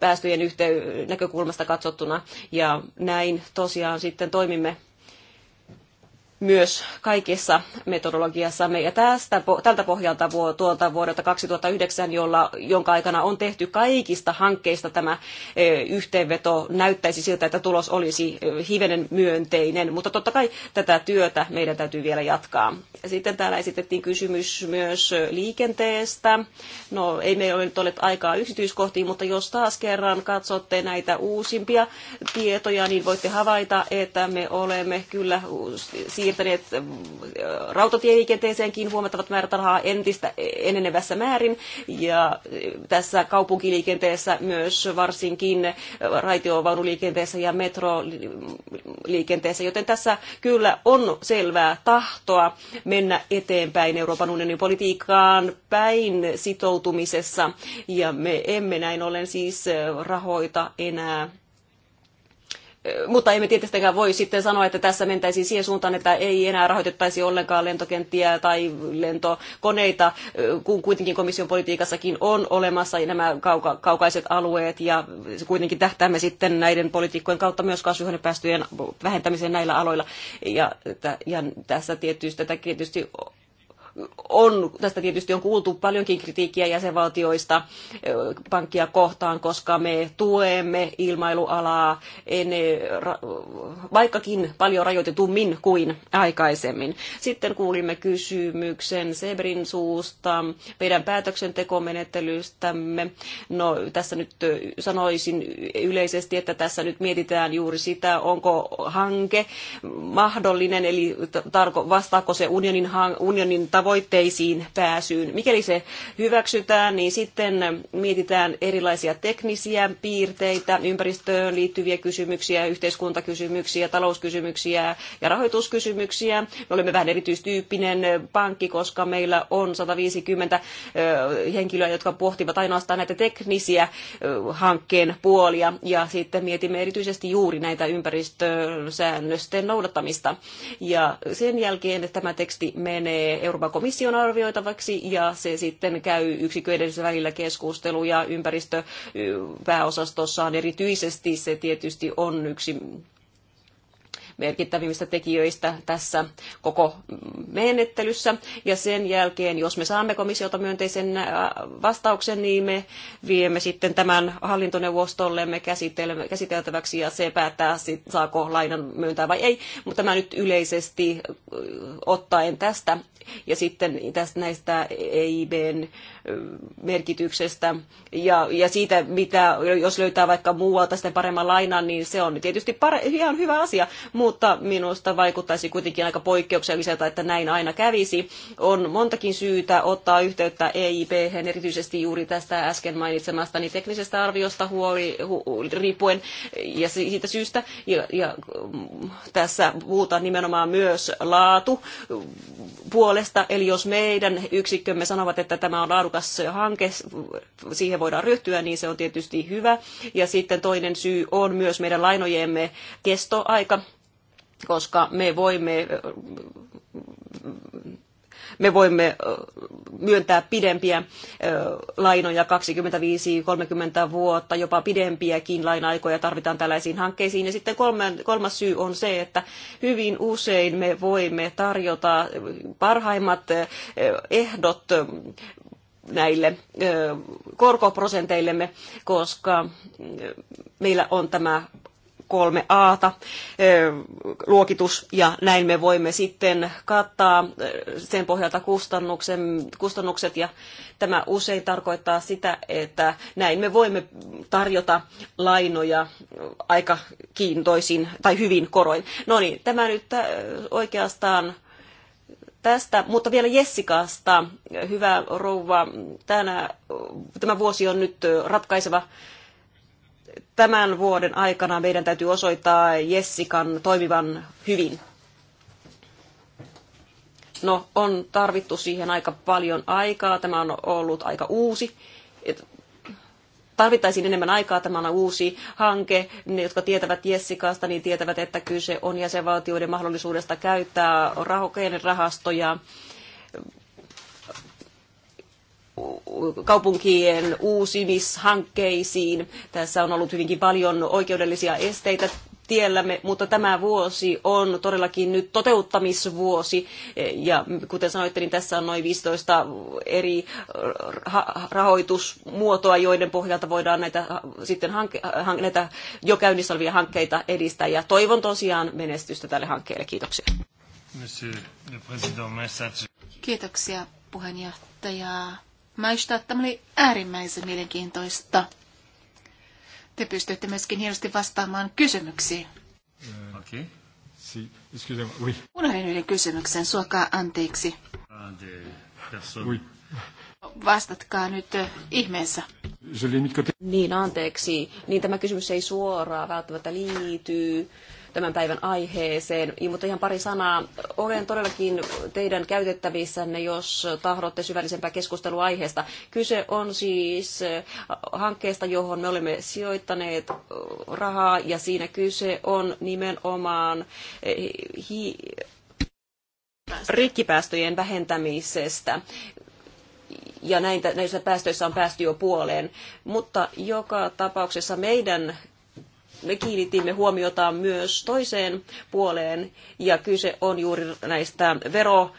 päästöjen yhtey- näkökulmasta katsottuna. Ja näin tosiaan sitten toimimme myös kaikissa metodologiassamme. Ja tästä, tältä pohjalta tuolta vuodelta 2009, jolla, jonka aikana on tehty kaikista hankkeista tämä e, yhteenveto, näyttäisi siltä, että tulos olisi e, hivenen myönteinen. Mutta totta kai tätä työtä meidän täytyy vielä jatkaa. Sitten täällä esitettiin kysymys myös liikenteestä. No ei meillä ole nyt ole aikaa yksityiskohtiin, mutta jos taas kerran katsotte näitä uusimpia tietoja, niin voitte havaita, että me olemme kyllä siirtyneet siirtäneet mm, rautatieliikenteeseenkin huomattavat määrät rahaa entistä enenevässä määrin. Ja mm, tässä kaupunkiliikenteessä myös varsinkin mm, raitiovaunuliikenteessä ja metroliikenteessä, joten tässä kyllä on selvää tahtoa mennä eteenpäin Euroopan unionin politiikkaan päin sitoutumisessa, ja me emme näin ollen siis rahoita enää mutta emme tietystikään voi sitten sanoa, että tässä mentäisiin siihen suuntaan, että ei enää rahoitettaisi ollenkaan lentokenttiä tai lentokoneita, kun kuitenkin komission politiikassakin on olemassa nämä kauka- kaukaiset alueet ja kuitenkin tähtäämme sitten näiden politiikkojen kautta myös kasvihuonepäästöjen vähentämiseen näillä aloilla. Ja, ja tässä tietysti, tätä tietysti on, tästä tietysti on kuultu paljonkin kritiikkiä jäsenvaltioista pankkia kohtaan, koska me tuemme ilmailualaa en, vaikkakin paljon rajoitetummin kuin aikaisemmin. Sitten kuulimme kysymyksen Sebrin suusta, meidän päätöksentekomenettelystämme. No, tässä nyt sanoisin yleisesti, että tässä nyt mietitään juuri sitä, onko hanke mahdollinen, eli tarko, vastaako se unionin, unionin tavoitteita tavoitteisiin pääsyyn. Mikäli se hyväksytään, niin sitten mietitään erilaisia teknisiä piirteitä, ympäristöön liittyviä kysymyksiä, yhteiskuntakysymyksiä, talouskysymyksiä ja rahoituskysymyksiä. Me olemme vähän erityistyyppinen pankki, koska meillä on 150 henkilöä, jotka pohtivat ainoastaan näitä teknisiä hankkeen puolia ja sitten mietimme erityisesti juuri näitä ympäristösäännösten noudattamista. Ja sen jälkeen tämä teksti menee Euroopan komission arvioitavaksi ja se sitten käy yksiköiden välillä keskusteluja ympäristöpääosastossaan erityisesti. Se tietysti on yksi merkittävimmistä tekijöistä tässä koko menettelyssä. Ja sen jälkeen, jos me saamme komissiolta myönteisen äh, vastauksen, niin me viemme sitten tämän hallintoneuvostollemme käsiteltäväksi ja se päättää, saako lainan myöntää vai ei. Mutta tämä nyt yleisesti äh, ottaen tästä ja sitten tästä näistä EIBn äh, merkityksestä ja, ja siitä, mitä, jos löytää vaikka muualta sitten paremman lainan, niin se on tietysti pare- ihan hyvä asia, mutta mutta minusta vaikuttaisi kuitenkin aika poikkeukselliselta, että näin aina kävisi. On montakin syytä ottaa yhteyttä eip erityisesti juuri tästä äsken mainitsemastani teknisestä arviosta huoli, hu, riippuen ja siitä syystä. Ja, ja mm, tässä puhutaan nimenomaan myös laatu puolesta, eli jos meidän yksikkömme sanovat, että tämä on laadukas hanke, siihen voidaan ryhtyä, niin se on tietysti hyvä. Ja sitten toinen syy on myös meidän lainojemme kestoaika koska me voimme me voimme myöntää pidempiä lainoja 25-30 vuotta, jopa pidempiäkin laina-aikoja tarvitaan tällaisiin hankkeisiin. Ja sitten kolmas syy on se, että hyvin usein me voimme tarjota parhaimmat ehdot näille korkoprosenteillemme, koska meillä on tämä kolme aata luokitus ja näin me voimme sitten kattaa sen pohjalta kustannuksen, kustannukset ja tämä usein tarkoittaa sitä, että näin me voimme tarjota lainoja aika kiintoisin tai hyvin koroin. No niin, tämä nyt oikeastaan tästä, mutta vielä Jessikasta. Hyvä rouva, tänä, tämä vuosi on nyt ratkaiseva tämän vuoden aikana meidän täytyy osoittaa Jessikan toimivan hyvin. No, on tarvittu siihen aika paljon aikaa. Tämä on ollut aika uusi. Tarvittaisiin enemmän aikaa. Tämä on uusi hanke. Ne, jotka tietävät Jessikasta, niin tietävät, että kyse on jäsenvaltioiden mahdollisuudesta käyttää rahokeiden rahastoja kaupunkien uusimishankkeisiin. Tässä on ollut hyvinkin paljon oikeudellisia esteitä tiellämme, mutta tämä vuosi on todellakin nyt toteuttamisvuosi. Ja kuten sanoitte, niin tässä on noin 15 eri rahoitusmuotoa, joiden pohjalta voidaan näitä, sitten hanke, näitä jo käynnissä olevia hankkeita edistää. Ja toivon tosiaan menestystä tälle hankkeelle. Kiitoksia. Kiitoksia puheenjohtaja maista. Tämä oli äärimmäisen mielenkiintoista. Te pystytte myöskin hienosti vastaamaan kysymyksiin. Eh, okay. Unohdin yhden kysymyksen, suokaa anteeksi. Ah, Vastatkaa nyt eh, ihmeessä. Niin, anteeksi. Niin tämä kysymys ei suoraan välttämättä liity tämän päivän aiheeseen. Mutta ihan pari sanaa. Olen todellakin teidän käytettävissänne, jos tahdotte syvällisempää keskustelua aiheesta. Kyse on siis äh, hankkeesta, johon me olemme sijoittaneet äh, rahaa ja siinä kyse on nimenomaan äh, hi- rikkipäästöjen vähentämisestä ja näin, näissä päästöissä on päästy jo puoleen. Mutta joka tapauksessa meidän me kiinnitimme huomiota myös toiseen puoleen, ja kyse on juuri näistä vero,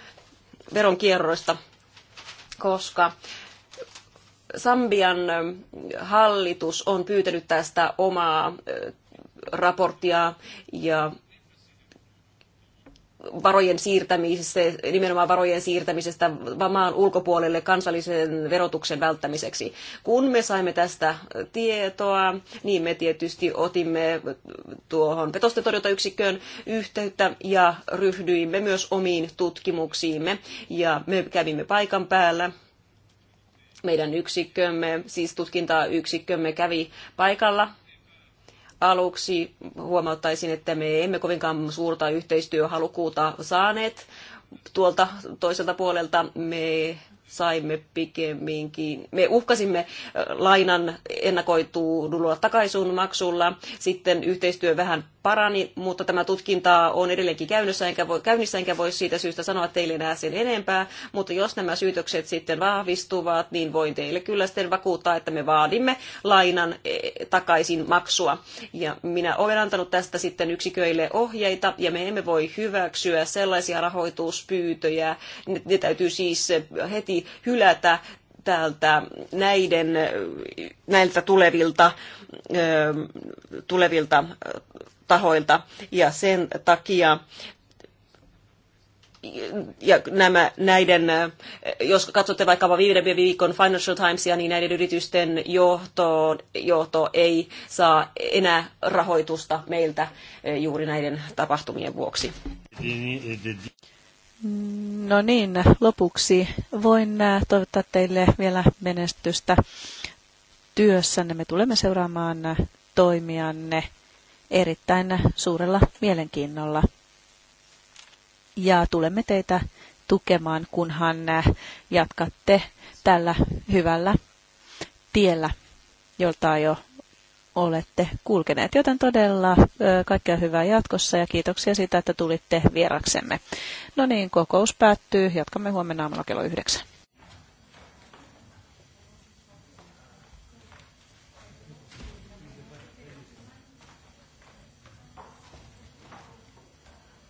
veronkierroista, koska Sambian hallitus on pyytänyt tästä omaa raporttia ja varojen siirtämisestä, nimenomaan varojen siirtämisestä maan ulkopuolelle kansallisen verotuksen välttämiseksi. Kun me saimme tästä tietoa, niin me tietysti otimme tuohon petosten yhteyttä ja ryhdyimme myös omiin tutkimuksiimme ja me kävimme paikan päällä meidän yksikkömme, siis tutkintayksikkömme kävi paikalla Aluksi huomauttaisin, että me emme kovinkaan suurta yhteistyöhalukkuutta saaneet tuolta toiselta puolelta. Me saimme pikemminkin, me uhkasimme äh, lainan ennakoituudulla takaisun maksulla, sitten yhteistyö vähän parani, mutta tämä tutkinta on edelleenkin käynnissä enkä, voi, käynnissä, enkä voi siitä syystä sanoa teille enää sen enempää, mutta jos nämä syytökset sitten vahvistuvat, niin voin teille kyllä sitten vakuuttaa, että me vaadimme lainan e, takaisin maksua. Ja minä olen antanut tästä sitten yksiköille ohjeita, ja me emme voi hyväksyä sellaisia rahoituspyytöjä, ne, ne täytyy siis heti hylätä täältä näiden, näiltä tulevilta, tulevilta tahoilta ja sen takia ja nämä, näiden, jos katsotte vaikka viiden viikon Financial Timesia, niin näiden yritysten johto, johto ei saa enää rahoitusta meiltä eh, juuri näiden tapahtumien vuoksi. No niin, lopuksi voin eh, toivottaa teille vielä menestystä työssänne. Me tulemme seuraamaan eh, toimianne erittäin suurella mielenkiinnolla. Ja tulemme teitä tukemaan, kunhan jatkatte tällä hyvällä tiellä, jolta jo olette kulkeneet. Joten todella kaikkea hyvää jatkossa ja kiitoksia siitä, että tulitte vieraksemme. No niin, kokous päättyy. Jatkamme huomenna aamulla kello yhdeksän.